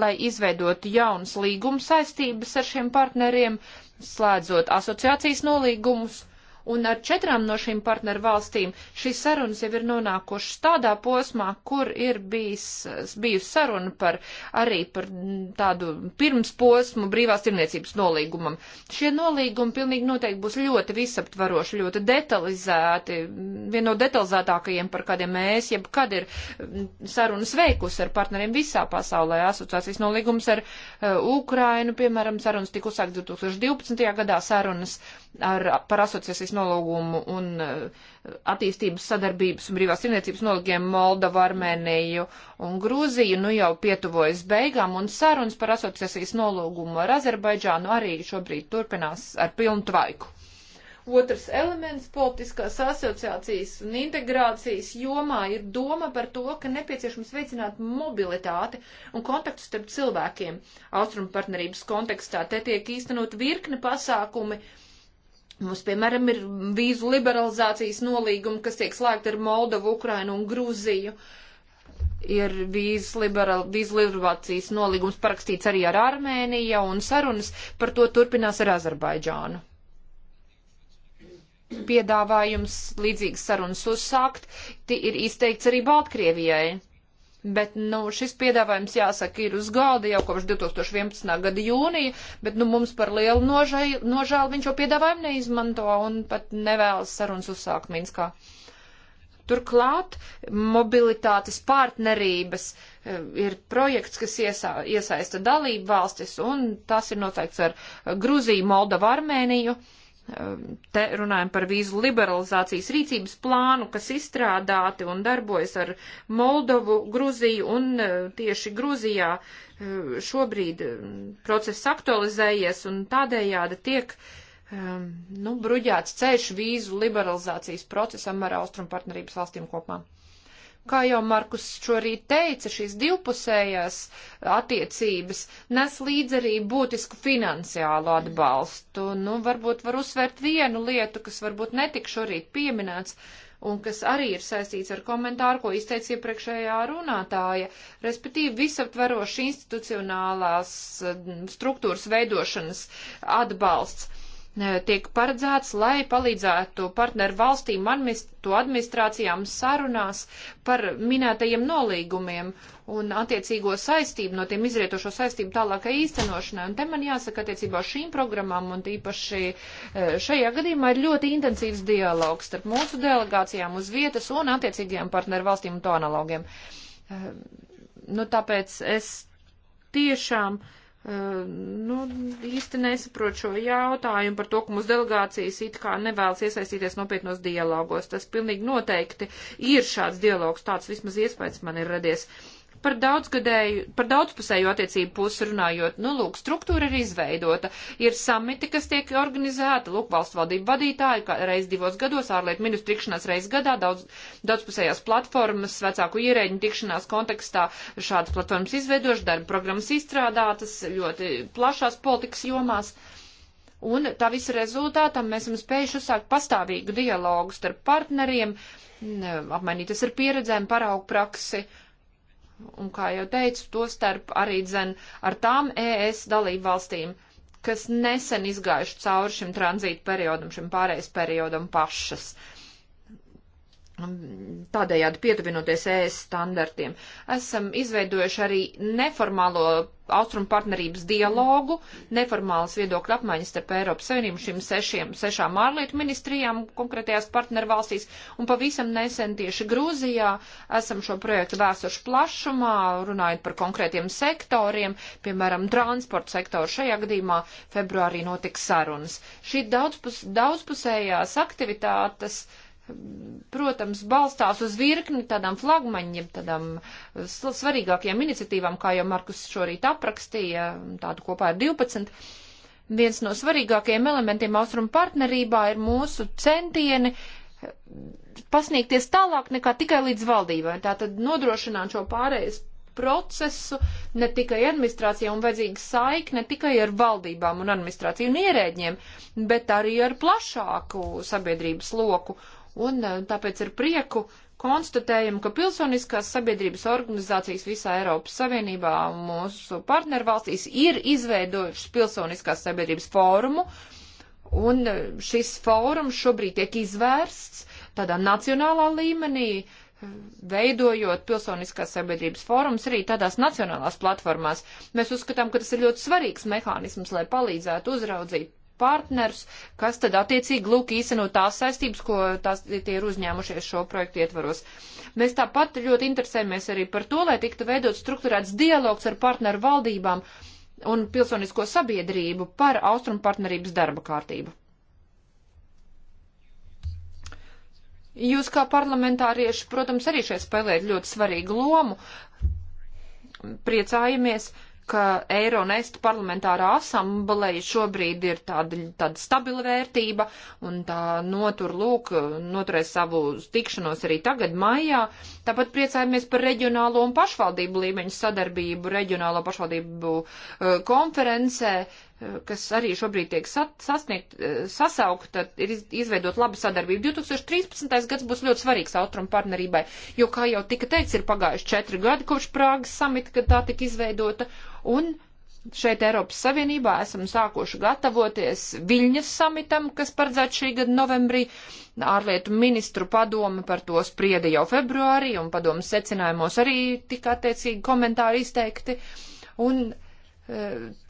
lai izveidotu jaunas līguma saistības ar šiem partneriem, slēdzot asociācijas nolīgumus un ar četrām no šīm partneru valstīm šīs sarunas jau ir nonākušas tādā posmā, kur ir bijis, bijusi saruna par arī par tādu pirmsposmu brīvās tirniecības nolīgumam. Šie nolīgumi pilnīgi noteikti būs ļoti visaptvaroši, ļoti detalizēti, vien no detalizētākajiem, par kādiem mēs jebkad ir sarunas veikusi ar partneriem visā pasaulē. Asociācijas nolīgums ar uh, Ukrainu, piemēram, sarunas tika uzsākts 2012. gadā, sarunas ar, par asociācijas partnerības nolūgumu un eh, attīstības sadarbības un brīvās tirniecības nolūgiem Moldovu, Armēniju un Grūziju, nu jau pietuvojas beigām, un sarunas par asociācijas nolūgumu ar Azerbaidžānu arī šobrīd turpinās ar pilnu tvaiku. Otrs elements politiskās asociācijas un integrācijas jomā ir doma par to, ka nepieciešams veicināt mobilitāti un kontaktus starp cilvēkiem. Austrumu partnerības kontekstā te tiek īstenot virkni pasākumi, uh, Mums, piemēram, ir vīzu liberalizācijas nolīgumi, kas tiek slēgti ar Moldovu, Ukrainu un Gruziju. Ir vīzu, liberal, vīzu liberalizācijas nolīgums parakstīts arī ar Armēniju, un sarunas par to turpinās ar Azerbaidžānu. Piedāvājums līdzīgas sarunas uzsākt ir izteikts arī Baltkrievijai Bet, nu, šis piedāvājums, jāsaka, ir uz galda jau kopš 2011. gada jūnija, bet, nu, mums par lielu nožai, nožēlu viņš šo piedāvājumu neizmanto un pat nevēlas sarunas uzsākt Minskā. Turklāt mobilitātes partnerības eh, ir projekts, kas iesā, iesaista dalību valstis, un tas ir noteikts ar Gruziju, Moldavu, Armēniju. Uh, Te runājam par vīzu liberalizācijas rīcības plānu, kas izstrādāti un darbojas ar Moldovu, Gruziju un e, tieši Gruzijā e, šobrīd e, process aktualizējies un tādējādi tiek nu, bruģēts ceļš vīzu liberalizācijas procesam ar austrumu partnerības valstīm kopā. Kā jau Markus šorīt teica, šīs divpusējās attiecības nes līdz arī būtisku finansiālu atbalstu. Nu, varbūt var uzsvērt vienu lietu, kas varbūt netik šorīt pieminēts un kas arī ir saistīts ar komentāru, ko izteica iepriekšējā runātāja, respektīvi visaptveroši institucionālās struktūras veidošanas atbalsts tiek paredzēts, lai palīdzētu partneru valstīm, administ to administrācijām sarunās par minētajiem nolīgumiem un attiecīgo saistību no tiem izrietošo saistību tālākai īstenošanai. Un te man jāsaka, attiecībā uz šīm programmām un īpaši e, šajā gadījumā ir ļoti intensīvs dialogs starp mūsu delegācijām uz vietas un attiecīgajām partneru valstīm un to analogiem. E, nu, tāpēc es tiešām uh, Ehm, nu, īsti nesaprot šo jautājumu par to, ka mūsu delegācijas it kā nevēlas iesaistīties nopietnos dialogos. Tas pilnīgi noteikti ir šāds dialogs, tāds vismaz iespējas man ir radies. Uh, par daudzgadēju, par daudzpusēju attiecību pusi runājot, nu, lūk, struktūra ir izveidota, ir samiti, kas tiek organizēta, lūk, valstu valdību vadītāji, kā reiz divos gados, ārlietu ministru tikšanās reiz gadā, daudz, daudzpusējās platformas, vecāku ierēģu tikšanās kontekstā, šādas platformas izveidošas, darba programmas izstrādātas ļoti plašās politikas jomās. Un tā visa rezultātā mēs esam spējuši uzsākt pastāvīgu dialogu starp partneriem, apmainīties ar pieredzēm, paraugu praksi. Uh, un, kā jau teicu, to starp arī dzen ar tām ES dalību valstīm, kas nesen izgājuši cauri šim tranzītu periodam, šim pārējais periodam pašas. Uh, tādējādi pietuvinoties ES standartiem. Esam izveidojuši arī neformālo austrumu partnerības dialogu, neformālas viedokļa apmaiņas starp Eiropas Savienību šīm sešiem, sešām ārlietu ministrijām konkrētajās partnervalstīs, un pavisam nesen tieši Grūzijā esam šo projektu vēsuši plašumā, runājot par konkrētiem sektoriem, piemēram, transporta sektoru šajā gadījumā februārī notiks sarunas. Šī daudzpus, daudzpusējās aktivitātes uh, protams, balstās uz virkni tādām flagmaņiem, tādām eh, svarīgākajām iniciatīvām, kā jau Markus šorīt aprakstīja, tādu kopā ir 12. Viens no svarīgākajiem elementiem austrumu partnerībā ir mūsu centieni eh, pasniegties tālāk nekā tikai līdz valdībai. Tātad nodrošināt šo pārējais procesu, ne tikai administrācijā un vajadzīga saikne ne tikai ar valdībām un administrāciju un ierēģiem, bet arī ar plašāku sabiedrības loku. Un eh, tāpēc ar prieku konstatējam, ka pilsoniskās sabiedrības organizācijas visā Eiropas Savienībā mūsu partnervalstīs ir izveidojušas pilsoniskās sabiedrības fórumu, un eh, šis fórums šobrīd tiek izvērsts tādā nacionālā līmenī, eh, veidojot pilsoniskās sabiedrības fórums arī tādās nacionālās platformās. Mēs uzskatām, ka tas ir ļoti svarīgs mehānisms, lai palīdzētu uzraudzīt partnerus, kas tad attiecīgi lūk īseno tās saistības, ko tās, tie ir uzņēmušies šo projektu ietvaros. Mēs tāpat ļoti interesējamies arī par to, lai tiktu veidot strukturēts dialogs ar partneru valdībām un pilsonisko sabiedrību par austrumu partnerības darba kārtību. Jūs kā parlamentārieši, protams, arī šeit spēlējat ļoti svarīgu lomu. Priecājamies, uh, ka Eiro un Estu parlamentārā asambleja šobrīd ir tāda, tāda stabila vērtība un tā notur, lūk, noturēs savu tikšanos arī tagad maijā. Tāpat priecājamies par reģionālo un pašvaldību līmeņu sadarbību reģionālo pašvaldību uh, konferencē. Uh, kas arī šobrīd tiek sasniegt, eh, sasaukt, ir izveidot labu sadarbību. 2013. gads būs ļoti svarīgs austrumu partnerībai, jo, kā jau tika teikts, ir pagājuši četri gadi kopš Prāgas samita, kad tā tika izveidota, un šeit Eiropas Savienībā esam sākuši gatavoties Viļņas samitam, kas paredzēts šī gada novembrī. Ārlietu ministru padome par to sprieda jau februārī, un padomas secinājumos arī tika attiecīgi komentāri izteikti. Un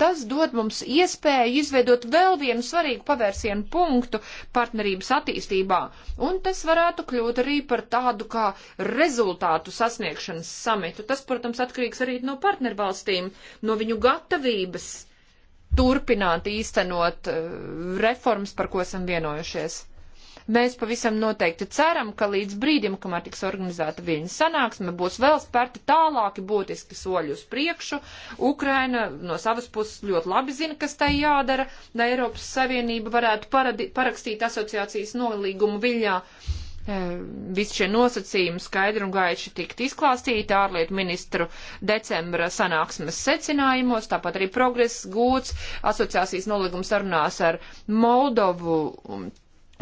Tas dod mums iespēju izveidot vēl vienu svarīgu pavērsienu punktu partnerības attīstībā, un tas varētu kļūt arī par tādu kā rezultātu sasniegšanas samitu. Tas, protams, atkarīgs arī no partnervalstīm, no viņu gatavības turpināt īstenot eh, reformas, par ko esam vienojušies. Mēs pavisam noteikti ceram, ka līdz brīdim, kamēr tiks organizēta viņa sanāksme, būs vēl spērti tālāki būtiski soļi uz priekšu. Ukraina no savas puses ļoti labi zina, kas tai jādara, lai Eiropas Savienība varētu paradi, parakstīt asociācijas nolīgumu viļņā. Eh, visi šie nosacījumi skaidri un gaiši tikt izklāstīti ārlietu ministru decembra sanāksmes secinājumos, tāpat arī progress gūts asociācijas nolīgums sarunās ar Moldovu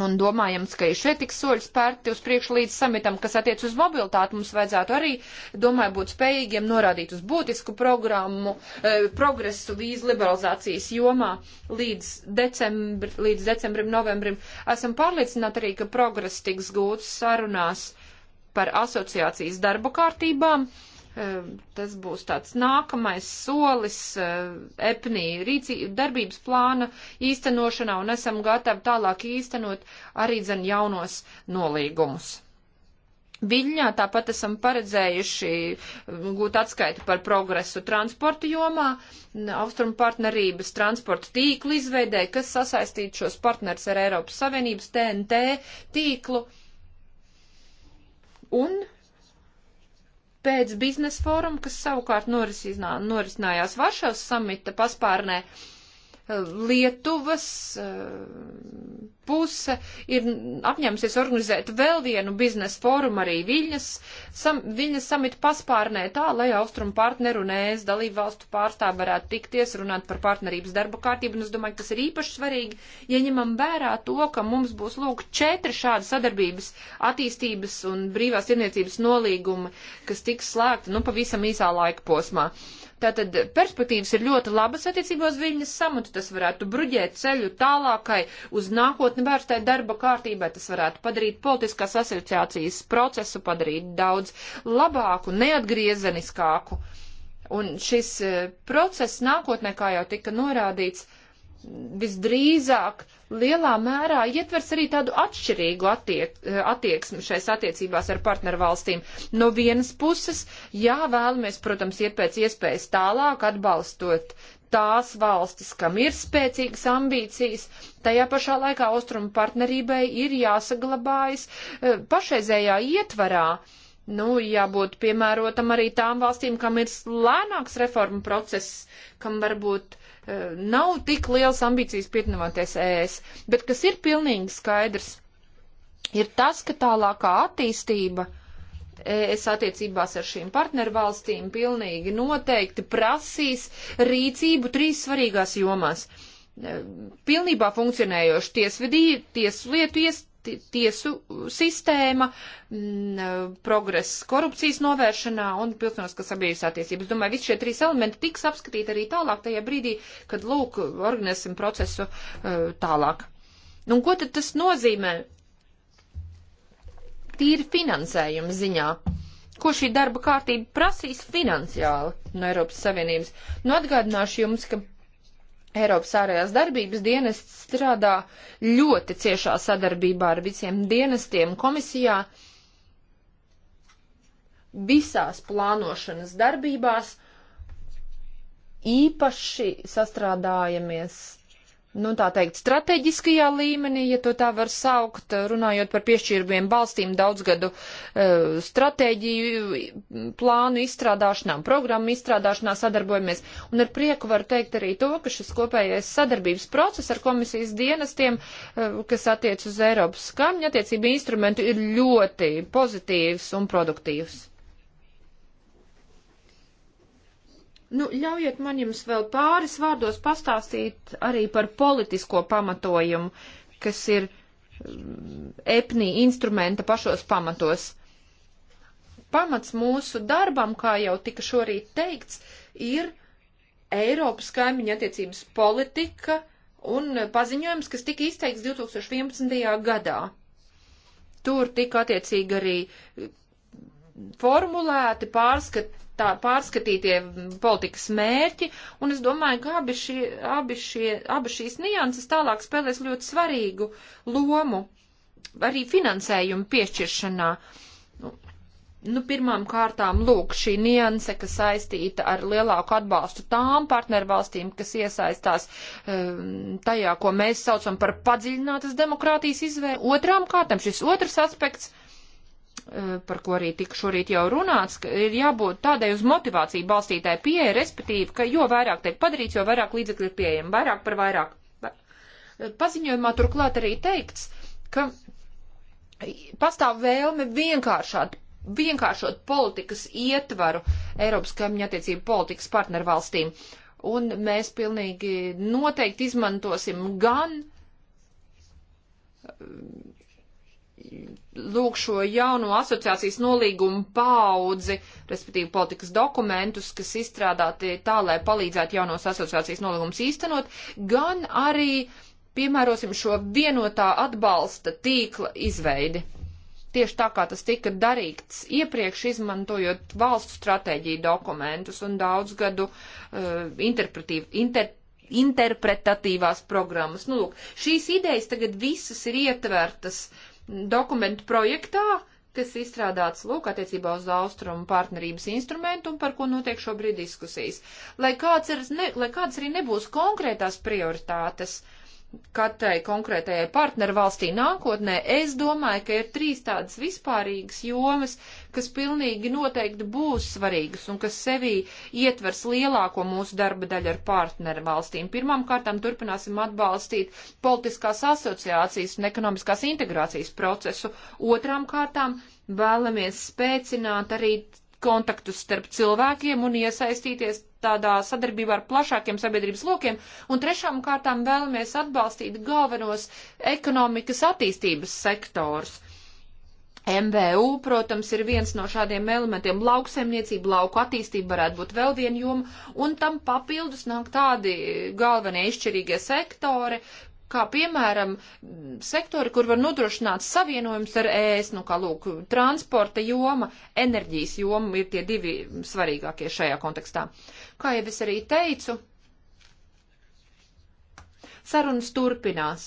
Un domājams, ka arī šeit tiks soļi spērti uz priekšu līdz samitam, kas attiec uz mobilitāti. Mums vajadzētu arī, domāju, būt spējīgiem norādīt uz būtisku programmu, eh, progresu vīzu liberalizācijas jomā līdz, decembr, līdz decembrim, novembrim. Esam pārliecināti arī, ka progress tiks gūts sarunās par asociācijas darba kārtībām. Eh, Ehm, tas būs tāds nākamais solis eh, EPNI darbības plāna īstenošanā un esam gatavi tālāk īstenot arī dzen jaunos nolīgumus. Viļņā tāpat esam paredzējuši mm, gūt atskaiti par progresu transporta jomā, austrumu partnerības transporta tīklu izveidē, kas sasaistītu šos partners ar Eiropas Savienības TNT tīklu. Un pēc biznesa fóruma, kas savukārt norisinājās Varšavas samita paspārnē, Lietuvas eh, puse ir apņēmusies organizēt vēl vienu biznesa fórumu arī Viļņas, sam, Viļņas samita paspārnē tā, lai austrumu partneru un ēs dalību valstu pārstāv varētu tikties, runāt par partnerības darba kārtību, un es domāju, ka tas ir īpaši svarīgi, ja ņemam vērā to, ka mums būs lūk četri šādi sadarbības attīstības un brīvās tirniecības nolīgumi, kas tiks slēgti, nu, pavisam īsā laika posmā. Uh, Tātad perspektīvas ir ļoti labas attiecībā uz viņas samatu. Tas varētu bruģēt ceļu tālākai uz nākotni vērstai darba kārtībai. Tas varētu padarīt politiskās asociācijas procesu padarīt daudz labāku, neatgriezeniskāku. Un šis eh, process nākotnē, kā jau tika norādīts, uh, visdrīzāk lielā mērā ietvers arī tādu atšķirīgu attiek, attieksmi šais attiecībās ar partnervalstīm. No vienas puses, jā, vēlamies, protams, iet pēc iespējas tālāk atbalstot tās valstis, kam ir spēcīgas ambīcijas, tajā pašā laikā austrumu partnerībai ir jāsaglabājas eh, pašreizējā ietvarā. Nu, jābūt piemērotam arī tām valstīm, kam ir lēnāks reforma process, kam varbūt uh, Eh, nav tik liels ambīcijas pietnavoties ES, bet kas ir pilnīgi skaidrs, ir tas, ka tālākā attīstība es attiecībās ar šīm partnervalstīm pilnīgi noteikti prasīs rīcību trīs svarīgās jomās. Eh, pilnībā funkcionējošu tiesvedību, tieslietu iest, tiesu sistēma, m, mm, progress korupcijas novēršanā un pilsoniskās sabiedrības attiecības. Domāju, visi šie trīs elementi tiks apskatīti arī tālāk tajā brīdī, kad, lūk, organizēsim procesu uh, tālāk. Nu, ko tad tas nozīmē tīri finansējuma ziņā? Ko šī darba kārtība prasīs finansiāli no Eiropas Savienības? Nu, atgādināšu jums, ka Eiropas ārējās darbības dienests strādā ļoti ciešā sadarbībā ar visiem dienestiem komisijā visās plānošanas darbībās. Īpaši sastrādājamies nu, tā teikt, strateģiskajā līmenī, ja to tā var saukt, runājot par piešķīrumiem balstīm daudzgadu uh, stratēģiju, plānu izstrādāšanām, programmu izstrādāšanā sadarbojamies. Un ar prieku var teikt arī to, ka šis kopējais sadarbības process ar komisijas dienestiem, uh, kas attiec uz Eiropas kaimiņu attiecību instrumentu, ir ļoti pozitīvs un produktīvs. Nu, ļaujiet man jums vēl pāris vārdos pastāstīt arī par politisko pamatojumu, kas ir mm, EPNI instrumenta pašos pamatos. Pamats mūsu darbam, kā jau tika šorīt teikts, ir Eiropas kaimiņa attiecības politika un paziņojums, kas tika izteikts 2011. gadā. Tur tika attiecīgi arī formulēti, pārskat, tā, pārskatītie politikas mērķi, un es domāju, ka abi, šie, abi, šie, abi šīs nianses tālāk spēlēs ļoti svarīgu lomu arī finansējumu piešķiršanā. Nu, nu, pirmām kārtām, lūk, šī nianse, kas saistīta ar lielāku atbalstu tām partnervalstīm, kas iesaistās um, tajā, ko mēs saucam par padziļinātas demokrātijas izvēli. Otrām kārtām šis otrs aspekts. Uh, Eh, par ko arī tik šorīt jau runāts, ka ir jābūt tādai uz motivāciju balstītāji pieeja, respektīvi, ka jo vairāk tiek padarīts, jo vairāk līdzekļu ir pieejami, vairāk par vairāk. Eh, paziņojumā turklāt arī teikts, ka pastāv vēlme vienkāršāt, vienkāršot politikas ietvaru Eiropas kaimiņu attiecību politikas partnervalstīm. Un mēs pilnīgi noteikti izmantosim gan lūk šo jauno asociācijas nolīgumu paudzi, respektīvi politikas dokumentus, kas izstrādāti tā, lai palīdzētu jaunos asociācijas nolīgumus īstenot, gan arī piemērosim šo vienotā atbalsta tīkla izveidi. Tieši tā kā tas tika darīts iepriekš, izmantojot valstu stratēģiju dokumentus un daudzgadu uh, interpretīvu. Inter interpretatīvās programmas. Nu, lūk, šīs idejas tagad visas ir ietvertas uh, dokumentu projektā, kas izstrādāts lūk attiecībā uz austrumu partnerības instrumentu un par ko notiek šobrīd diskusijas. Lai kāds, ir, ne, lai kāds arī nebūs konkrētās prioritātes, uh, katrai konkrētajai partnervalstī nākotnē, es domāju, ka ir trīs tādas vispārīgas jomas, kas pilnīgi noteikti būs svarīgas un kas sevī ietvers lielāko mūsu darba daļu ar partnervalstīm. Pirmām kārtām turpināsim atbalstīt politiskās asociācijas un ekonomiskās integrācijas procesu. Otrām kārtām vēlamies spēcināt arī kontaktus starp cilvēkiem un iesaistīties tādā sadarbībā ar plašākiem sabiedrības lokiem, un trešām kārtām vēlamies atbalstīt galvenos ekonomikas attīstības sektors. MVU, protams, ir viens no šādiem elementiem. Lauksemniecība, lauku attīstība varētu būt vēl viena joma, un tam papildus nāk tādi galvenie izšķirīgie sektori, kā piemēram sektori, kur var nodrošināt savienojums ar ēs, nu kā lūk, transporta joma, enerģijas joma ir tie divi svarīgākie šajā kontekstā. Kā jau es arī teicu, sarunas turpinās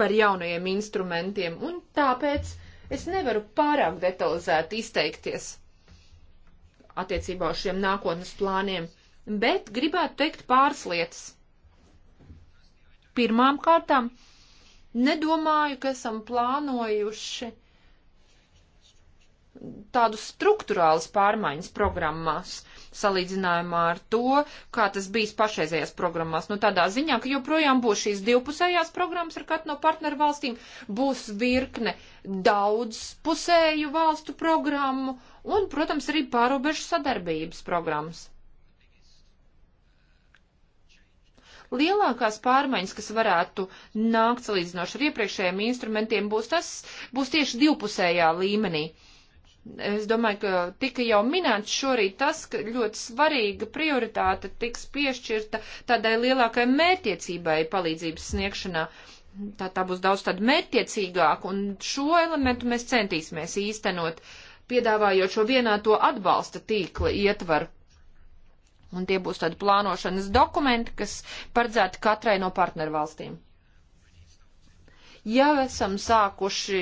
par jaunajiem instrumentiem, un tāpēc es nevaru pārāk detalizēti izteikties attiecībā uz šiem nākotnes plāniem, bet gribētu teikt pāris lietas. Pirmām kārtām nedomāju, ka esam plānojuši tādus struktūrālus pārmaiņas programmās, salīdzinājumā ar to, kā tas bijis pašreizējās programmās. Nu, tādā ziņā, ka joprojām būs šīs divpusējās programmas ar katru no partneru valstīm, būs virkne daudzpusēju valstu programmu un, protams, arī pārobežu sadarbības programmas. Lielākās pārmaiņas, kas varētu nākt salīdzinoši ar iepriekšējiem instrumentiem, būs tas, būs tieši divpusējā līmenī. Es domāju, ka tika jau minēts šorīt tas, ka ļoti svarīga prioritāte tiks piešķirta tādai lielākai mērķiecībai palīdzības sniegšanā. Tā, tā būs daudz tāda mērķiecīgāka, un šo elementu mēs centīsimies īstenot, piedāvājot šo vienāto atbalsta tīkla ietvaru. Un tie būs tādi plānošanas dokumenti, kas paredzēti katrai no partnervalstīm. Jau esam sākuši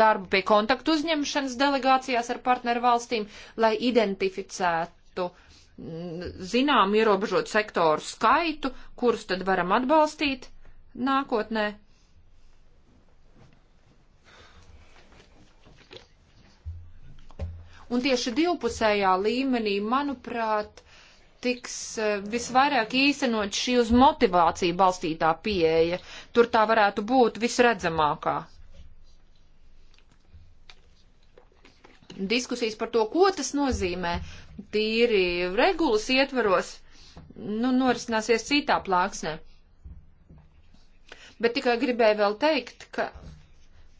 darbu pie kontaktu uzņemšanas delegācijās ar partnervalstīm, lai identificētu mm, zinām ierobežot sektoru skaitu, kurus tad varam atbalstīt nākotnē. Un tieši divpusējā līmenī, manuprāt, tiks eh, visvairāk īstenot šī uz motivāciju balstītā pieeja. Tur tā varētu būt visredzamākā. Diskusijas par to, ko tas nozīmē, tīri regulas ietvaros, nu, norisināsies citā plāksnē. Bet tikai gribēju vēl teikt, ka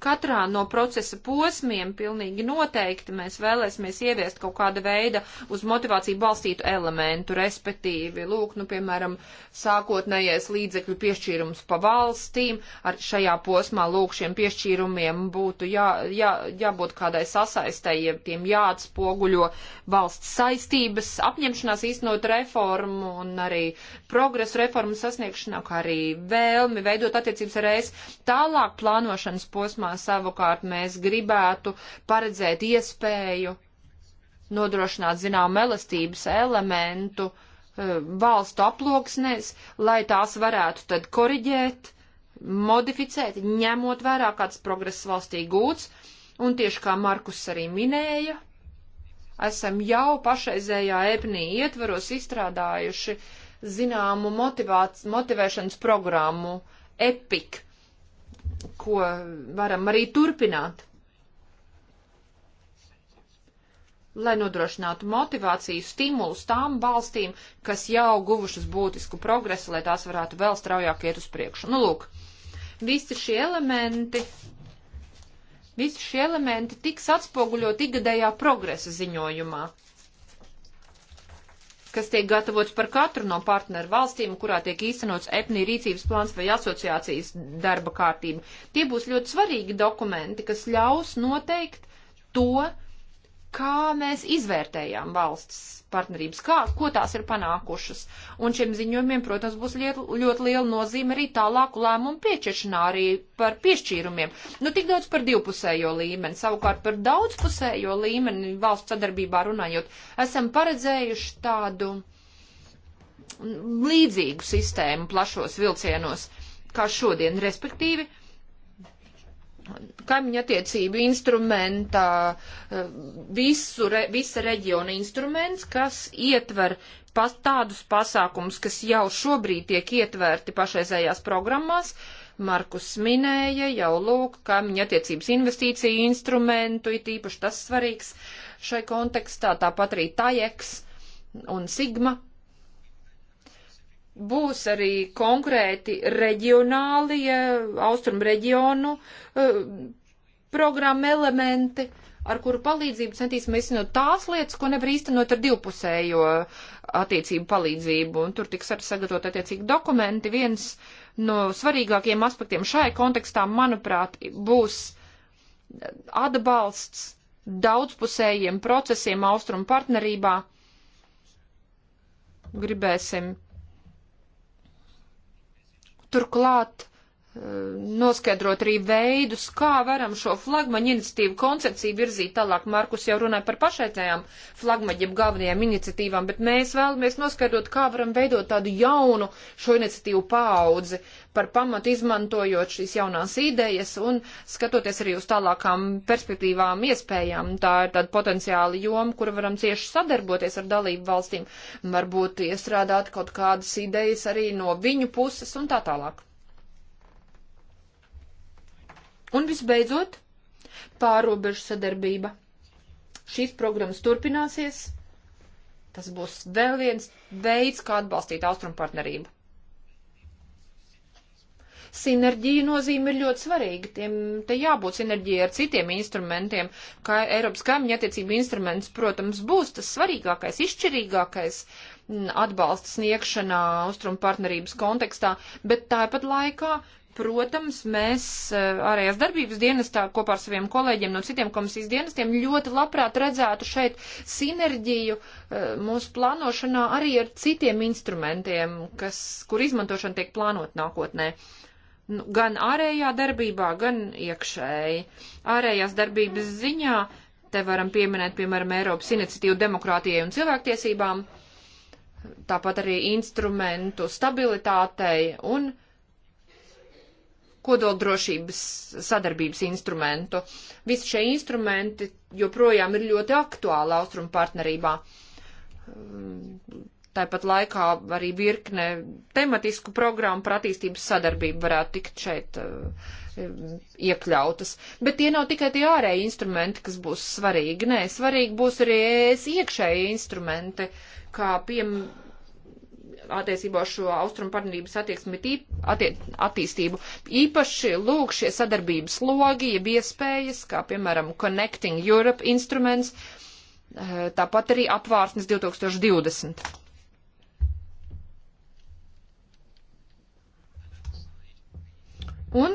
Katrā no procesa posmiem pilnīgi noteikti mēs vēlēsimies ieviest kaut kāda veida uz motivāciju balstītu elementu, respektīvi, lūk, nu, piemēram, sākotnējais līdzekļu piešķīrums pa valstīm, ar šajā posmā, lūk, šiem piešķīrumiem būtu jā, jā, jābūt kādai sasaistai, ja tiem jāatspoguļo valsts saistības, apņemšanās īstenot reformu un arī progresu reformu sasniegšanā, kā arī vēlmi veidot attiecības ar ES. Tālāk plānošanas posmā jomā savukārt mēs gribētu paredzēt iespēju nodrošināt zinām elastības elementu eh, valstu aploksnēs, lai tās varētu tad koriģēt, modificēt, ņemot vērā, kāds progress valstī gūts, un tieši kā Markus arī minēja, esam jau pašreizējā epnī ietvaros izstrādājuši zināmu motivāc, motivēšanas programmu EPIC, ko varam arī turpināt. Lai nodrošinātu motivāciju, stimulus tām valstīm, kas jau guvušas būtisku progresu, lai tās varētu vēl straujāk iet uz priekšu. Nu, lūk, visi šie elementi, visi šie elementi tiks atspoguļot igadējā progresa ziņojumā kas tiek gatavots par katru no partneru valstīm, kurā tiek īstenots etnī rīcības plāns vai asociācijas darba kārtība. Tie būs ļoti svarīgi dokumenti, kas ļaus noteikt to, kā mēs izvērtējām valsts partnerības, kā, ko tās ir panākušas. Un šiem ziņojumiem, protams, būs liet, ļoti liela nozīme arī tālāku lēmumu piešķiršanā, arī par piešķīrumiem. Nu, tik daudz par divpusējo līmeni, savukārt par daudzpusējo līmeni valsts sadarbībā runājot, esam paredzējuši tādu līdzīgu sistēmu plašos vilcienos, kā šodien, respektīvi kaimiņa attiecību instrumentā eh, visu, re, visa reģiona instruments, kas ietver pas, tādus pasākumus, kas jau šobrīd tiek ietverti pašreizējās programmās. Markus minēja jau lūk, kaimiņa attiecības investīciju instrumentu, it īpaši tas svarīgs šai kontekstā, tāpat arī TAIEX un Sigma būs arī konkrēti reģionāli, ja, austrumu reģionu uh, programma elementi, ar kuru palīdzību centīsimies izsinot tās lietas, ko nevar īstenot ar divpusējo attiecību palīdzību. Un tur tiks arī sagatavot attiecīgi dokumenti. Viens no svarīgākiem aspektiem šai kontekstā, manuprāt, būs atbalsts daudzpusējiem procesiem austrumu partnerībā. Gribēsim Turklāt noskaidrot arī veidus, kā varam šo flagmaņu iniciatīvu koncepciju virzīt tālāk. Markus jau runāja par pašreizējām flagmaņiem galvenajām iniciatīvām, bet mēs vēlamies noskaidrot, kā varam veidot tādu jaunu šo iniciatīvu paudzi par pamatu izmantojot šīs jaunās idejas un skatoties arī uz tālākām perspektīvām iespējām. Tā ir tāda potenciāla joma, kura varam cieši sadarboties ar dalību valstīm, varbūt iestrādāt kaut kādas idejas arī no viņu puses un tā tālāk. Un visbeidzot, pārobežu sadarbība. Šīs programmas turpināsies. Tas būs vēl viens veids, kā atbalstīt austrumu partnerību. Sinerģija nozīme ir ļoti svarīga. Tiem te jābūt sinerģijai ar citiem instrumentiem, kā Eiropas kaimiņa attiecība instruments, protams, būs tas svarīgākais, izšķirīgākais mm, atbalsta sniegšanā austrumu partnerības kontekstā, bet tāpat laikā Protams, mēs eh, ārējās darbības dienestā kopā ar saviem kolēģiem no citiem komisijas dienestiem ļoti labprāt redzētu šeit sinerģiju eh, mūsu plānošanā arī ar citiem instrumentiem, kas, kur izmantošana tiek plānot nākotnē nu, gan ārējā darbībā, gan iekšēji. Ārējās darbības ziņā te varam pieminēt, piemēram, Eiropas iniciatīvu demokrātijai un cilvēktiesībām, tāpat arī instrumentu stabilitātei un uh, kodoldrošības sadarbības instrumentu. Visi šie instrumenti joprojām ir ļoti aktuāli austrumu partnerībā. Tāpat laikā arī virkne tematisku programmu par attīstības sadarbību varētu tikt šeit eh, iekļautas. Bet tie nav tikai tie ārēji instrumenti, kas būs svarīgi. Nē, svarīgi būs arī es iekšēji instrumenti, kā piemēram attiecībā uz šo austrumu partnerības attieksmi, attie, attīstību. Īpaši lūk šie sadarbības logi, jeb iespējas, kā piemēram Connecting Europe instruments, eh, tāpat arī apvārsnes 2020. Un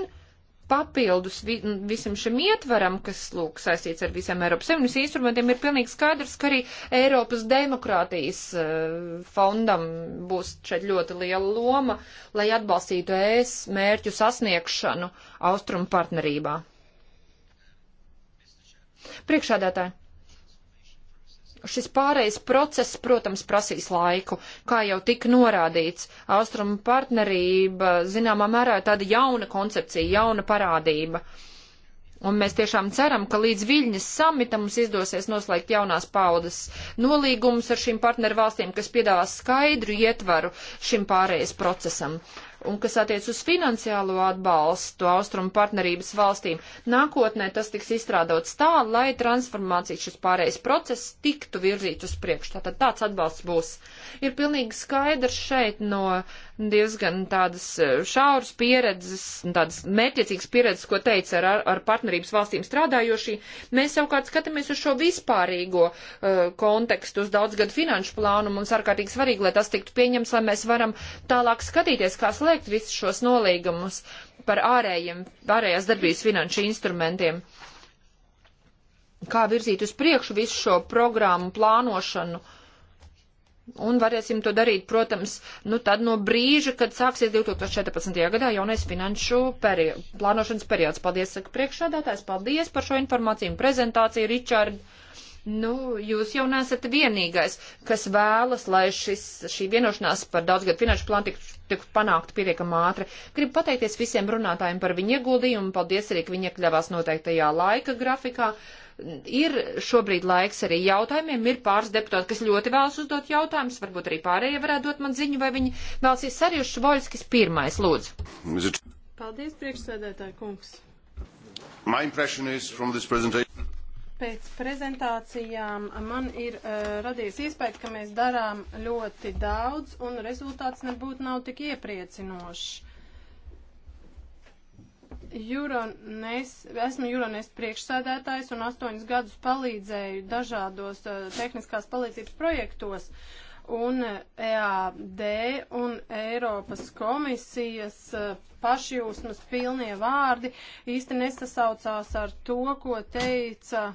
papildus vi, visam šim ietvaram, kas, lūk, saistīts ar visiem Eiropas Savienības instrumentiem, ir pilnīgi skaidrs, ka arī Eiropas demokrātijas eh, fondam būs šeit ļoti liela loma, lai atbalstītu ES mērķu sasniegšanu austrumu partnerībā. Priekšādātāji. Šis pārējais process, protams, prasīs laiku, kā jau tika norādīts. Austrumu partnerība, zināmā mērā, ir tāda jauna koncepcija, jauna parādība. Un mēs tiešām ceram, ka līdz Viļņas samita mums izdosies noslēgt jaunās paudas nolīgumus ar šīm partneru valstīm, kas piedāvās skaidru ietvaru šim pārējais procesam un kas attiec uz finansiālo atbalstu austrumu partnerības valstīm. Nākotnē tas tiks izstrādots tā, lai transformācija šis pārējais process tiktu virzīts uz priekšu. Tātad tāds atbalsts būs. Ir pilnīgi skaidrs šeit no diezgan tādas e, šauras pieredzes, tādas mērķiecīgas pieredzes, ko teica ar, ar partnerības valstīm strādājošie. Mēs savukārt skatāmies uz šo vispārīgo uh, kontekstu, uz daudzgadu finanšu plānu. Mums ārkārtīgi svarīgi, lai tas tiktu pieņems, lai mēs varam tālāk skatīties, kā slēgt visus šos nolīgumus par ārējiem, ārējās darbības finanšu instrumentiem kā virzīt uz priekšu visu šo programmu plānošanu. Uh, Un varēsim to darīt, protams, nu tad no brīža, kad sāksies 2014. gadā jaunais finanšu peri plānošanas periods. Paldies, saka priekšādātājs, paldies par šo informāciju un prezentāciju, Ričard. Nu, jūs jau nesat vienīgais, kas vēlas, lai šis, šī vienošanās par daudzgadu finanšu plānu tiktu tik panāktu pietiekam ātri. Gribu pateikties visiem runātājiem par viņu ieguldījumu, paldies arī, ka viņi iekļavās noteiktajā laika grafikā. Uh, ir šobrīd laiks arī jautājumiem. Ir pāris deputāti, kas ļoti vēlas uzdot jautājumus. Varbūt arī pārējie varētu dot man ziņu, vai viņi vēlsies arī uz Švoļskis pirmais, lūdzu. Paldies, priekšsēdētāji kungs. Pēc prezentācijām man ir uh, radies iespēja, ka mēs darām ļoti daudz un rezultāts nebūtu nav tik iepriecinošs. Jurones, esmu Jurones priekšsēdētājs un astoņus gadus palīdzēju dažādos uh, tehniskās palīdzības projektos. Un EAD eh, e un Eiropas komisijas uh, pašjūsmas pilnie vārdi īsti nesasaucās ar to, ko teica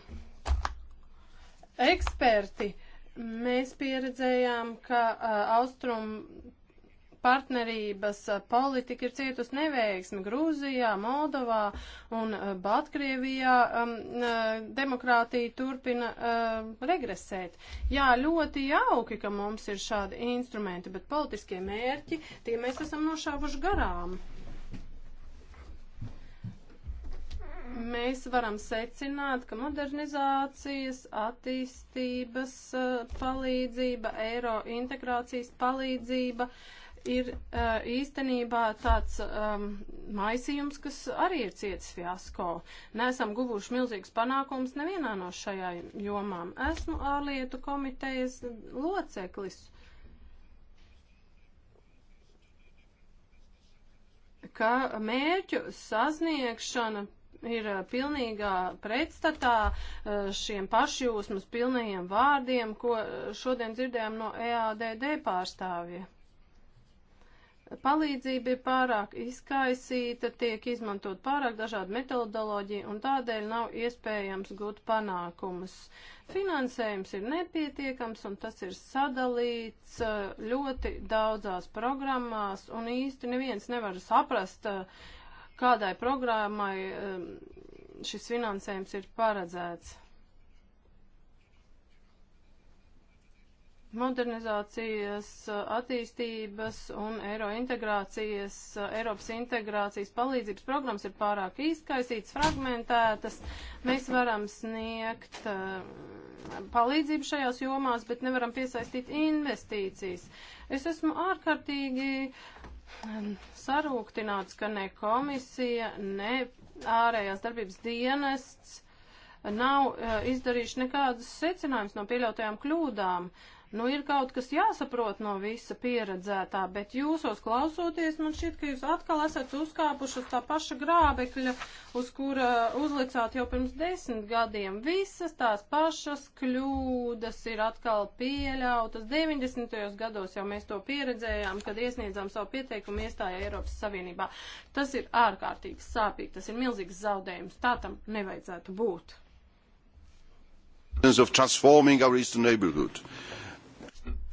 eksperti. Mēs pieredzējām, ka uh, austrum partnerības politika ir cietusi neveiksmi Grūzijā, Moldovā un Baltkrievijā. Um, demokrātija turpina um, regresēt. Jā, ļoti jauki, ka mums ir šādi instrumenti, bet politiskie mērķi, tie mēs esam nošāvuši garām. mēs varam secināt, ka modernizācijas, attīstības palīdzība, eiro integrācijas palīdzība ir uh, īstenībā tāds um, maisījums, kas arī ir cietis fiasko. Nesam guvuši milzīgs panākums nevienā no šajā jomām. Esmu ārlietu komitejas loceklis. ka mērķu sasniegšana ir eh, pilnīgā pretstatā eh, šiem pašjūsmas pilnajiem vārdiem, ko šodien dzirdējām no EADD pārstāvja palīdzība ir pārāk izkaisīta, tiek izmantot pārāk dažādi metodoloģija un tādēļ nav iespējams gūt panākumus. Finansējums ir nepietiekams un tas ir sadalīts eh, ļoti daudzās programmās un īsti neviens nevar saprast, eh, kādai programmai eh, šis finansējums ir paredzēts. modernizācijas, eh, attīstības un eiro integrācijas, eh, Eiropas integrācijas palīdzības programmas ir pārāk izkaisītas, fragmentētas. Mēs varam sniegt eh, palīdzību šajās jomās, bet nevaram piesaistīt investīcijas. Es esmu ārkārtīgi ehm, sarūktināts, ka ne komisija, ne ārējās darbības dienests nav izdarījuši nekādus secinājumus no pieļautajām kļūdām. Uh, Nu, ir kaut kas jāsaprot no visa pieredzētā, bet jūsos klausoties, man šķiet, ka jūs atkal esat uzkāpuši uz tā paša grābekļa, uz kura uzlicāt jau pirms desmit gadiem. Visas tās pašas kļūdas ir atkal pieļautas. 90. gados jau mēs to pieredzējām, kad iesniedzām savu pieteikumu iestājā Eiropas Savienībā. Tas ir ārkārtīgi sāpīgi, tas ir milzīgs zaudējums. Tā tam nevajadzētu būt. of transforming our eastern neighborhood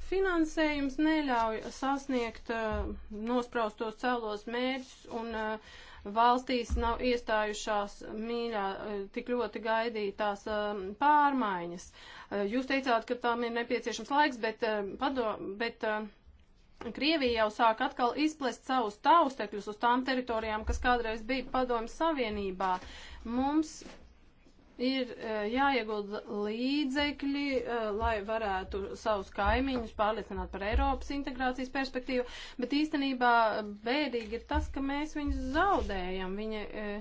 Finansējums neļauj sasniegt uh, nospraustos cēlos mērķus un uh, valstīs nav iestājušās mīļā uh, tik ļoti gaidītās um, pārmaiņas. Uh, jūs teicāt, ka tam ir nepieciešams laiks, bet, um, pado, bet uh, Krievija jau sāk atkal izplest savus taustekļus uz tām teritorijām, kas kādreiz bija padomjas Savienībā. Mums ir e, jāiegulda līdzekļi, e, lai varētu savus kaimiņus pārliecināt par Eiropas integrācijas perspektīvu, bet īstenībā bēdīgi ir tas, ka mēs viņus zaudējam. Viņi, e,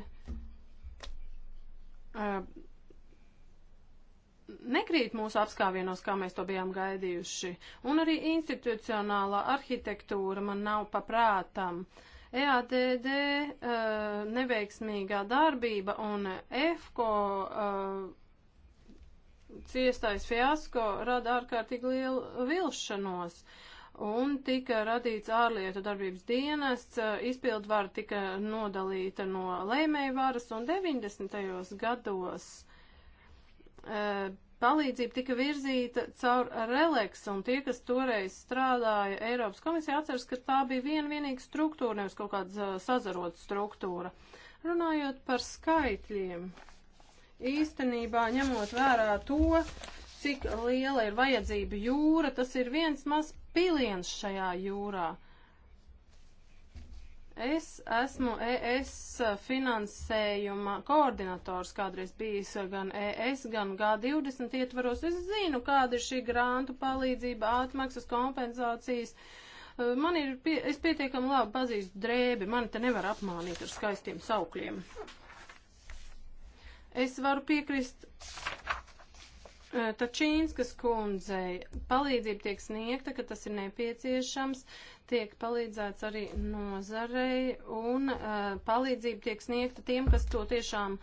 nekrīt mūsu apskāvienos, kā mēs to bijām gaidījuši. Un arī institucionālā arhitektūra man nav paprātam. Uh, EADD uh, neveiksmīgā darbība un EFCO uh, ciestais fiasko rada ārkārtīgi lielu vilšanos. Un tika radīts ārlietu darbības dienests, uh, izpildvara tika nodalīta no lēmējvaras un 90. gados uh, palīdzība tika virzīta caur releks, un tie, kas toreiz strādāja Eiropas komisijā, atceras, ka tā bija viena vienīga struktūra, nevis kaut kāda sazarota struktūra. Runājot par skaitļiem, īstenībā ņemot vērā to, cik liela ir vajadzība jūra, tas ir viens maz piliens šajā jūrā. Uh, Es esmu ES finansējuma koordinators, kādreiz bijis gan ES, gan G20 ietvaros. Es zinu, kāda ir šī grāntu palīdzība, atmaksas, kompensācijas. Man ir, pie, es pietiekami labi pazīstu drēbi, mani te nevar apmānīt ar skaistiem saukļiem. Es varu piekrist Eh, Tačīnskas kundzei palīdzība tiek sniegta, ka tas ir nepieciešams, tiek palīdzēts arī nozarei un uh, palīdzība tiek sniegta tiem, kas to tiešām,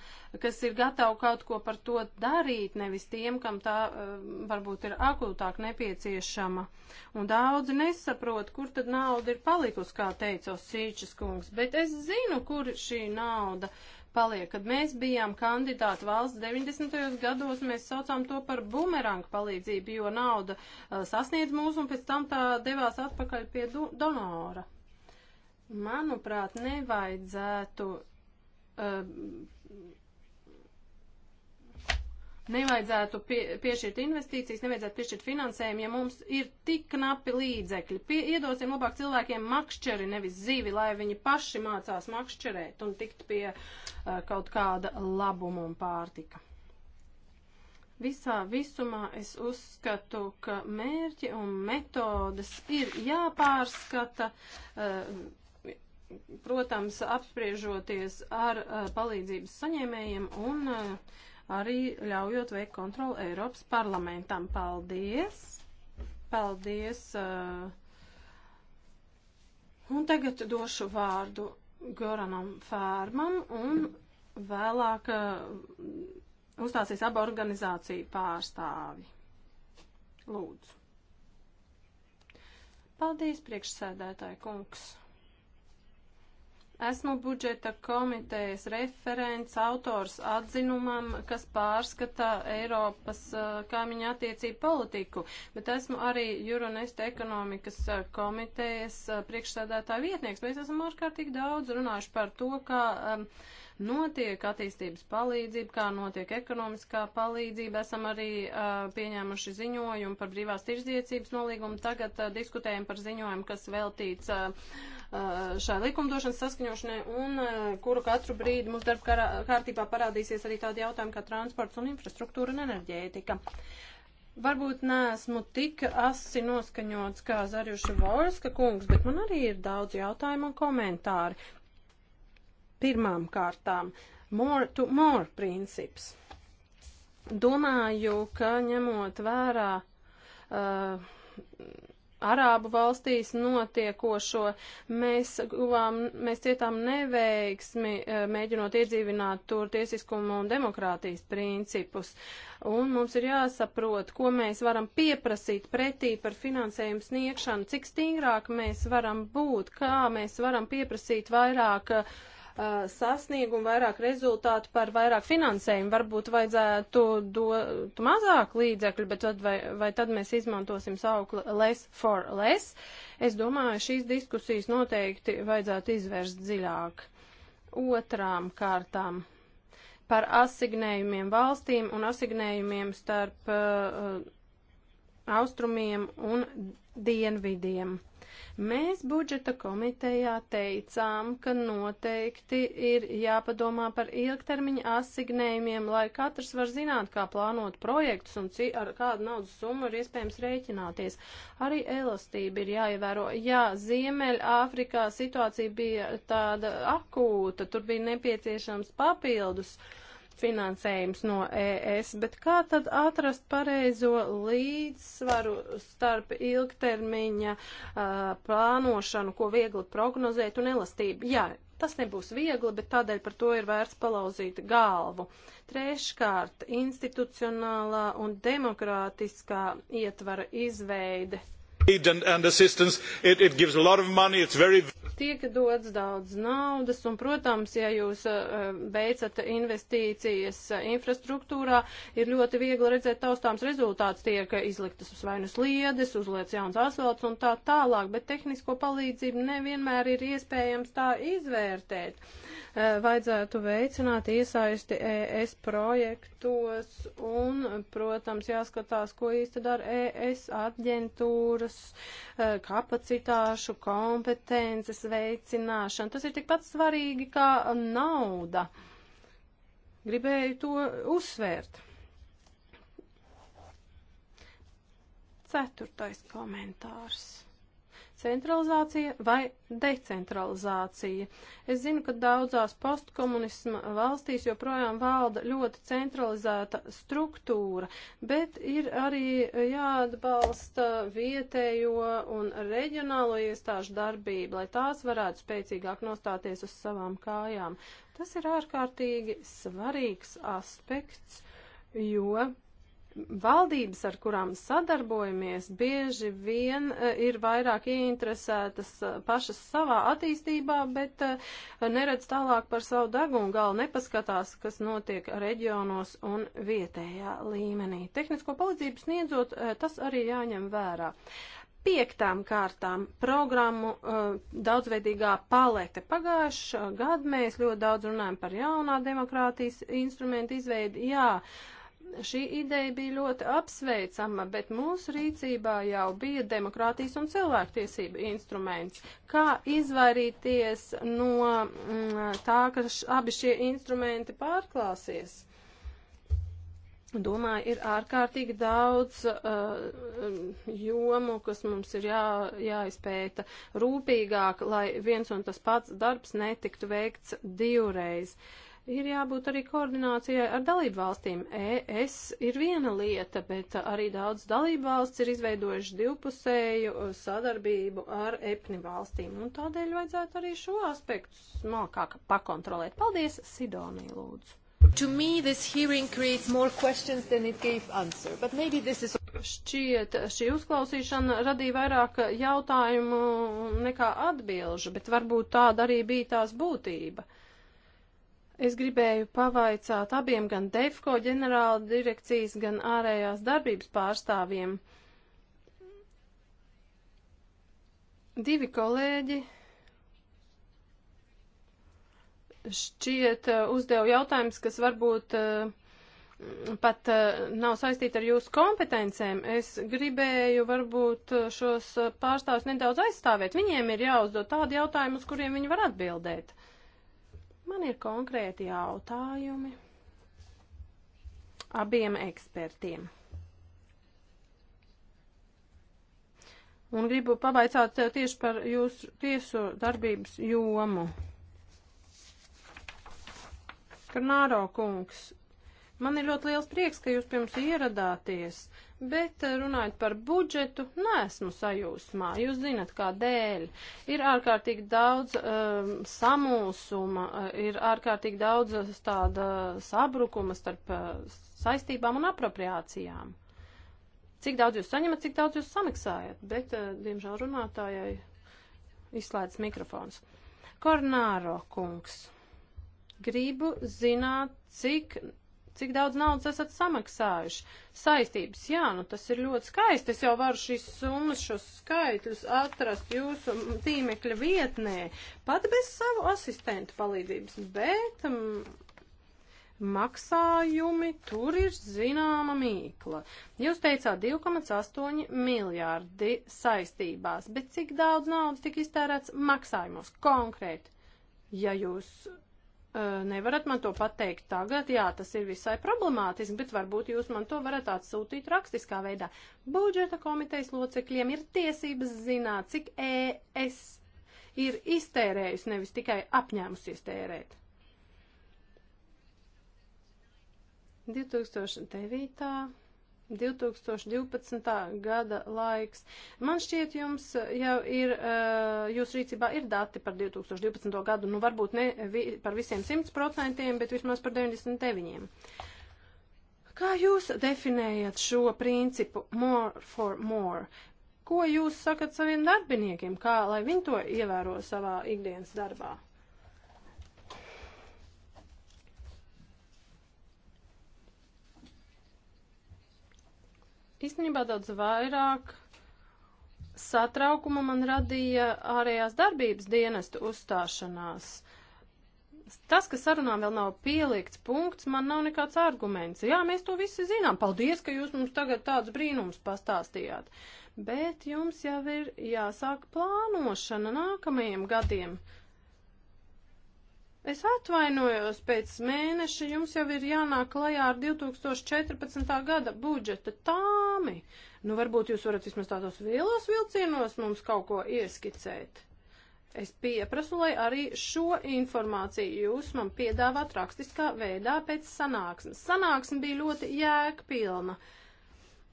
kas ir gatavi kaut ko par to darīt, nevis tiem, kam tā uh, varbūt ir akūtāk nepieciešama. Un daudzi nesaprot, kur tad nauda ir palikusi, kā teica Osīčas kungs, bet es zinu, kur šī nauda ir paliek. Kad mēs bijām kandidāti valsts 90. gados, mēs saucām to par bumerangu palīdzību, jo nauda uh, sasniedz mūs un pēc tam tā devās atpakaļ pie do donora. Manuprāt, nevajadzētu. Uh, Nevajadzētu pie, piešķirt investīcijas, nevajadzētu piešķirt finansējumu, ja mums ir tik knapi līdzekļi. Pie, iedosim labāk cilvēkiem makšķeri, nevis zīvi, lai viņi paši mācās makšķerēt un tikt pie uh, kaut kāda labuma un pārtika. Visā visumā es uzskatu, ka mērķi un metodas ir jāpārskata. Uh, protams, apspriežoties ar uh, palīdzības saņēmējiem un uh, arī ļaujot veikt kontroli Eiropas parlamentam. Paldies! Paldies! Uh, un tagad došu vārdu Goranam Fērmam un vēlāk uh, uzstāsies aba organizācija pārstāvi. Lūdzu. Paldies, priekšsēdētāji kungs. Esmu budžeta komitejas referents, autors atzinumam, kas pārskata Eiropas uh, kaimiņa attiecību politiku, bet esmu arī Euronest ekonomikas uh, komitejas uh, priekšsēdētāja vietnieks. Mēs esam ārkārtīgi daudz runājuši par to, kā. Um, notiek attīstības palīdzība, kā notiek ekonomiskā palīdzība. Esam arī uh, pieņēmuši ziņojumu par brīvās tirdzniecības nolīgumu. Tagad uh, diskutējam par ziņojumu, kas veltīts uh, šai likumdošanas saskaņošanai un uh, kuru katru brīdi mums darba kā, kārtībā parādīsies arī tādi jautājumi kā transports un infrastruktūra un enerģētika. Varbūt neesmu tik asi noskaņots kā Zarjuša Vorska kungs, bet man arī ir daudz jautājumu un komentāri. Pirmām kārtām, more to more princips. Domāju, ka ņemot vērā uh, Arābu valstīs notiekošo, mēs, guvām, mēs cietām neveiksmi, uh, mēģinot iedzīvināt tur tiesiskumu un demokrātijas principus. Un mums ir jāsaprot, ko mēs varam pieprasīt pretī par finansējumu sniegšanu, cik stingrāk mēs varam būt, kā mēs varam pieprasīt vairāk uh, uh, sasniegumu, vairāk rezultātu par vairāk finansējumu. Varbūt vajadzētu dot mazāk līdzekļu, bet tad vai, vai tad mēs izmantosim saukli less for less. Es domāju, šīs diskusijas noteikti vajadzētu izvērst dziļāk. Otrām kārtām par asignējumiem valstīm un asignējumiem starp uh, austrumiem un dienvidiem. Mēs budžeta komitejā teicām, ka noteikti ir jāpadomā par ilgtermiņa asignējumiem, lai katrs var zināt, kā plānot projektus un ci, ar kādu naudas summu ir iespējams rēķināties. Arī elastība ir jāievēro. Jā, Ziemeļāfrikā situācija bija tāda akūta, tur bija nepieciešams papildus. Uh, finansējums no ES, bet kā tad atrast pareizo līdzsvaru starp ilgtermiņa uh, plānošanu, ko viegli prognozēt un elastību? Jā, tas nebūs viegli, bet tādēļ par to ir vērts palauzīt galvu. Treškārt, institucionālā un demokrātiskā ietvara izveide And, and assistance, it, it gives a lot of money, it's very tiek dots daudz naudas, un, protams, ja jūs eh, veicat investīcijas eh, infrastruktūrā, ir ļoti viegli redzēt taustāms rezultāts, tiek izliktas uz vainas liedes, uzliec jauns asfalts un tā tālāk, bet tehnisko palīdzību nevienmēr ir iespējams tā izvērtēt. Eh, vajadzētu veicināt iesaisti ES projektos un, protams, jāskatās, ko īsti dara ES aģentūras, eh, kapacitāšu, kompetences veicināšana. Tas ir tikpat svarīgi kā nauda. Gribēju to uzsvērt. Ceturtais komentārs centralizācija vai decentralizācija. Es zinu, ka daudzās postkomunisma valstīs joprojām valda ļoti centralizēta struktūra, bet ir arī jāatbalsta vietējo un reģionālo iestāžu darbību, lai tās varētu spēcīgāk nostāties uz savām kājām. Tas ir ārkārtīgi svarīgs aspekts, jo Valdības, ar kurām sadarbojamies, bieži vien e, ir vairāk ieinteresētas e, pašas savā attīstībā, bet e, neredz tālāk par savu degunu galu, nepaskatās, kas notiek reģionos un vietējā līmenī. Tehnisko palīdzību sniedzot, tas arī jāņem vērā piektām kārtām programmu uh, daudzveidīgā palete. Pagājušā gada mēs ļoti daudz runājam par jaunā demokrātijas instrumentu izveidi. Jā, uh, Šī ideja bija ļoti apsveicama, bet mūsu rīcībā jau bija demokrātijas un cilvēktiesība instruments. Kā izvairīties no mm, tā, ka š, abi šie instrumenti pārklāsies? Domāju, ir ārkārtīgi daudz uh, jomu, kas mums ir jā, jāizpēta rūpīgāk, lai viens un tas pats darbs netiktu veikts divreiz. Uh, ir jābūt arī koordinācijai ar dalību valstīm. ES ir viena lieta, bet arī daudz dalību valsts ir izveidojuši divpusēju uh, sadarbību ar EPNI valstīm, un tādēļ vajadzētu arī šo aspektu smalkāk pakontrolēt. Paldies, Sidonija Lūdzu. To me, this hearing creates more questions than it gave answer, but maybe this is šķiet šī uzklausīšana radīja vairāk jautājumu nekā atbilžu, bet varbūt tāda arī bija tās būtība. Es gribēju pavaicāt abiem gan DEFCO ģenerāla direkcijas, gan ārējās darbības pārstāvjiem. Divi kolēģi šķiet eh, uzdev jautājums, kas varbūt eh, pat eh, nav saistīti ar jūsu kompetencēm. Es gribēju varbūt šos pārstāvus nedaudz aizstāvēt. Viņiem ir jāuzdod tādi jautājumi, uz kuriem viņi var atbildēt. Uh, Man ir konkrēti jautājumi abiem ekspertiem. Un gribu pabaicāt tev tieši par jūsu tiesu darbības jomu. Karnāro kungs, man ir ļoti liels prieks, ka jūs pirms ieradāties. Uh, Bet eh, runājot par budžetu, nesmu nu, sajūsmā. Jūs zinat, kādēļ. Ir ārkārtīgi daudz um, samulsuma, eh, ir ārkārtīgi daudz eh, tāda sabrukuma starp uh, saistībām un apropriācijām. Cik daudz jūs saņemat, cik daudz jūs samaksājat, bet, uh, diemžēl, runātājai izslēdz mikrofons. Kornāro kungs gribu zināt, cik Cik daudz naudas esat samaksājuši? Saistības, jā, nu tas ir ļoti skaisti. Es jau varu šīs summas, šos skaitļus atrast jūsu tīmekļa vietnē, pat bez savu asistentu palīdzības, bet mm, maksājumi tur ir zināma mīkla. Jūs teicāt 2,8 miljārdi saistībās, bet cik daudz naudas tika iztērēts maksājumos konkrēti? Ja jūs nevarat man to pateikt tagad, jā, tas ir visai problemātiski, bet varbūt jūs man to varat atsūtīt rakstiskā veidā. Budžeta komitejas locekļiem ir tiesības zināt, cik ES ir iztērējusi, nevis tikai apņēmusies tērēt. 2009. 2012. gada laiks. Man šķiet, jums jau ir, eh, jūs rīcībā ir dati par 2012. gadu, nu varbūt ne par visiem 100%, bet vismaz par 99%. Kā jūs definējat šo principu more for more? Ko jūs sakat saviem darbiniekiem, kā lai viņi to ievēro savā ikdienas darbā? Īstenībā daudz vairāk satraukuma man radīja ārējās darbības dienestu uzstāšanās. Tas, ka sarunām vēl nav pielikts punkts, man nav nekāds arguments. Jā, mēs to visi zinām. Paldies, ka jūs mums tagad tāds brīnums pastāstījāt. Bet jums jau ir jāsāk plānošana nākamajiem gadiem. Uh, Es atvainojos, pēc mēneša jums jau ir jānāk klajā ar 2014. gada budžeta tāmi. Nu, varbūt jūs varat vismaz tādos vielos vilcienos mums kaut ko ieskicēt. Es pieprasu, lai arī šo informāciju jūs man piedāvāt rakstiskā veidā pēc sanāksmes. Sanāksme bija ļoti jēgpilna. pilna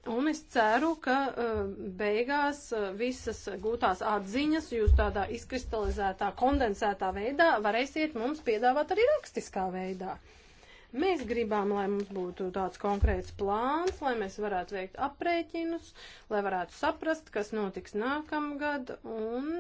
Un es ceru, ka eh, beigās eh, visas gūtās atziņas jūs tādā izkristalizētā, kondensētā veidā varēsiet mums piedāvāt arī rakstiskā veidā. Mēs gribam, lai mums būtu tāds konkrēts plāns, lai mēs varētu veikt aprēķinus, lai varētu saprast, kas notiks nākamgad. Un,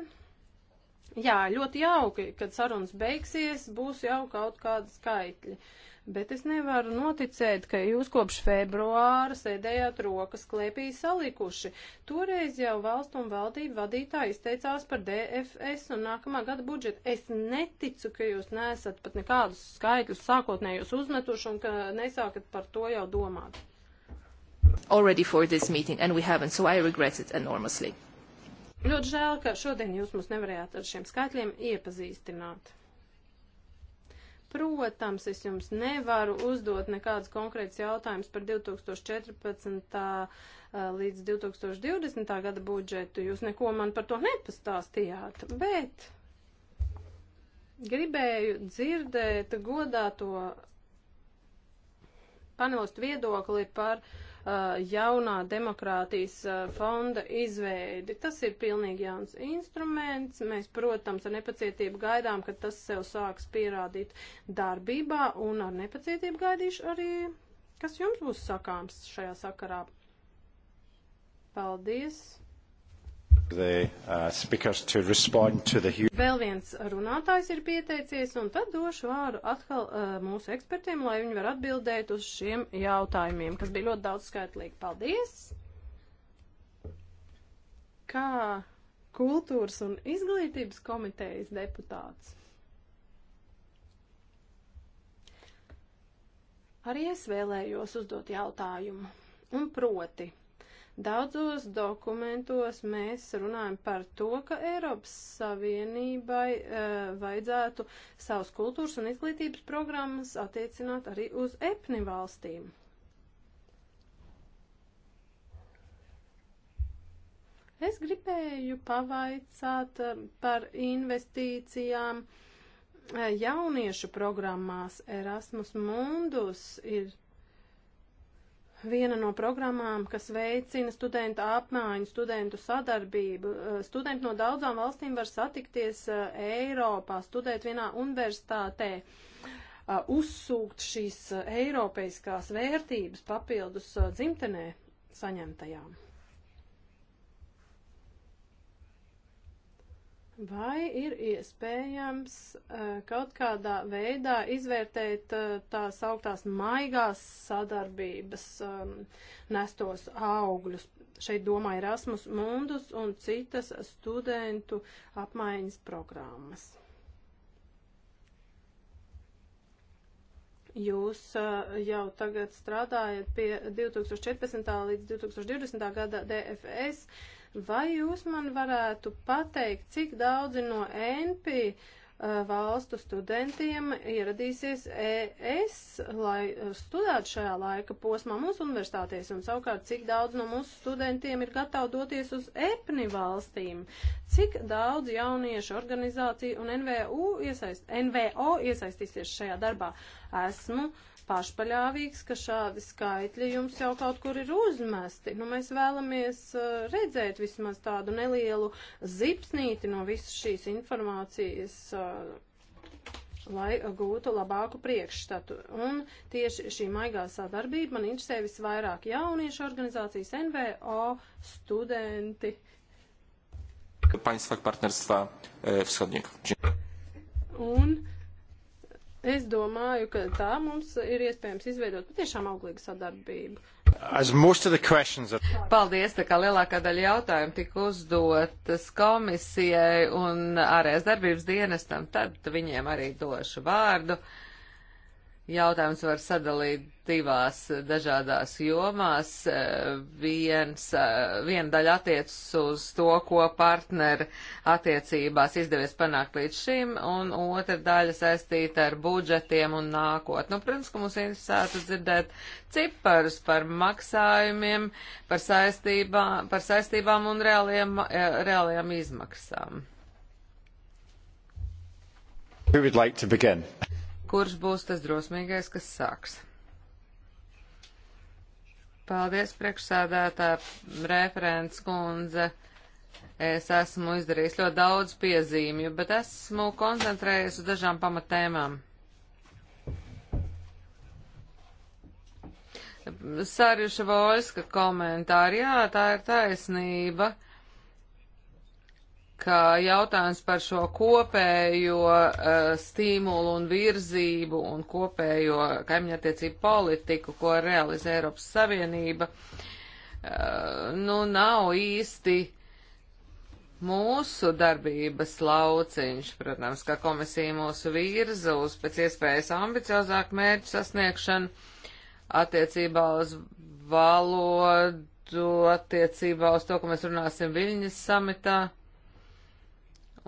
jā, ļoti jauki, kad sarunas beigsies, būs jau kaut kāda skaitļa. Uh, Bet es nevaru noticēt, ka jūs kopš februāra sēdējāt rokas klēpī salikuši. Toreiz jau valstu un valdību vadītāji izteicās par DFS un nākamā gada budžetu. Es neticu, ka jūs nesat pat nekādus skaitļus sākotnējos uzmetuši un ka nesākat par to jau domāt. Already for this meeting and we haven't, so I regret it enormously. Ļoti žēl, ka šodien jūs mums nevarējāt ar šiem skaitļiem iepazīstināt. Protams, es jums nevaru uzdot nekādus konkrētus jautājumus par 2014. līdz 2020. gada budžetu. Jūs neko man par to nepastāstījāt, bet gribēju dzirdēt godāto panelistu viedokli par uh, Uh, jaunā demokrātijas uh, fonda izveidi. Tas ir pilnīgi jauns instruments. Mēs, protams, ar nepacietību gaidām, kad tas sev sāks pierādīt darbībā, un ar nepacietību gaidīšu arī, kas jums būs sakāms šajā sakarā. Paldies! The, uh, to to Vēl viens runātājs ir pieteicies, un tad došu vāru atkal uh, mūsu ekspertiem, lai viņi var atbildēt uz šiem jautājumiem, kas bija ļoti daudz skaitlīgi. Paldies! Kā kultūras un izglītības komitejas deputāts. Arī es vēlējos uzdot jautājumu, un proti, Daudzos dokumentos mēs runājam par to, ka Eiropas Savienībai e, vajadzētu savus kultūras un izglītības programmas attiecināt arī uz EPNI valstīm. Es gribēju pavaicāt eh, par investīcijām eh, jauniešu programmās Erasmus Mundus ir viena no programmām, kas veicina studentu apmaiņu, studentu sadarbību. Eh, studenti no daudzām valstīm var satikties eh, Eiropā, studēt vienā universitātē, eh, uzsūkt šīs eiropeiskās vērtības papildus dzimtenē saņemtajām. Vai ir iespējams eh, kaut kādā veidā izvērtēt eh, tās augtās maigās sadarbības ehm, nestos augļus? Šeit domāju Erasmus Mundus un citas studentu apmaiņas programmas. Jūs eh, jau tagad strādājat pie 2014. līdz 2020. gada DFS Vai jūs man varētu pateikt, cik daudzi no NP uh, valstu studentiem ieradīsies ES, lai uh, studētu šajā laika posmā mūsu universitātēs, un savukārt cik daudz no mūsu studentiem ir gatavi doties uz EPNI valstīm, cik daudz jauniešu organizāciju un NVU iesaist, NVO iesaistīsies šajā darbā. Esmu pašpaļāvīgs, ka šādi skaitļi jums jau kaut kur ir uzmesti. Nu, mēs vēlamies uh, redzēt vismaz tādu nelielu zipsnīti no visas šīs informācijas uh, lai gūtu labāku priekšstatu. Un tieši šī maigā sadarbība man interesē visvairāk jauniešu organizācijas NVO studenti. Państwach partnerstwa e, wschodniego. Un Es domāju, ka tā mums ir iespējams izveidot patiešām auglīgu sadarbību. Are... Paldies, tā kā lielākā daļa jautājumu tika uzdotas komisijai un ārējās darbības dienestam, tad viņiem arī došu vārdu. Uh, Jautājums var sadalīt divās dažādās jomās. Eh, viens, eh, viena daļa attiecas uz to, ko partneri attiecībās izdevies panākt līdz šim, un otra daļa saistīta ar budžetiem un nākotni. Nu, protams, ka mums interesētu dzirdēt ciparus par maksājumiem, par saistībām, par saistībām un reāliem, eh, reāliem izmaksām. Who would like to begin? kurš būs tas drosmīgais, kas sāks. Paldies, priekšsādātā referents kundze. Es esmu izdarījis ļoti daudz piezīmju, bet esmu koncentrējies uz dažām pamatēmām. Sārjuša Voļska komentāri, jā, tā ir taisnība. Uh, ka jautājums par šo kopējo uh, stimulu un virzību un kopējo kaimiņattiecību politiku, ko realizē Eiropas Savienība, uh, nu nav īsti mūsu darbības lauciņš. Protams, ka komisija mūsu virza uz pēc iespējas ambiciozāku mērķu sasniegšanu attiecībā uz valodu, attiecībā uz to, ko mēs runāsim Viļņas samitā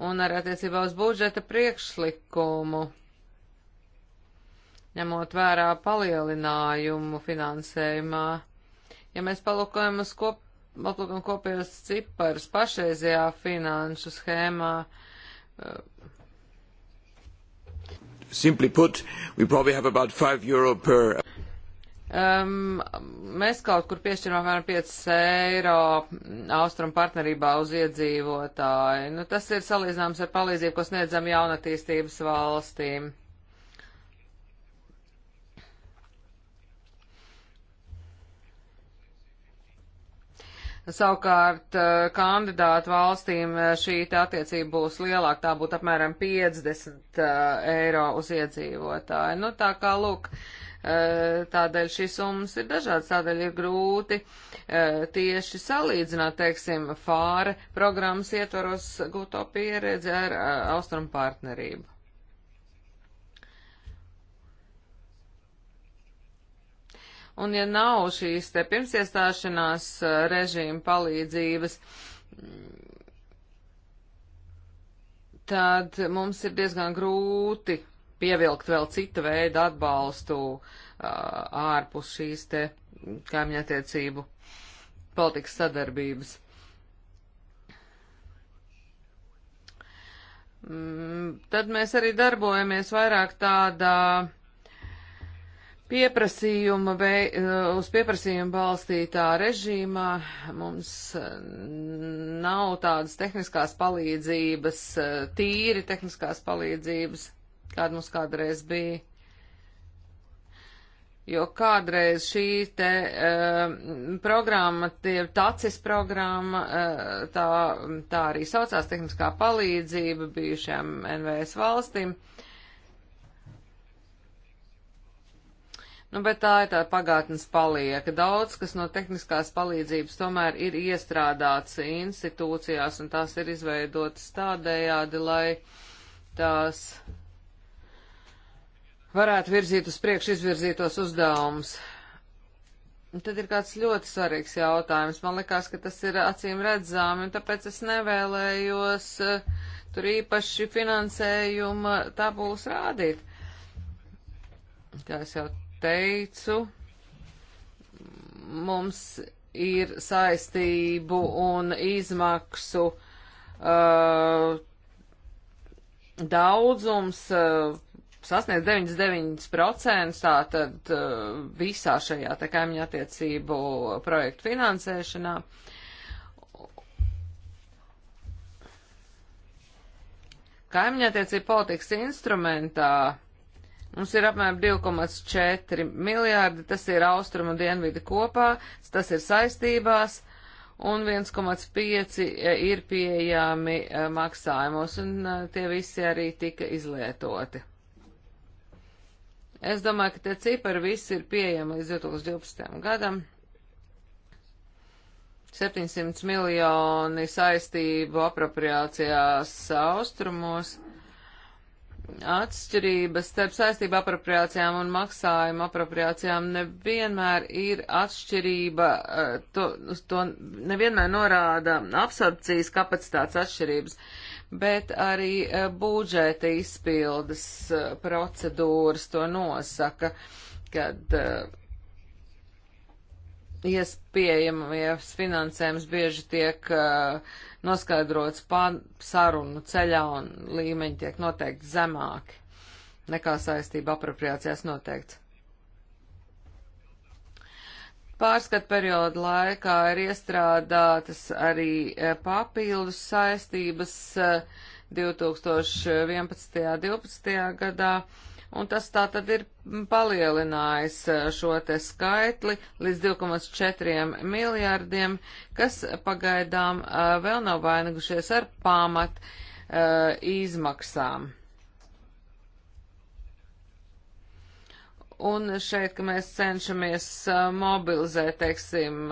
un ar attiecībā uz budžeta priekšlikumu, ņemot vērā palielinājumu finansējumā. Ja mēs palūkojam uz kop, aplūkam kopējos ciparus pašreizajā finanšu schēmā, Simply put, we probably have about 5 euro per Um, mēs kaut kur piešķiram apmēram 5 eiro austrumu partnerībā uz iedzīvotāju. Nu, tas ir salīdzināms ar palīdzību, ko sniedzam jaunatīstības valstīm. Savukārt eh, kandidātu valstīm eh, šī attiecība būs lielāka, tā būtu apmēram 50 eh, eiro uz iedzīvotāju. Nu, tā kā, lūk, uh, Eh, tādēļ šīs summas ir dažādas, tādēļ ir grūti eh, tieši salīdzināt, teiksim, fāre programmas ietvaros gūto pieredzi ar eh, austrumu partnerību. Un ja nav šīs te pirmsiestāšanās režīma palīdzības, mm, tad mums ir diezgan grūti pievilkt vēl citu veidu atbalstu uh, ārpus šīs te kaimiņattiecību politikas sadarbības. Mm, tad mēs arī darbojamies vairāk tādā pieprasījuma, vei, uh, uz pieprasījuma balstītā režīmā. Mums uh, nav tādas tehniskās palīdzības, tīri tehniskās palīdzības kāda mums kādreiz bija. Jo kādreiz šī te uh, programma, tie tacis programma, uh, tā, tā arī saucās tehniskā palīdzība bijušajām NVS valstīm. Nu, bet tā ir tā pagātnes palieka. Daudz, kas no tehniskās palīdzības tomēr ir iestrādāts institūcijās, un tās ir izveidotas tādējādi, lai tās uh, varētu virzīt uz priekšu izvirzītos uzdevumus. Un tad ir kāds ļoti svarīgs jautājums. Man liekas, ka tas ir acīm redzami, un tāpēc es nevēlējos eh, tur īpaši finansējuma tabulas rādīt. Kā es jau teicu, mums ir saistību un izmaksu uh, daudzums. Uh, sasniedz 99%, tātad uh, visā šajā tā kaimiņa attiecību projektu finansēšanā. Kaimiņa attiecību politikas instrumentā mums ir apmēram 2,4 miljārdi, tas ir austrumu un dienvidi kopā, tas ir saistībās un 1,5 eh, ir pieejami eh, maksājumos, un eh, tie visi arī tika izlietoti. Es domāju, ka tie cipari visi ir pieejami līdz 2012. gadam. 700 miljoni saistību apropriācijās austrumos. Atšķirības starp saistību apropriācijām un maksājumu apropriācijām nevienmēr ir atšķirība, eh, to, to nevienmēr norāda absorpcijas kapacitātes atšķirības bet arī eh, budžeta izpildes eh, procedūras to nosaka, kad eh, iespējamais finansējums bieži tiek noskaidrots sarunu ceļā un līmeņi tiek noteikti zemāki nekā saistība apropriācijās noteikts. Pārskat perioda laikā ir iestrādātas arī e, papildus saistības 2011. E, 12. gadā, un tas tā tad ir palielinājis e, šo te skaitli līdz 2,4 miljārdiem, kas pagaidām vēl nav vainagušies ar pamat izmaksām. Un šeit, ka mēs cenšamies mobilizēt, teiksim,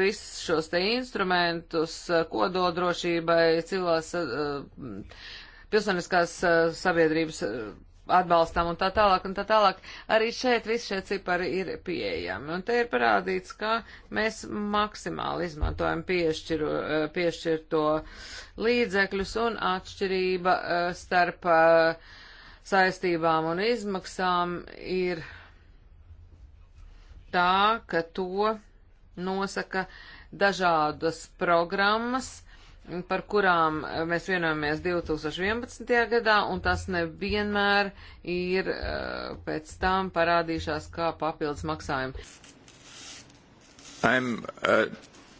visus šos te instrumentus kododrošībai, cilvēks, pilsoniskās sabiedrības atbalstam un tā tālāk un tā tālāk. Arī šeit visi šie cipari ir pieejami. Un te ir parādīts, ka mēs maksimāli izmantojam piešķiru, piešķirto līdzekļus un atšķirība starp uh, saistībām un izmaksām ir tā, ka to nosaka dažādas programmas, par kurām mēs vienojamies 2011. gadā, un tas nevienmēr ir eh, pēc tam parādījušās kā papildus maksājumi. I'm, uh...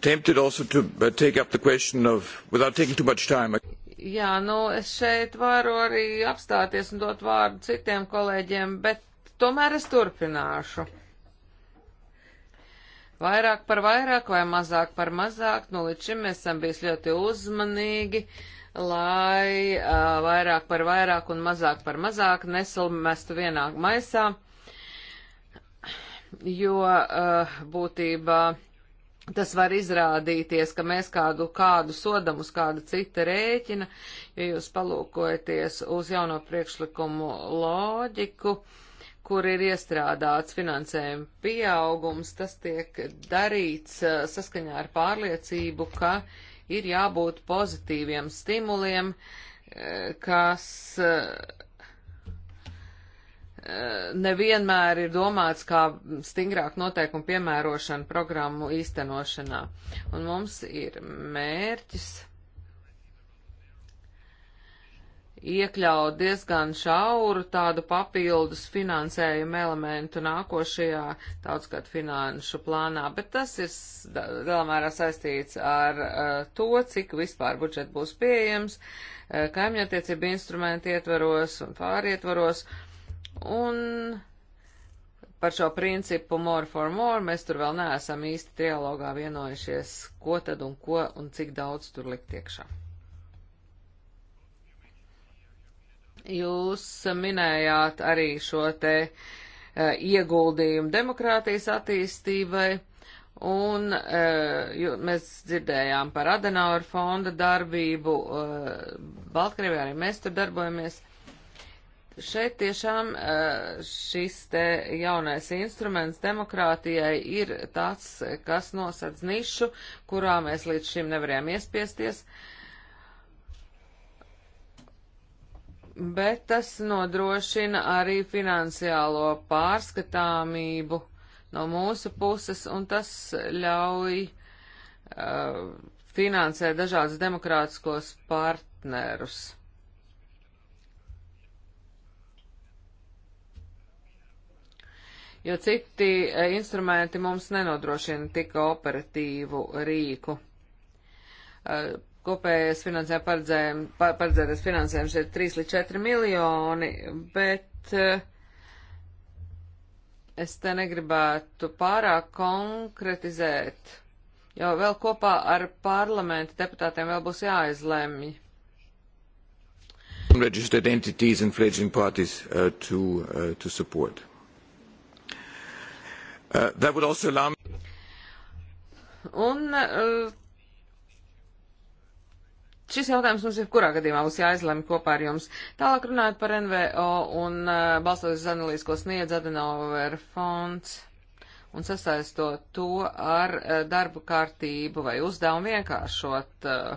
Tempted also to uh, take up the question of, without taking too much time. Jā, nu es šeit varu arī apstāties un dot vārdu citiem kolēģiem, bet tomēr es turpināšu. Vairāk par vairāk vai mazāk par mazāk, nu līdz šim mēs esam bijis ļoti uzmanīgi, lai uh, vairāk par vairāk un mazāk par mazāk nesalmestu vienā maisā, jo uh, būtībā. Uh, Tas var izrādīties, ka mēs kādu, kādu sodam uz kāda cita rēķina, ja jūs palūkojaties uz jauno priekšlikumu loģiku, kur ir iestrādāts finansējuma pieaugums, tas tiek darīts eh, saskaņā ar pārliecību, ka ir jābūt pozitīviem stimuliem, eh, kas eh, nevienmēr ir domāts kā stingrāk noteikumu piemērošana programmu īstenošanā. Un mums ir mērķis iekļaut diezgan šauru tādu papildus finansējumu elementu nākošajā daudzgad finanšu plānā, bet tas ir lielmērā saistīts ar uh, to, cik vispār budžet būs pieejams, uh, eh, kaimiņotiecība instrumenti ietvaros un pārietvaros. Uh, Un par šo principu more for more mēs tur vēl neesam īsti trialogā vienojušies, ko tad un ko un cik daudz tur likt iekšā. Jūs minējāt arī šo te uh, ieguldījumu demokrātijas attīstībai, un uh, e, jū, mēs dzirdējām par Adenauer fonda darbību, uh, Baltkrievijā arī mēs tur darbojamies. Šeit tiešām eh, šis te jaunais instruments demokrātijai ir tāds, kas nosedz nišu, kurā mēs līdz šim nevarējām iespiesties. Bet tas nodrošina arī finansiālo pārskatāmību no mūsu puses, un tas ļauj uh, finansēt dažādas demokrātiskos partnerus. jo citi eh, instrumenti mums nenodrošina tik operatīvu rīku. Eh, kopējais finansējums paredzējums, paredzētais finansējums ir 3 līdz 4 miljoni, bet eh, es te negribētu pārāk konkretizēt, jo vēl kopā ar parlamentu deputātiem vēl būs jāizlemj unregistered entities and fledgling parties uh, to, uh, to support. Uh, that would also allow me... Un uh, šis jautājums mums jebkurā gadījumā būs jāizlemj kopā ar jums. Tālāk runājot par NVO un uh, balstoties uz analīzi, ko sniedz Adenauer fonds un sasaistot to ar uh, darbu kārtību vai uzdevumu vienkāršot uh,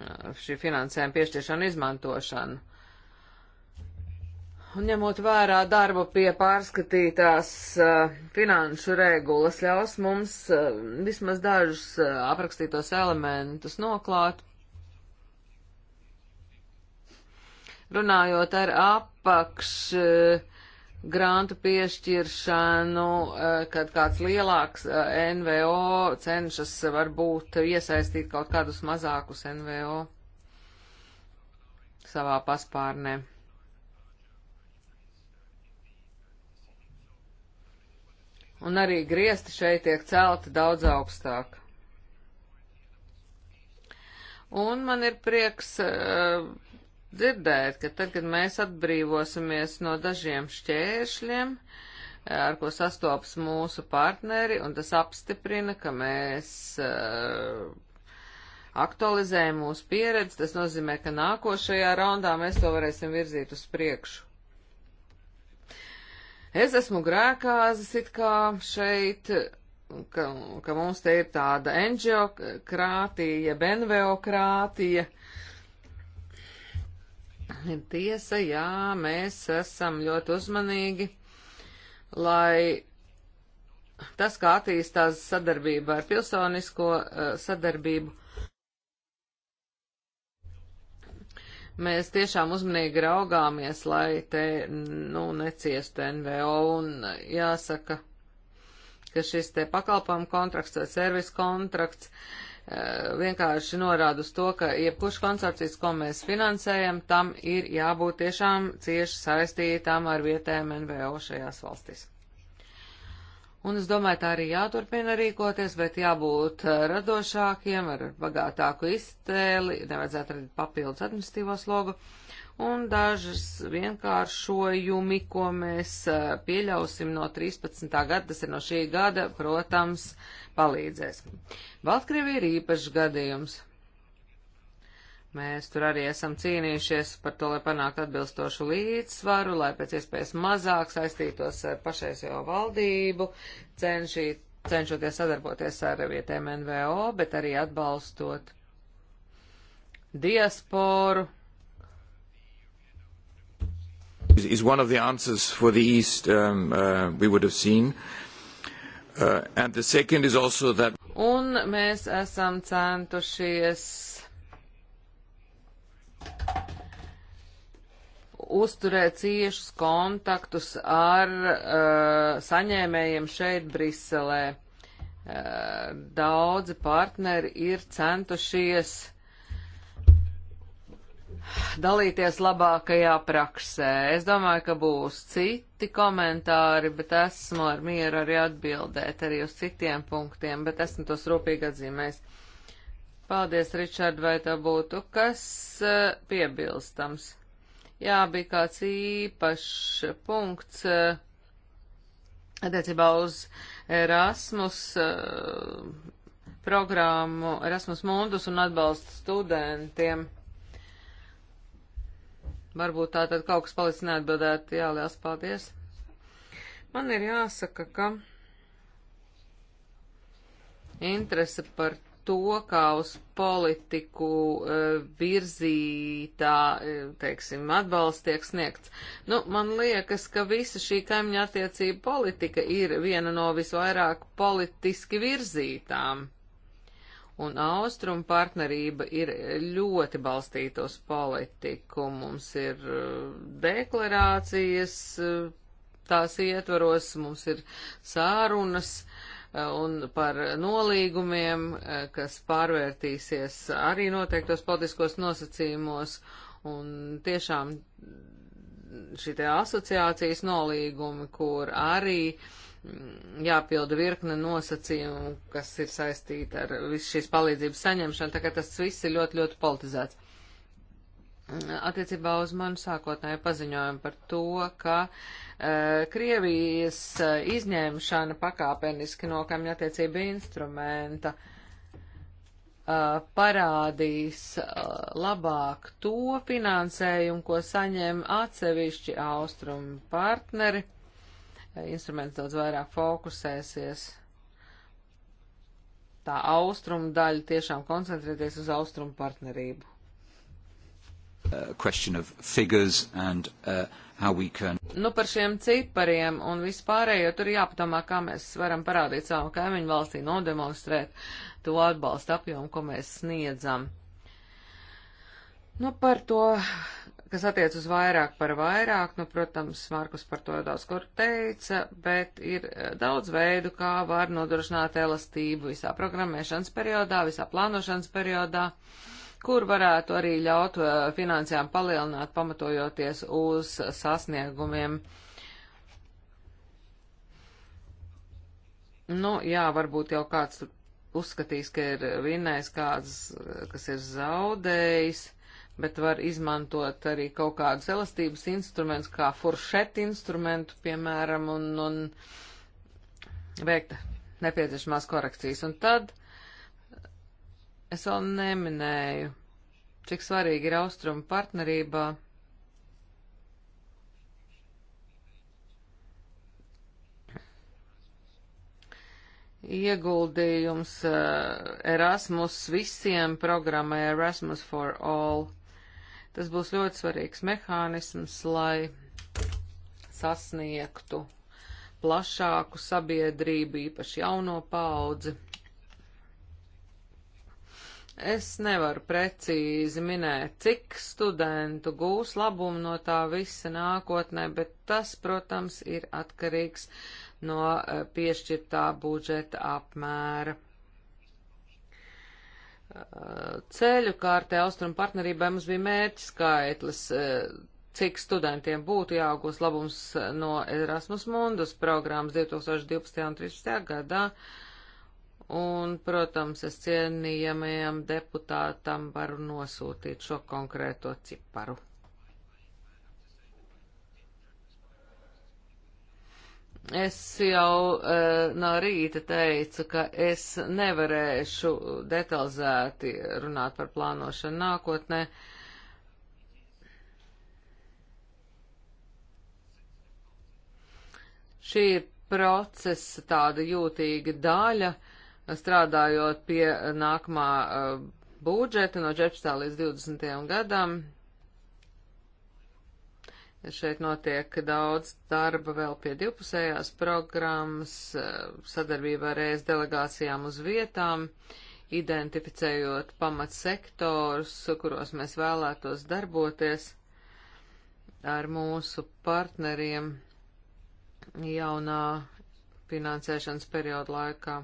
uh šī finansējuma piešķiršanu izmantošanu. Un ņemot vērā darbu pie pārskatītās uh, finanšu regulas, ļaus mums uh, vismaz dažus uh, aprakstītos elementus noklāt. Runājot ar apakš grantu piešķiršanu, kad kāds lielāks NVO cenšas varbūt iesaistīt kaut kādus mazākus NVO savā paspārnē. un arī griesti šeit tiek celti daudz augstāk. Un man ir prieks uh, dzirdēt, ka tad, kad mēs atbrīvosimies no dažiem šķēršļiem, eh, ar ko sastopas mūsu partneri, un tas apstiprina, ka mēs uh, aktualizējam mūsu pieredzi, tas nozīmē, ka nākošajā raundā mēs to varēsim virzīt uz priekšu es esmu grēkāzis it kā šeit, ka, ka mums te ir tāda enģeokrātija, benveokrātija. Tiesa, jā, mēs esam ļoti uzmanīgi, lai tas, kā attīstās sadarbība ar pilsonisko eh, sadarbību, mēs tiešām uzmanīgi raugāmies, lai te, nu, neciestu NVO un jāsaka, ka šis te pakalpojumu kontrakts vai servis kontrakts eh, vienkārši norāda uz to, ka jebkurš konsorcijas, ko mēs finansējam, tam ir jābūt tiešām cieši saistītām ar vietējiem NVO šajās valstīs. Un es domāju, tā arī jāturpina rīkoties, bet jābūt eh, radošākiem, ar bagātāku iztēli, nevajadzētu radīt papildus administratīvo slogu. Un dažas vienkāršojumi, ko mēs eh, pieļausim no 13. gada, tas ir no šī gada, protams, palīdzēs. Baltkrievija ir īpašs gadījums. Mēs tur arī esam cīnījušies par to, lai panāktu atbilstošu līdzsvaru, lai pēc iespējas mazāk saistītos ar pašreizējo valdību, cenšī, cenšoties sadarboties ar vietēm NVO, bet arī atbalstot diasporu. Is one of the answers for the East um, uh, we would have seen. Uh, and the second is also that. Un mēs esam centušies uzturēt ciešus kontaktus ar uh, saņēmējiem šeit Briselē. Uh, daudzi partneri ir centušies dalīties labākajā praksē. Es domāju, ka būs citi komentāri, bet esmu ar mieru arī atbildēt arī uz citiem punktiem, bet esmu tos rūpīgi atzīmējis. Paldies, Ričard, vai tā būtu kas e, piebilstams? Jā, bija kāds īpašs punkts e, attiecībā uz Erasmus e, programmu, Erasmus mundus un atbalstu studentiem. Varbūt tā tad kaut kas palicis neatbildēt. Jā, liels paldies. Man ir jāsaka, ka interese par to, kā uz politiku e, virzītā, e, teiksim, atbalsts tiek sniegts. Nu, man liekas, ka visa šī kaimiņa attiecība politika ir viena no visvairāk politiski virzītām. Un austrumu partnerība ir ļoti balstīta uz politiku. Mums ir e, deklarācijas, tās ietvaros, mums ir sārunas. Uh, un par nolīgumiem, eh, kas pārvērtīsies arī noteiktos politiskos nosacījumos, un tiešām šī te asociācijas nolīgumi, kur arī mm, jāpilda virkne nosacījumu, kas ir saistīta ar visu šīs palīdzības saņemšanu, tā kā tas viss ir ļoti, ļoti politizēts attiecībā uz manu sākotnēju paziņojumu par to, ka uh, Krievijas e, izņemšana pakāpeniski no kamņa attiecība instrumenta uh, parādīs uh, labāk to finansējumu, ko saņem atsevišķi austrumu partneri. Instruments daudz vairāk fokusēsies. Tā austrumu daļa tiešām koncentrēties uz austrumu partnerību. Uh, uh, can... Nu par šiem cipariem un vispārējo tur jāpadomā, kā mēs varam parādīt savu kaimiņu valstī, nodemonstrēt to atbalstu apjomu, ko mēs sniedzam. Nu par to, kas attiec uz vairāk par vairāk, nu, protams, Markus par to daudz kur teica, bet ir uh, daudz veidu, kā var nodrošināt elastību visā programmēšanas periodā, visā plānošanas periodā. Uh, kur varētu arī ļaut uh, finansējām palielināt, pamatojoties uz sasniegumiem. Nu, jā, varbūt jau kāds uzskatīs, ka ir vinnējis kāds, kas ir zaudējis bet var izmantot arī kaut kādus elastības instrumentus, kā foršetu instrumentu, piemēram, un, un veikt nepieciešamās korekcijas. Un tad Es vēl neminēju, cik svarīgi ir austrumu partnerībā. Ieguldījums eh, Erasmus visiem programmai Erasmus for All. Tas būs ļoti svarīgs mehānisms, lai sasniegtu plašāku sabiedrību, īpaši jauno paudzi. Es nevaru precīzi minēt, cik studentu gūs labumu no tā visa nākotnē, bet tas, protams, ir atkarīgs no eh, piešķirtā budžeta apmēra. Eh, ceļu kārtē austrumu partnerībai mums bija mērķis skaitlis, eh, cik studentiem būtu jāgūst labums no Erasmus Mundus programmas 2012. un 2013. gadā Un, protams, es cienījamajam deputātam varu nosūtīt šo konkrēto ciparu. Es jau uh, no rīta teicu, ka es nevarēšu detalizēti runāt par plānošanu nākotnē. Šī ir procesa tāda jūtīga daļa. Uh, strādājot pie nākamā eh, budžeta no 14. līdz 20. gadam. Šeit notiek daudz darba vēl pie divpusējās programmas, eh, sadarbībā ar ES delegācijām uz vietām, identificējot pamatsektors, kuros mēs vēlētos darboties ar mūsu partneriem jaunā finansēšanas perioda laikā.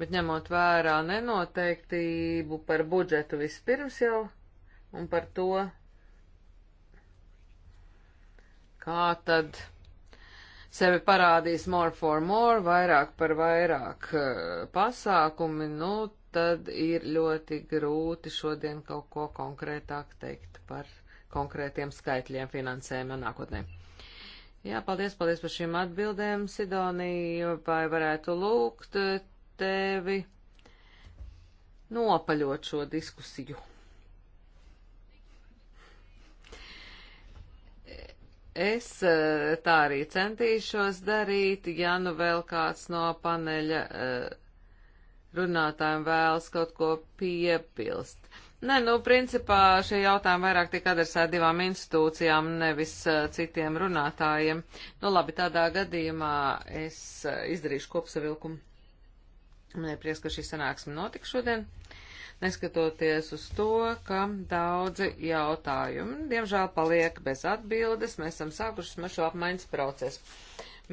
Bet ņemot vērā nenoteiktību par budžetu vispirms jau un par to, kā tad sevi parādīs more for more, vairāk par vairāk eh, pasākumi, nu, tad ir ļoti grūti šodien kaut ko konkrētāk teikt par konkrētiem skaitļiem finansējuma nākotnē. Jā, paldies, paldies par šīm atbildēm, Sidonija, vai varētu lūgt eh, tevi nopaļot šo diskusiju. Es eh, tā arī centīšos darīt, ja nu vēl kāds no paneļa eh, runātājiem vēlas kaut ko piebilst. Nē, nu, principā šie jautājumi vairāk tiek adresēti divām institūcijām, nevis eh, citiem runātājiem. Nu, labi, tādā gadījumā es izdarīšu kopsavilkumu. Man nu, ir prieks, ka šī sanāksme notika šodien, neskatoties uz to, ka daudzi jautājumi, diemžēl, paliek bez atbildes. Mēs esam sākuši šo apmaiņas procesu.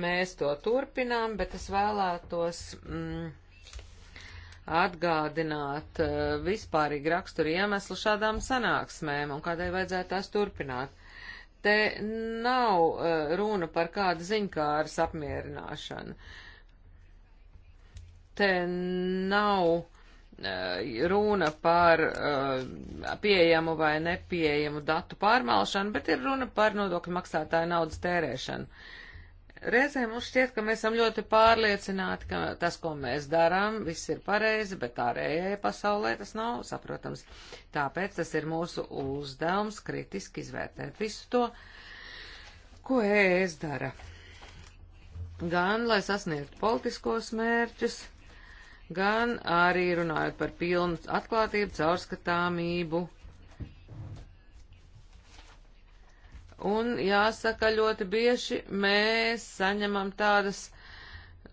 Mēs to turpinām, bet es vēlētos mm, atgādināt uh, vispārīgi raksturu iemeslu šādām sanāksmēm un kādai vajadzētu tās turpināt. Te nav uh, runa par kādu ziņkāras apmierināšanu. Uh, te nav e, runa par e, pieejamu vai nepieejamu datu pārmalšanu, bet ir runa par nodokļu maksātāju naudas tērēšanu. Reizē mums šķiet, ka mēs esam ļoti pārliecināti, ka tas, ko mēs darām, viss ir pareizi, bet ārējai pasaulē tas nav saprotams. Tāpēc tas ir mūsu uzdevums kritiski izvērtēt visu to, ko es dara. Gan, lai sasniegtu politiskos mērķus, gan arī runājot par pilnu atklātību, caurskatāmību. Un jāsaka, ļoti bieži mēs saņemam tādas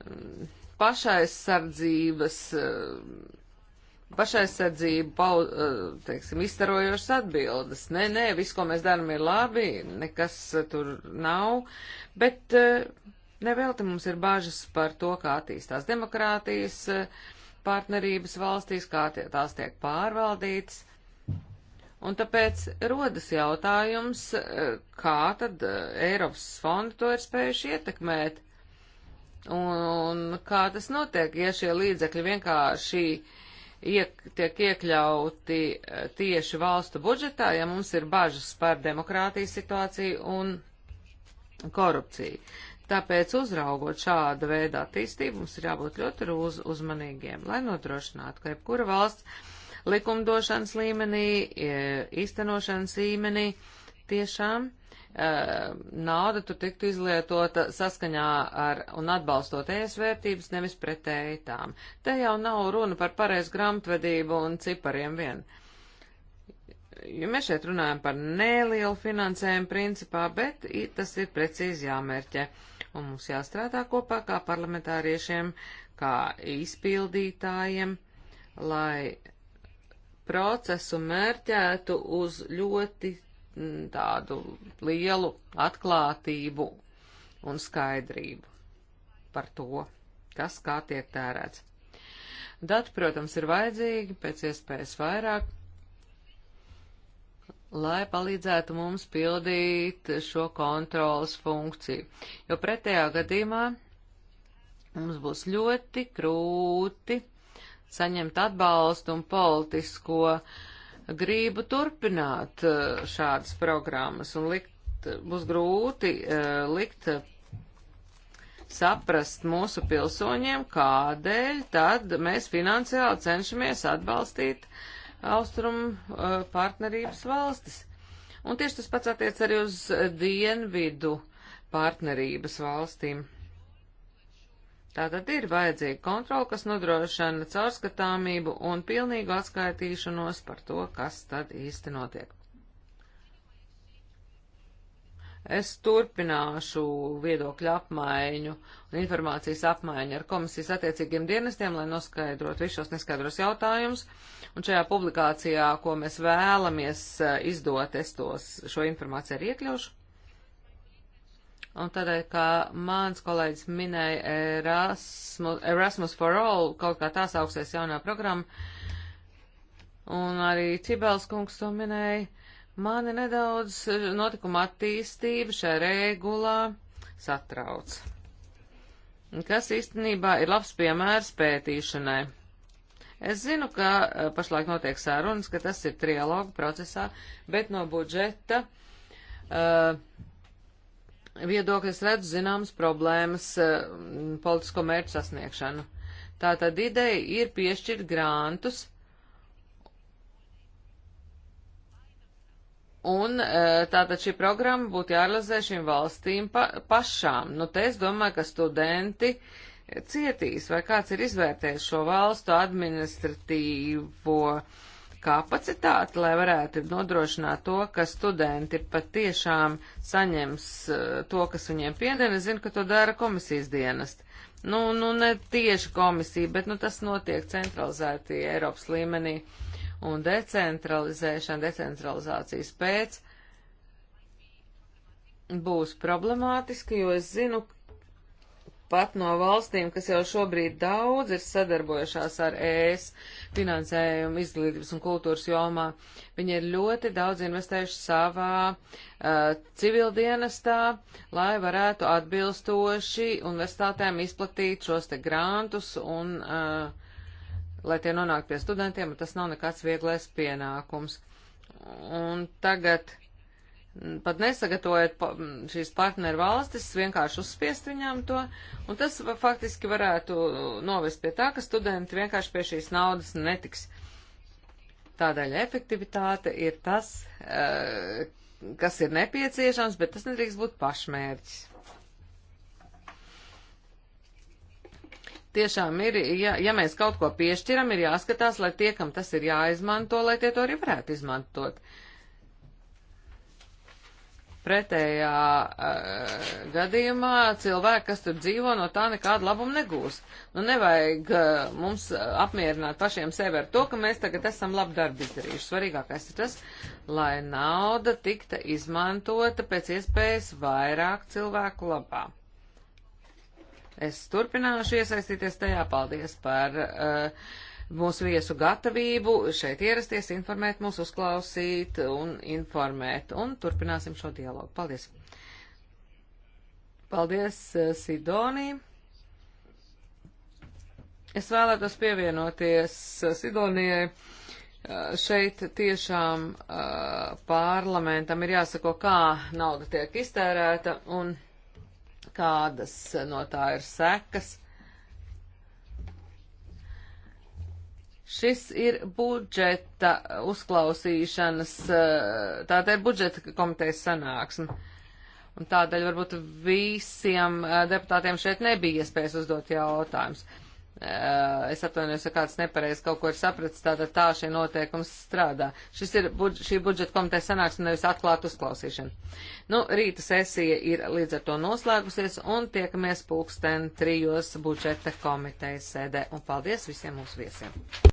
mm, pašaizsardzības, mm, pašaizsardzību, mm, teiksim, izstarojošas atbildes. Nē, nē, viss, ko mēs darām, ir labi, nekas tur nav, bet uh, Nevelti mums ir bažas par to, kā attīstās demokrātijas eh, partnerības valstīs, kā tie, tās tiek pārvaldītas. Un tāpēc rodas jautājums, eh, kā tad eh, Eiropas fondi to ir spējuši ietekmēt. Un kā tas notiek, ja šie līdzekļi vienkārši iek, tiek iekļauti tieši valstu budžetā, ja mums ir bažas par demokrātijas situāciju un korupciju. Tāpēc, uzraugot šāda veida attīstību, mums ir jābūt ļoti uz, uzmanīgiem, lai nodrošinātu, ka jebkura valsts likumdošanas līmenī, e, īstenošanas līmenī tiešām e, nauda tur tiktu izlietota saskaņā ar un atbalstot ēsvērtības, nevis pretēji tām. Te jau nav runa par pareizu grāmatvedību un cipariem vien. Ja mēs šeit runājam par nelielu finansējumu principā, bet tas ir precīzi jāmērķē. Uh, un mums jāstrādā kopā kā parlamentāriešiem, kā izpildītājiem, lai procesu mērķētu uz ļoti tādu lielu atklātību un skaidrību par to, kas kā tiek tērēts. Dati, protams, ir vajadzīgi pēc iespējas vairāk, lai palīdzētu mums pildīt šo kontrolas funkciju. Jo pretējā gadījumā mums būs ļoti grūti saņemt atbalstu un politisko gribu turpināt eh, šādas programmas un likt, būs grūti uh, likt eh, saprast mūsu pilsoņiem, kādēļ tad mēs finansiāli cenšamies atbalstīt uh, austrumu uh, partnerības valstis. Un tieši tas pats attiec arī uz dienvidu partnerības valstīm. Tātad ir vajadzīga kontrola, kas nodrošina caurskatāmību un pilnīgu atskaitīšanos par to, kas tad īsti notiek. Es turpināšu viedokļu apmaiņu un informācijas apmaiņu ar komisijas attiecīgiem dienestiem, lai noskaidrotu visus šos neskaidros jautājumus. Un šajā publikācijā, ko mēs vēlamies eh, izdot, es tos, šo informāciju arī iekļaušu. Un tādēļ, kā mans kolēģis minēja Erasmus, Erasmus for All, kaut kā tā sauksies jaunā programma, un arī Cibels kungs to minēja, mani nedaudz eh, notikuma attīstība šajā regulā satrauc kas īstenībā ir labs piemērs pētīšanai. Es zinu, ka eh, pašlaik notiek sārunas, ka tas ir trialoga procesā, bet no budžeta uh, viedokļa es redzu zināmas problēmas uh, politisko mērķu sasniegšanu. Tātad ideja ir piešķirt grantus Un tātad šī programma būtu jārealizē šīm valstīm pa, pašām. Nu, te es domāju, ka studenti cietīs, vai kāds ir izvērtējis šo valstu administratīvo kapacitāti, lai varētu nodrošināt to, ka studenti patiešām saņems eh, to, kas viņiem piedien. Es zinu, ka to dara komisijas dienesti. Nu, nu, ne tieši komisija, bet nu, tas notiek centralizēti Eiropas līmenī un decentralizēšana, decentralizācijas pēc būs problemātiski, jo es zinu, pat no valstīm, kas jau šobrīd daudz ir sadarbojušās ar ES finansējumu izglītības un kultūras jomā. Viņi ir ļoti daudz investējuši savā uh, civildienestā, lai varētu atbilstoši universitātēm izplatīt šos te grantus un, uh, lai tie nonāk pie studentiem, un tas nav nekāds vieglais pienākums. Un tagad pat nesagatavojot šīs partneru valstis, vienkārši uzspiest viņām to, un tas faktiski varētu novest pie tā, ka studenti vienkārši pie šīs naudas netiks. Tādēļ efektivitāte ir tas, e, kas ir nepieciešams, bet tas nedrīkst būt pašmērķis. Tiešām ir, ja, ja mēs kaut ko piešķiram, ir jāskatās, lai tie, kam tas ir jāizmanto, lai tie to arī varētu izmantot. Uh, Pretējā uh, gadījumā cilvēki, kas tur dzīvo, no tā nekādu labumu negūs. Nu, nevajag uh, mums eh, apmierināt pašiem sevi ar to, ka mēs tagad esam labu darbu izdarījuši. Svarīgākais ir tas, lai nauda tikta izmantota pēc iespējas vairāk cilvēku labā. Es turpināšu iesaistīties tajā. Paldies par. Uh, mūsu viesu gatavību šeit ierasties, informēt mūs, uzklausīt un informēt. Un turpināsim šo dialogu. Paldies! Paldies, eh, Sidonija! Es vēlētos pievienoties eh, Sidonijai. Eh, šeit tiešām parlamentam ir jāsako, kā nauda tiek iztērēta un kādas no tā ir sekas. Šis ir budžeta uzklausīšanas, eh, tāda ir budžeta komitejas sanāksme. Un tādēļ varbūt visiem eh, deputātiem šeit nebija iespējas uzdot jautājumus. Eh, es atvainojos, ja kāds nepareizi kaut ko ir sapratis, tātad tā šie noteikums strādā. Šis ir budž šī budžeta komiteja sanāksme, nevis atklāta uzklausīšana. Nu, rīta sesija ir līdz ar to noslēgusies un tiekamies pulksten trijos budžeta komitejas sēdē. Un paldies visiem mūsu viesiem!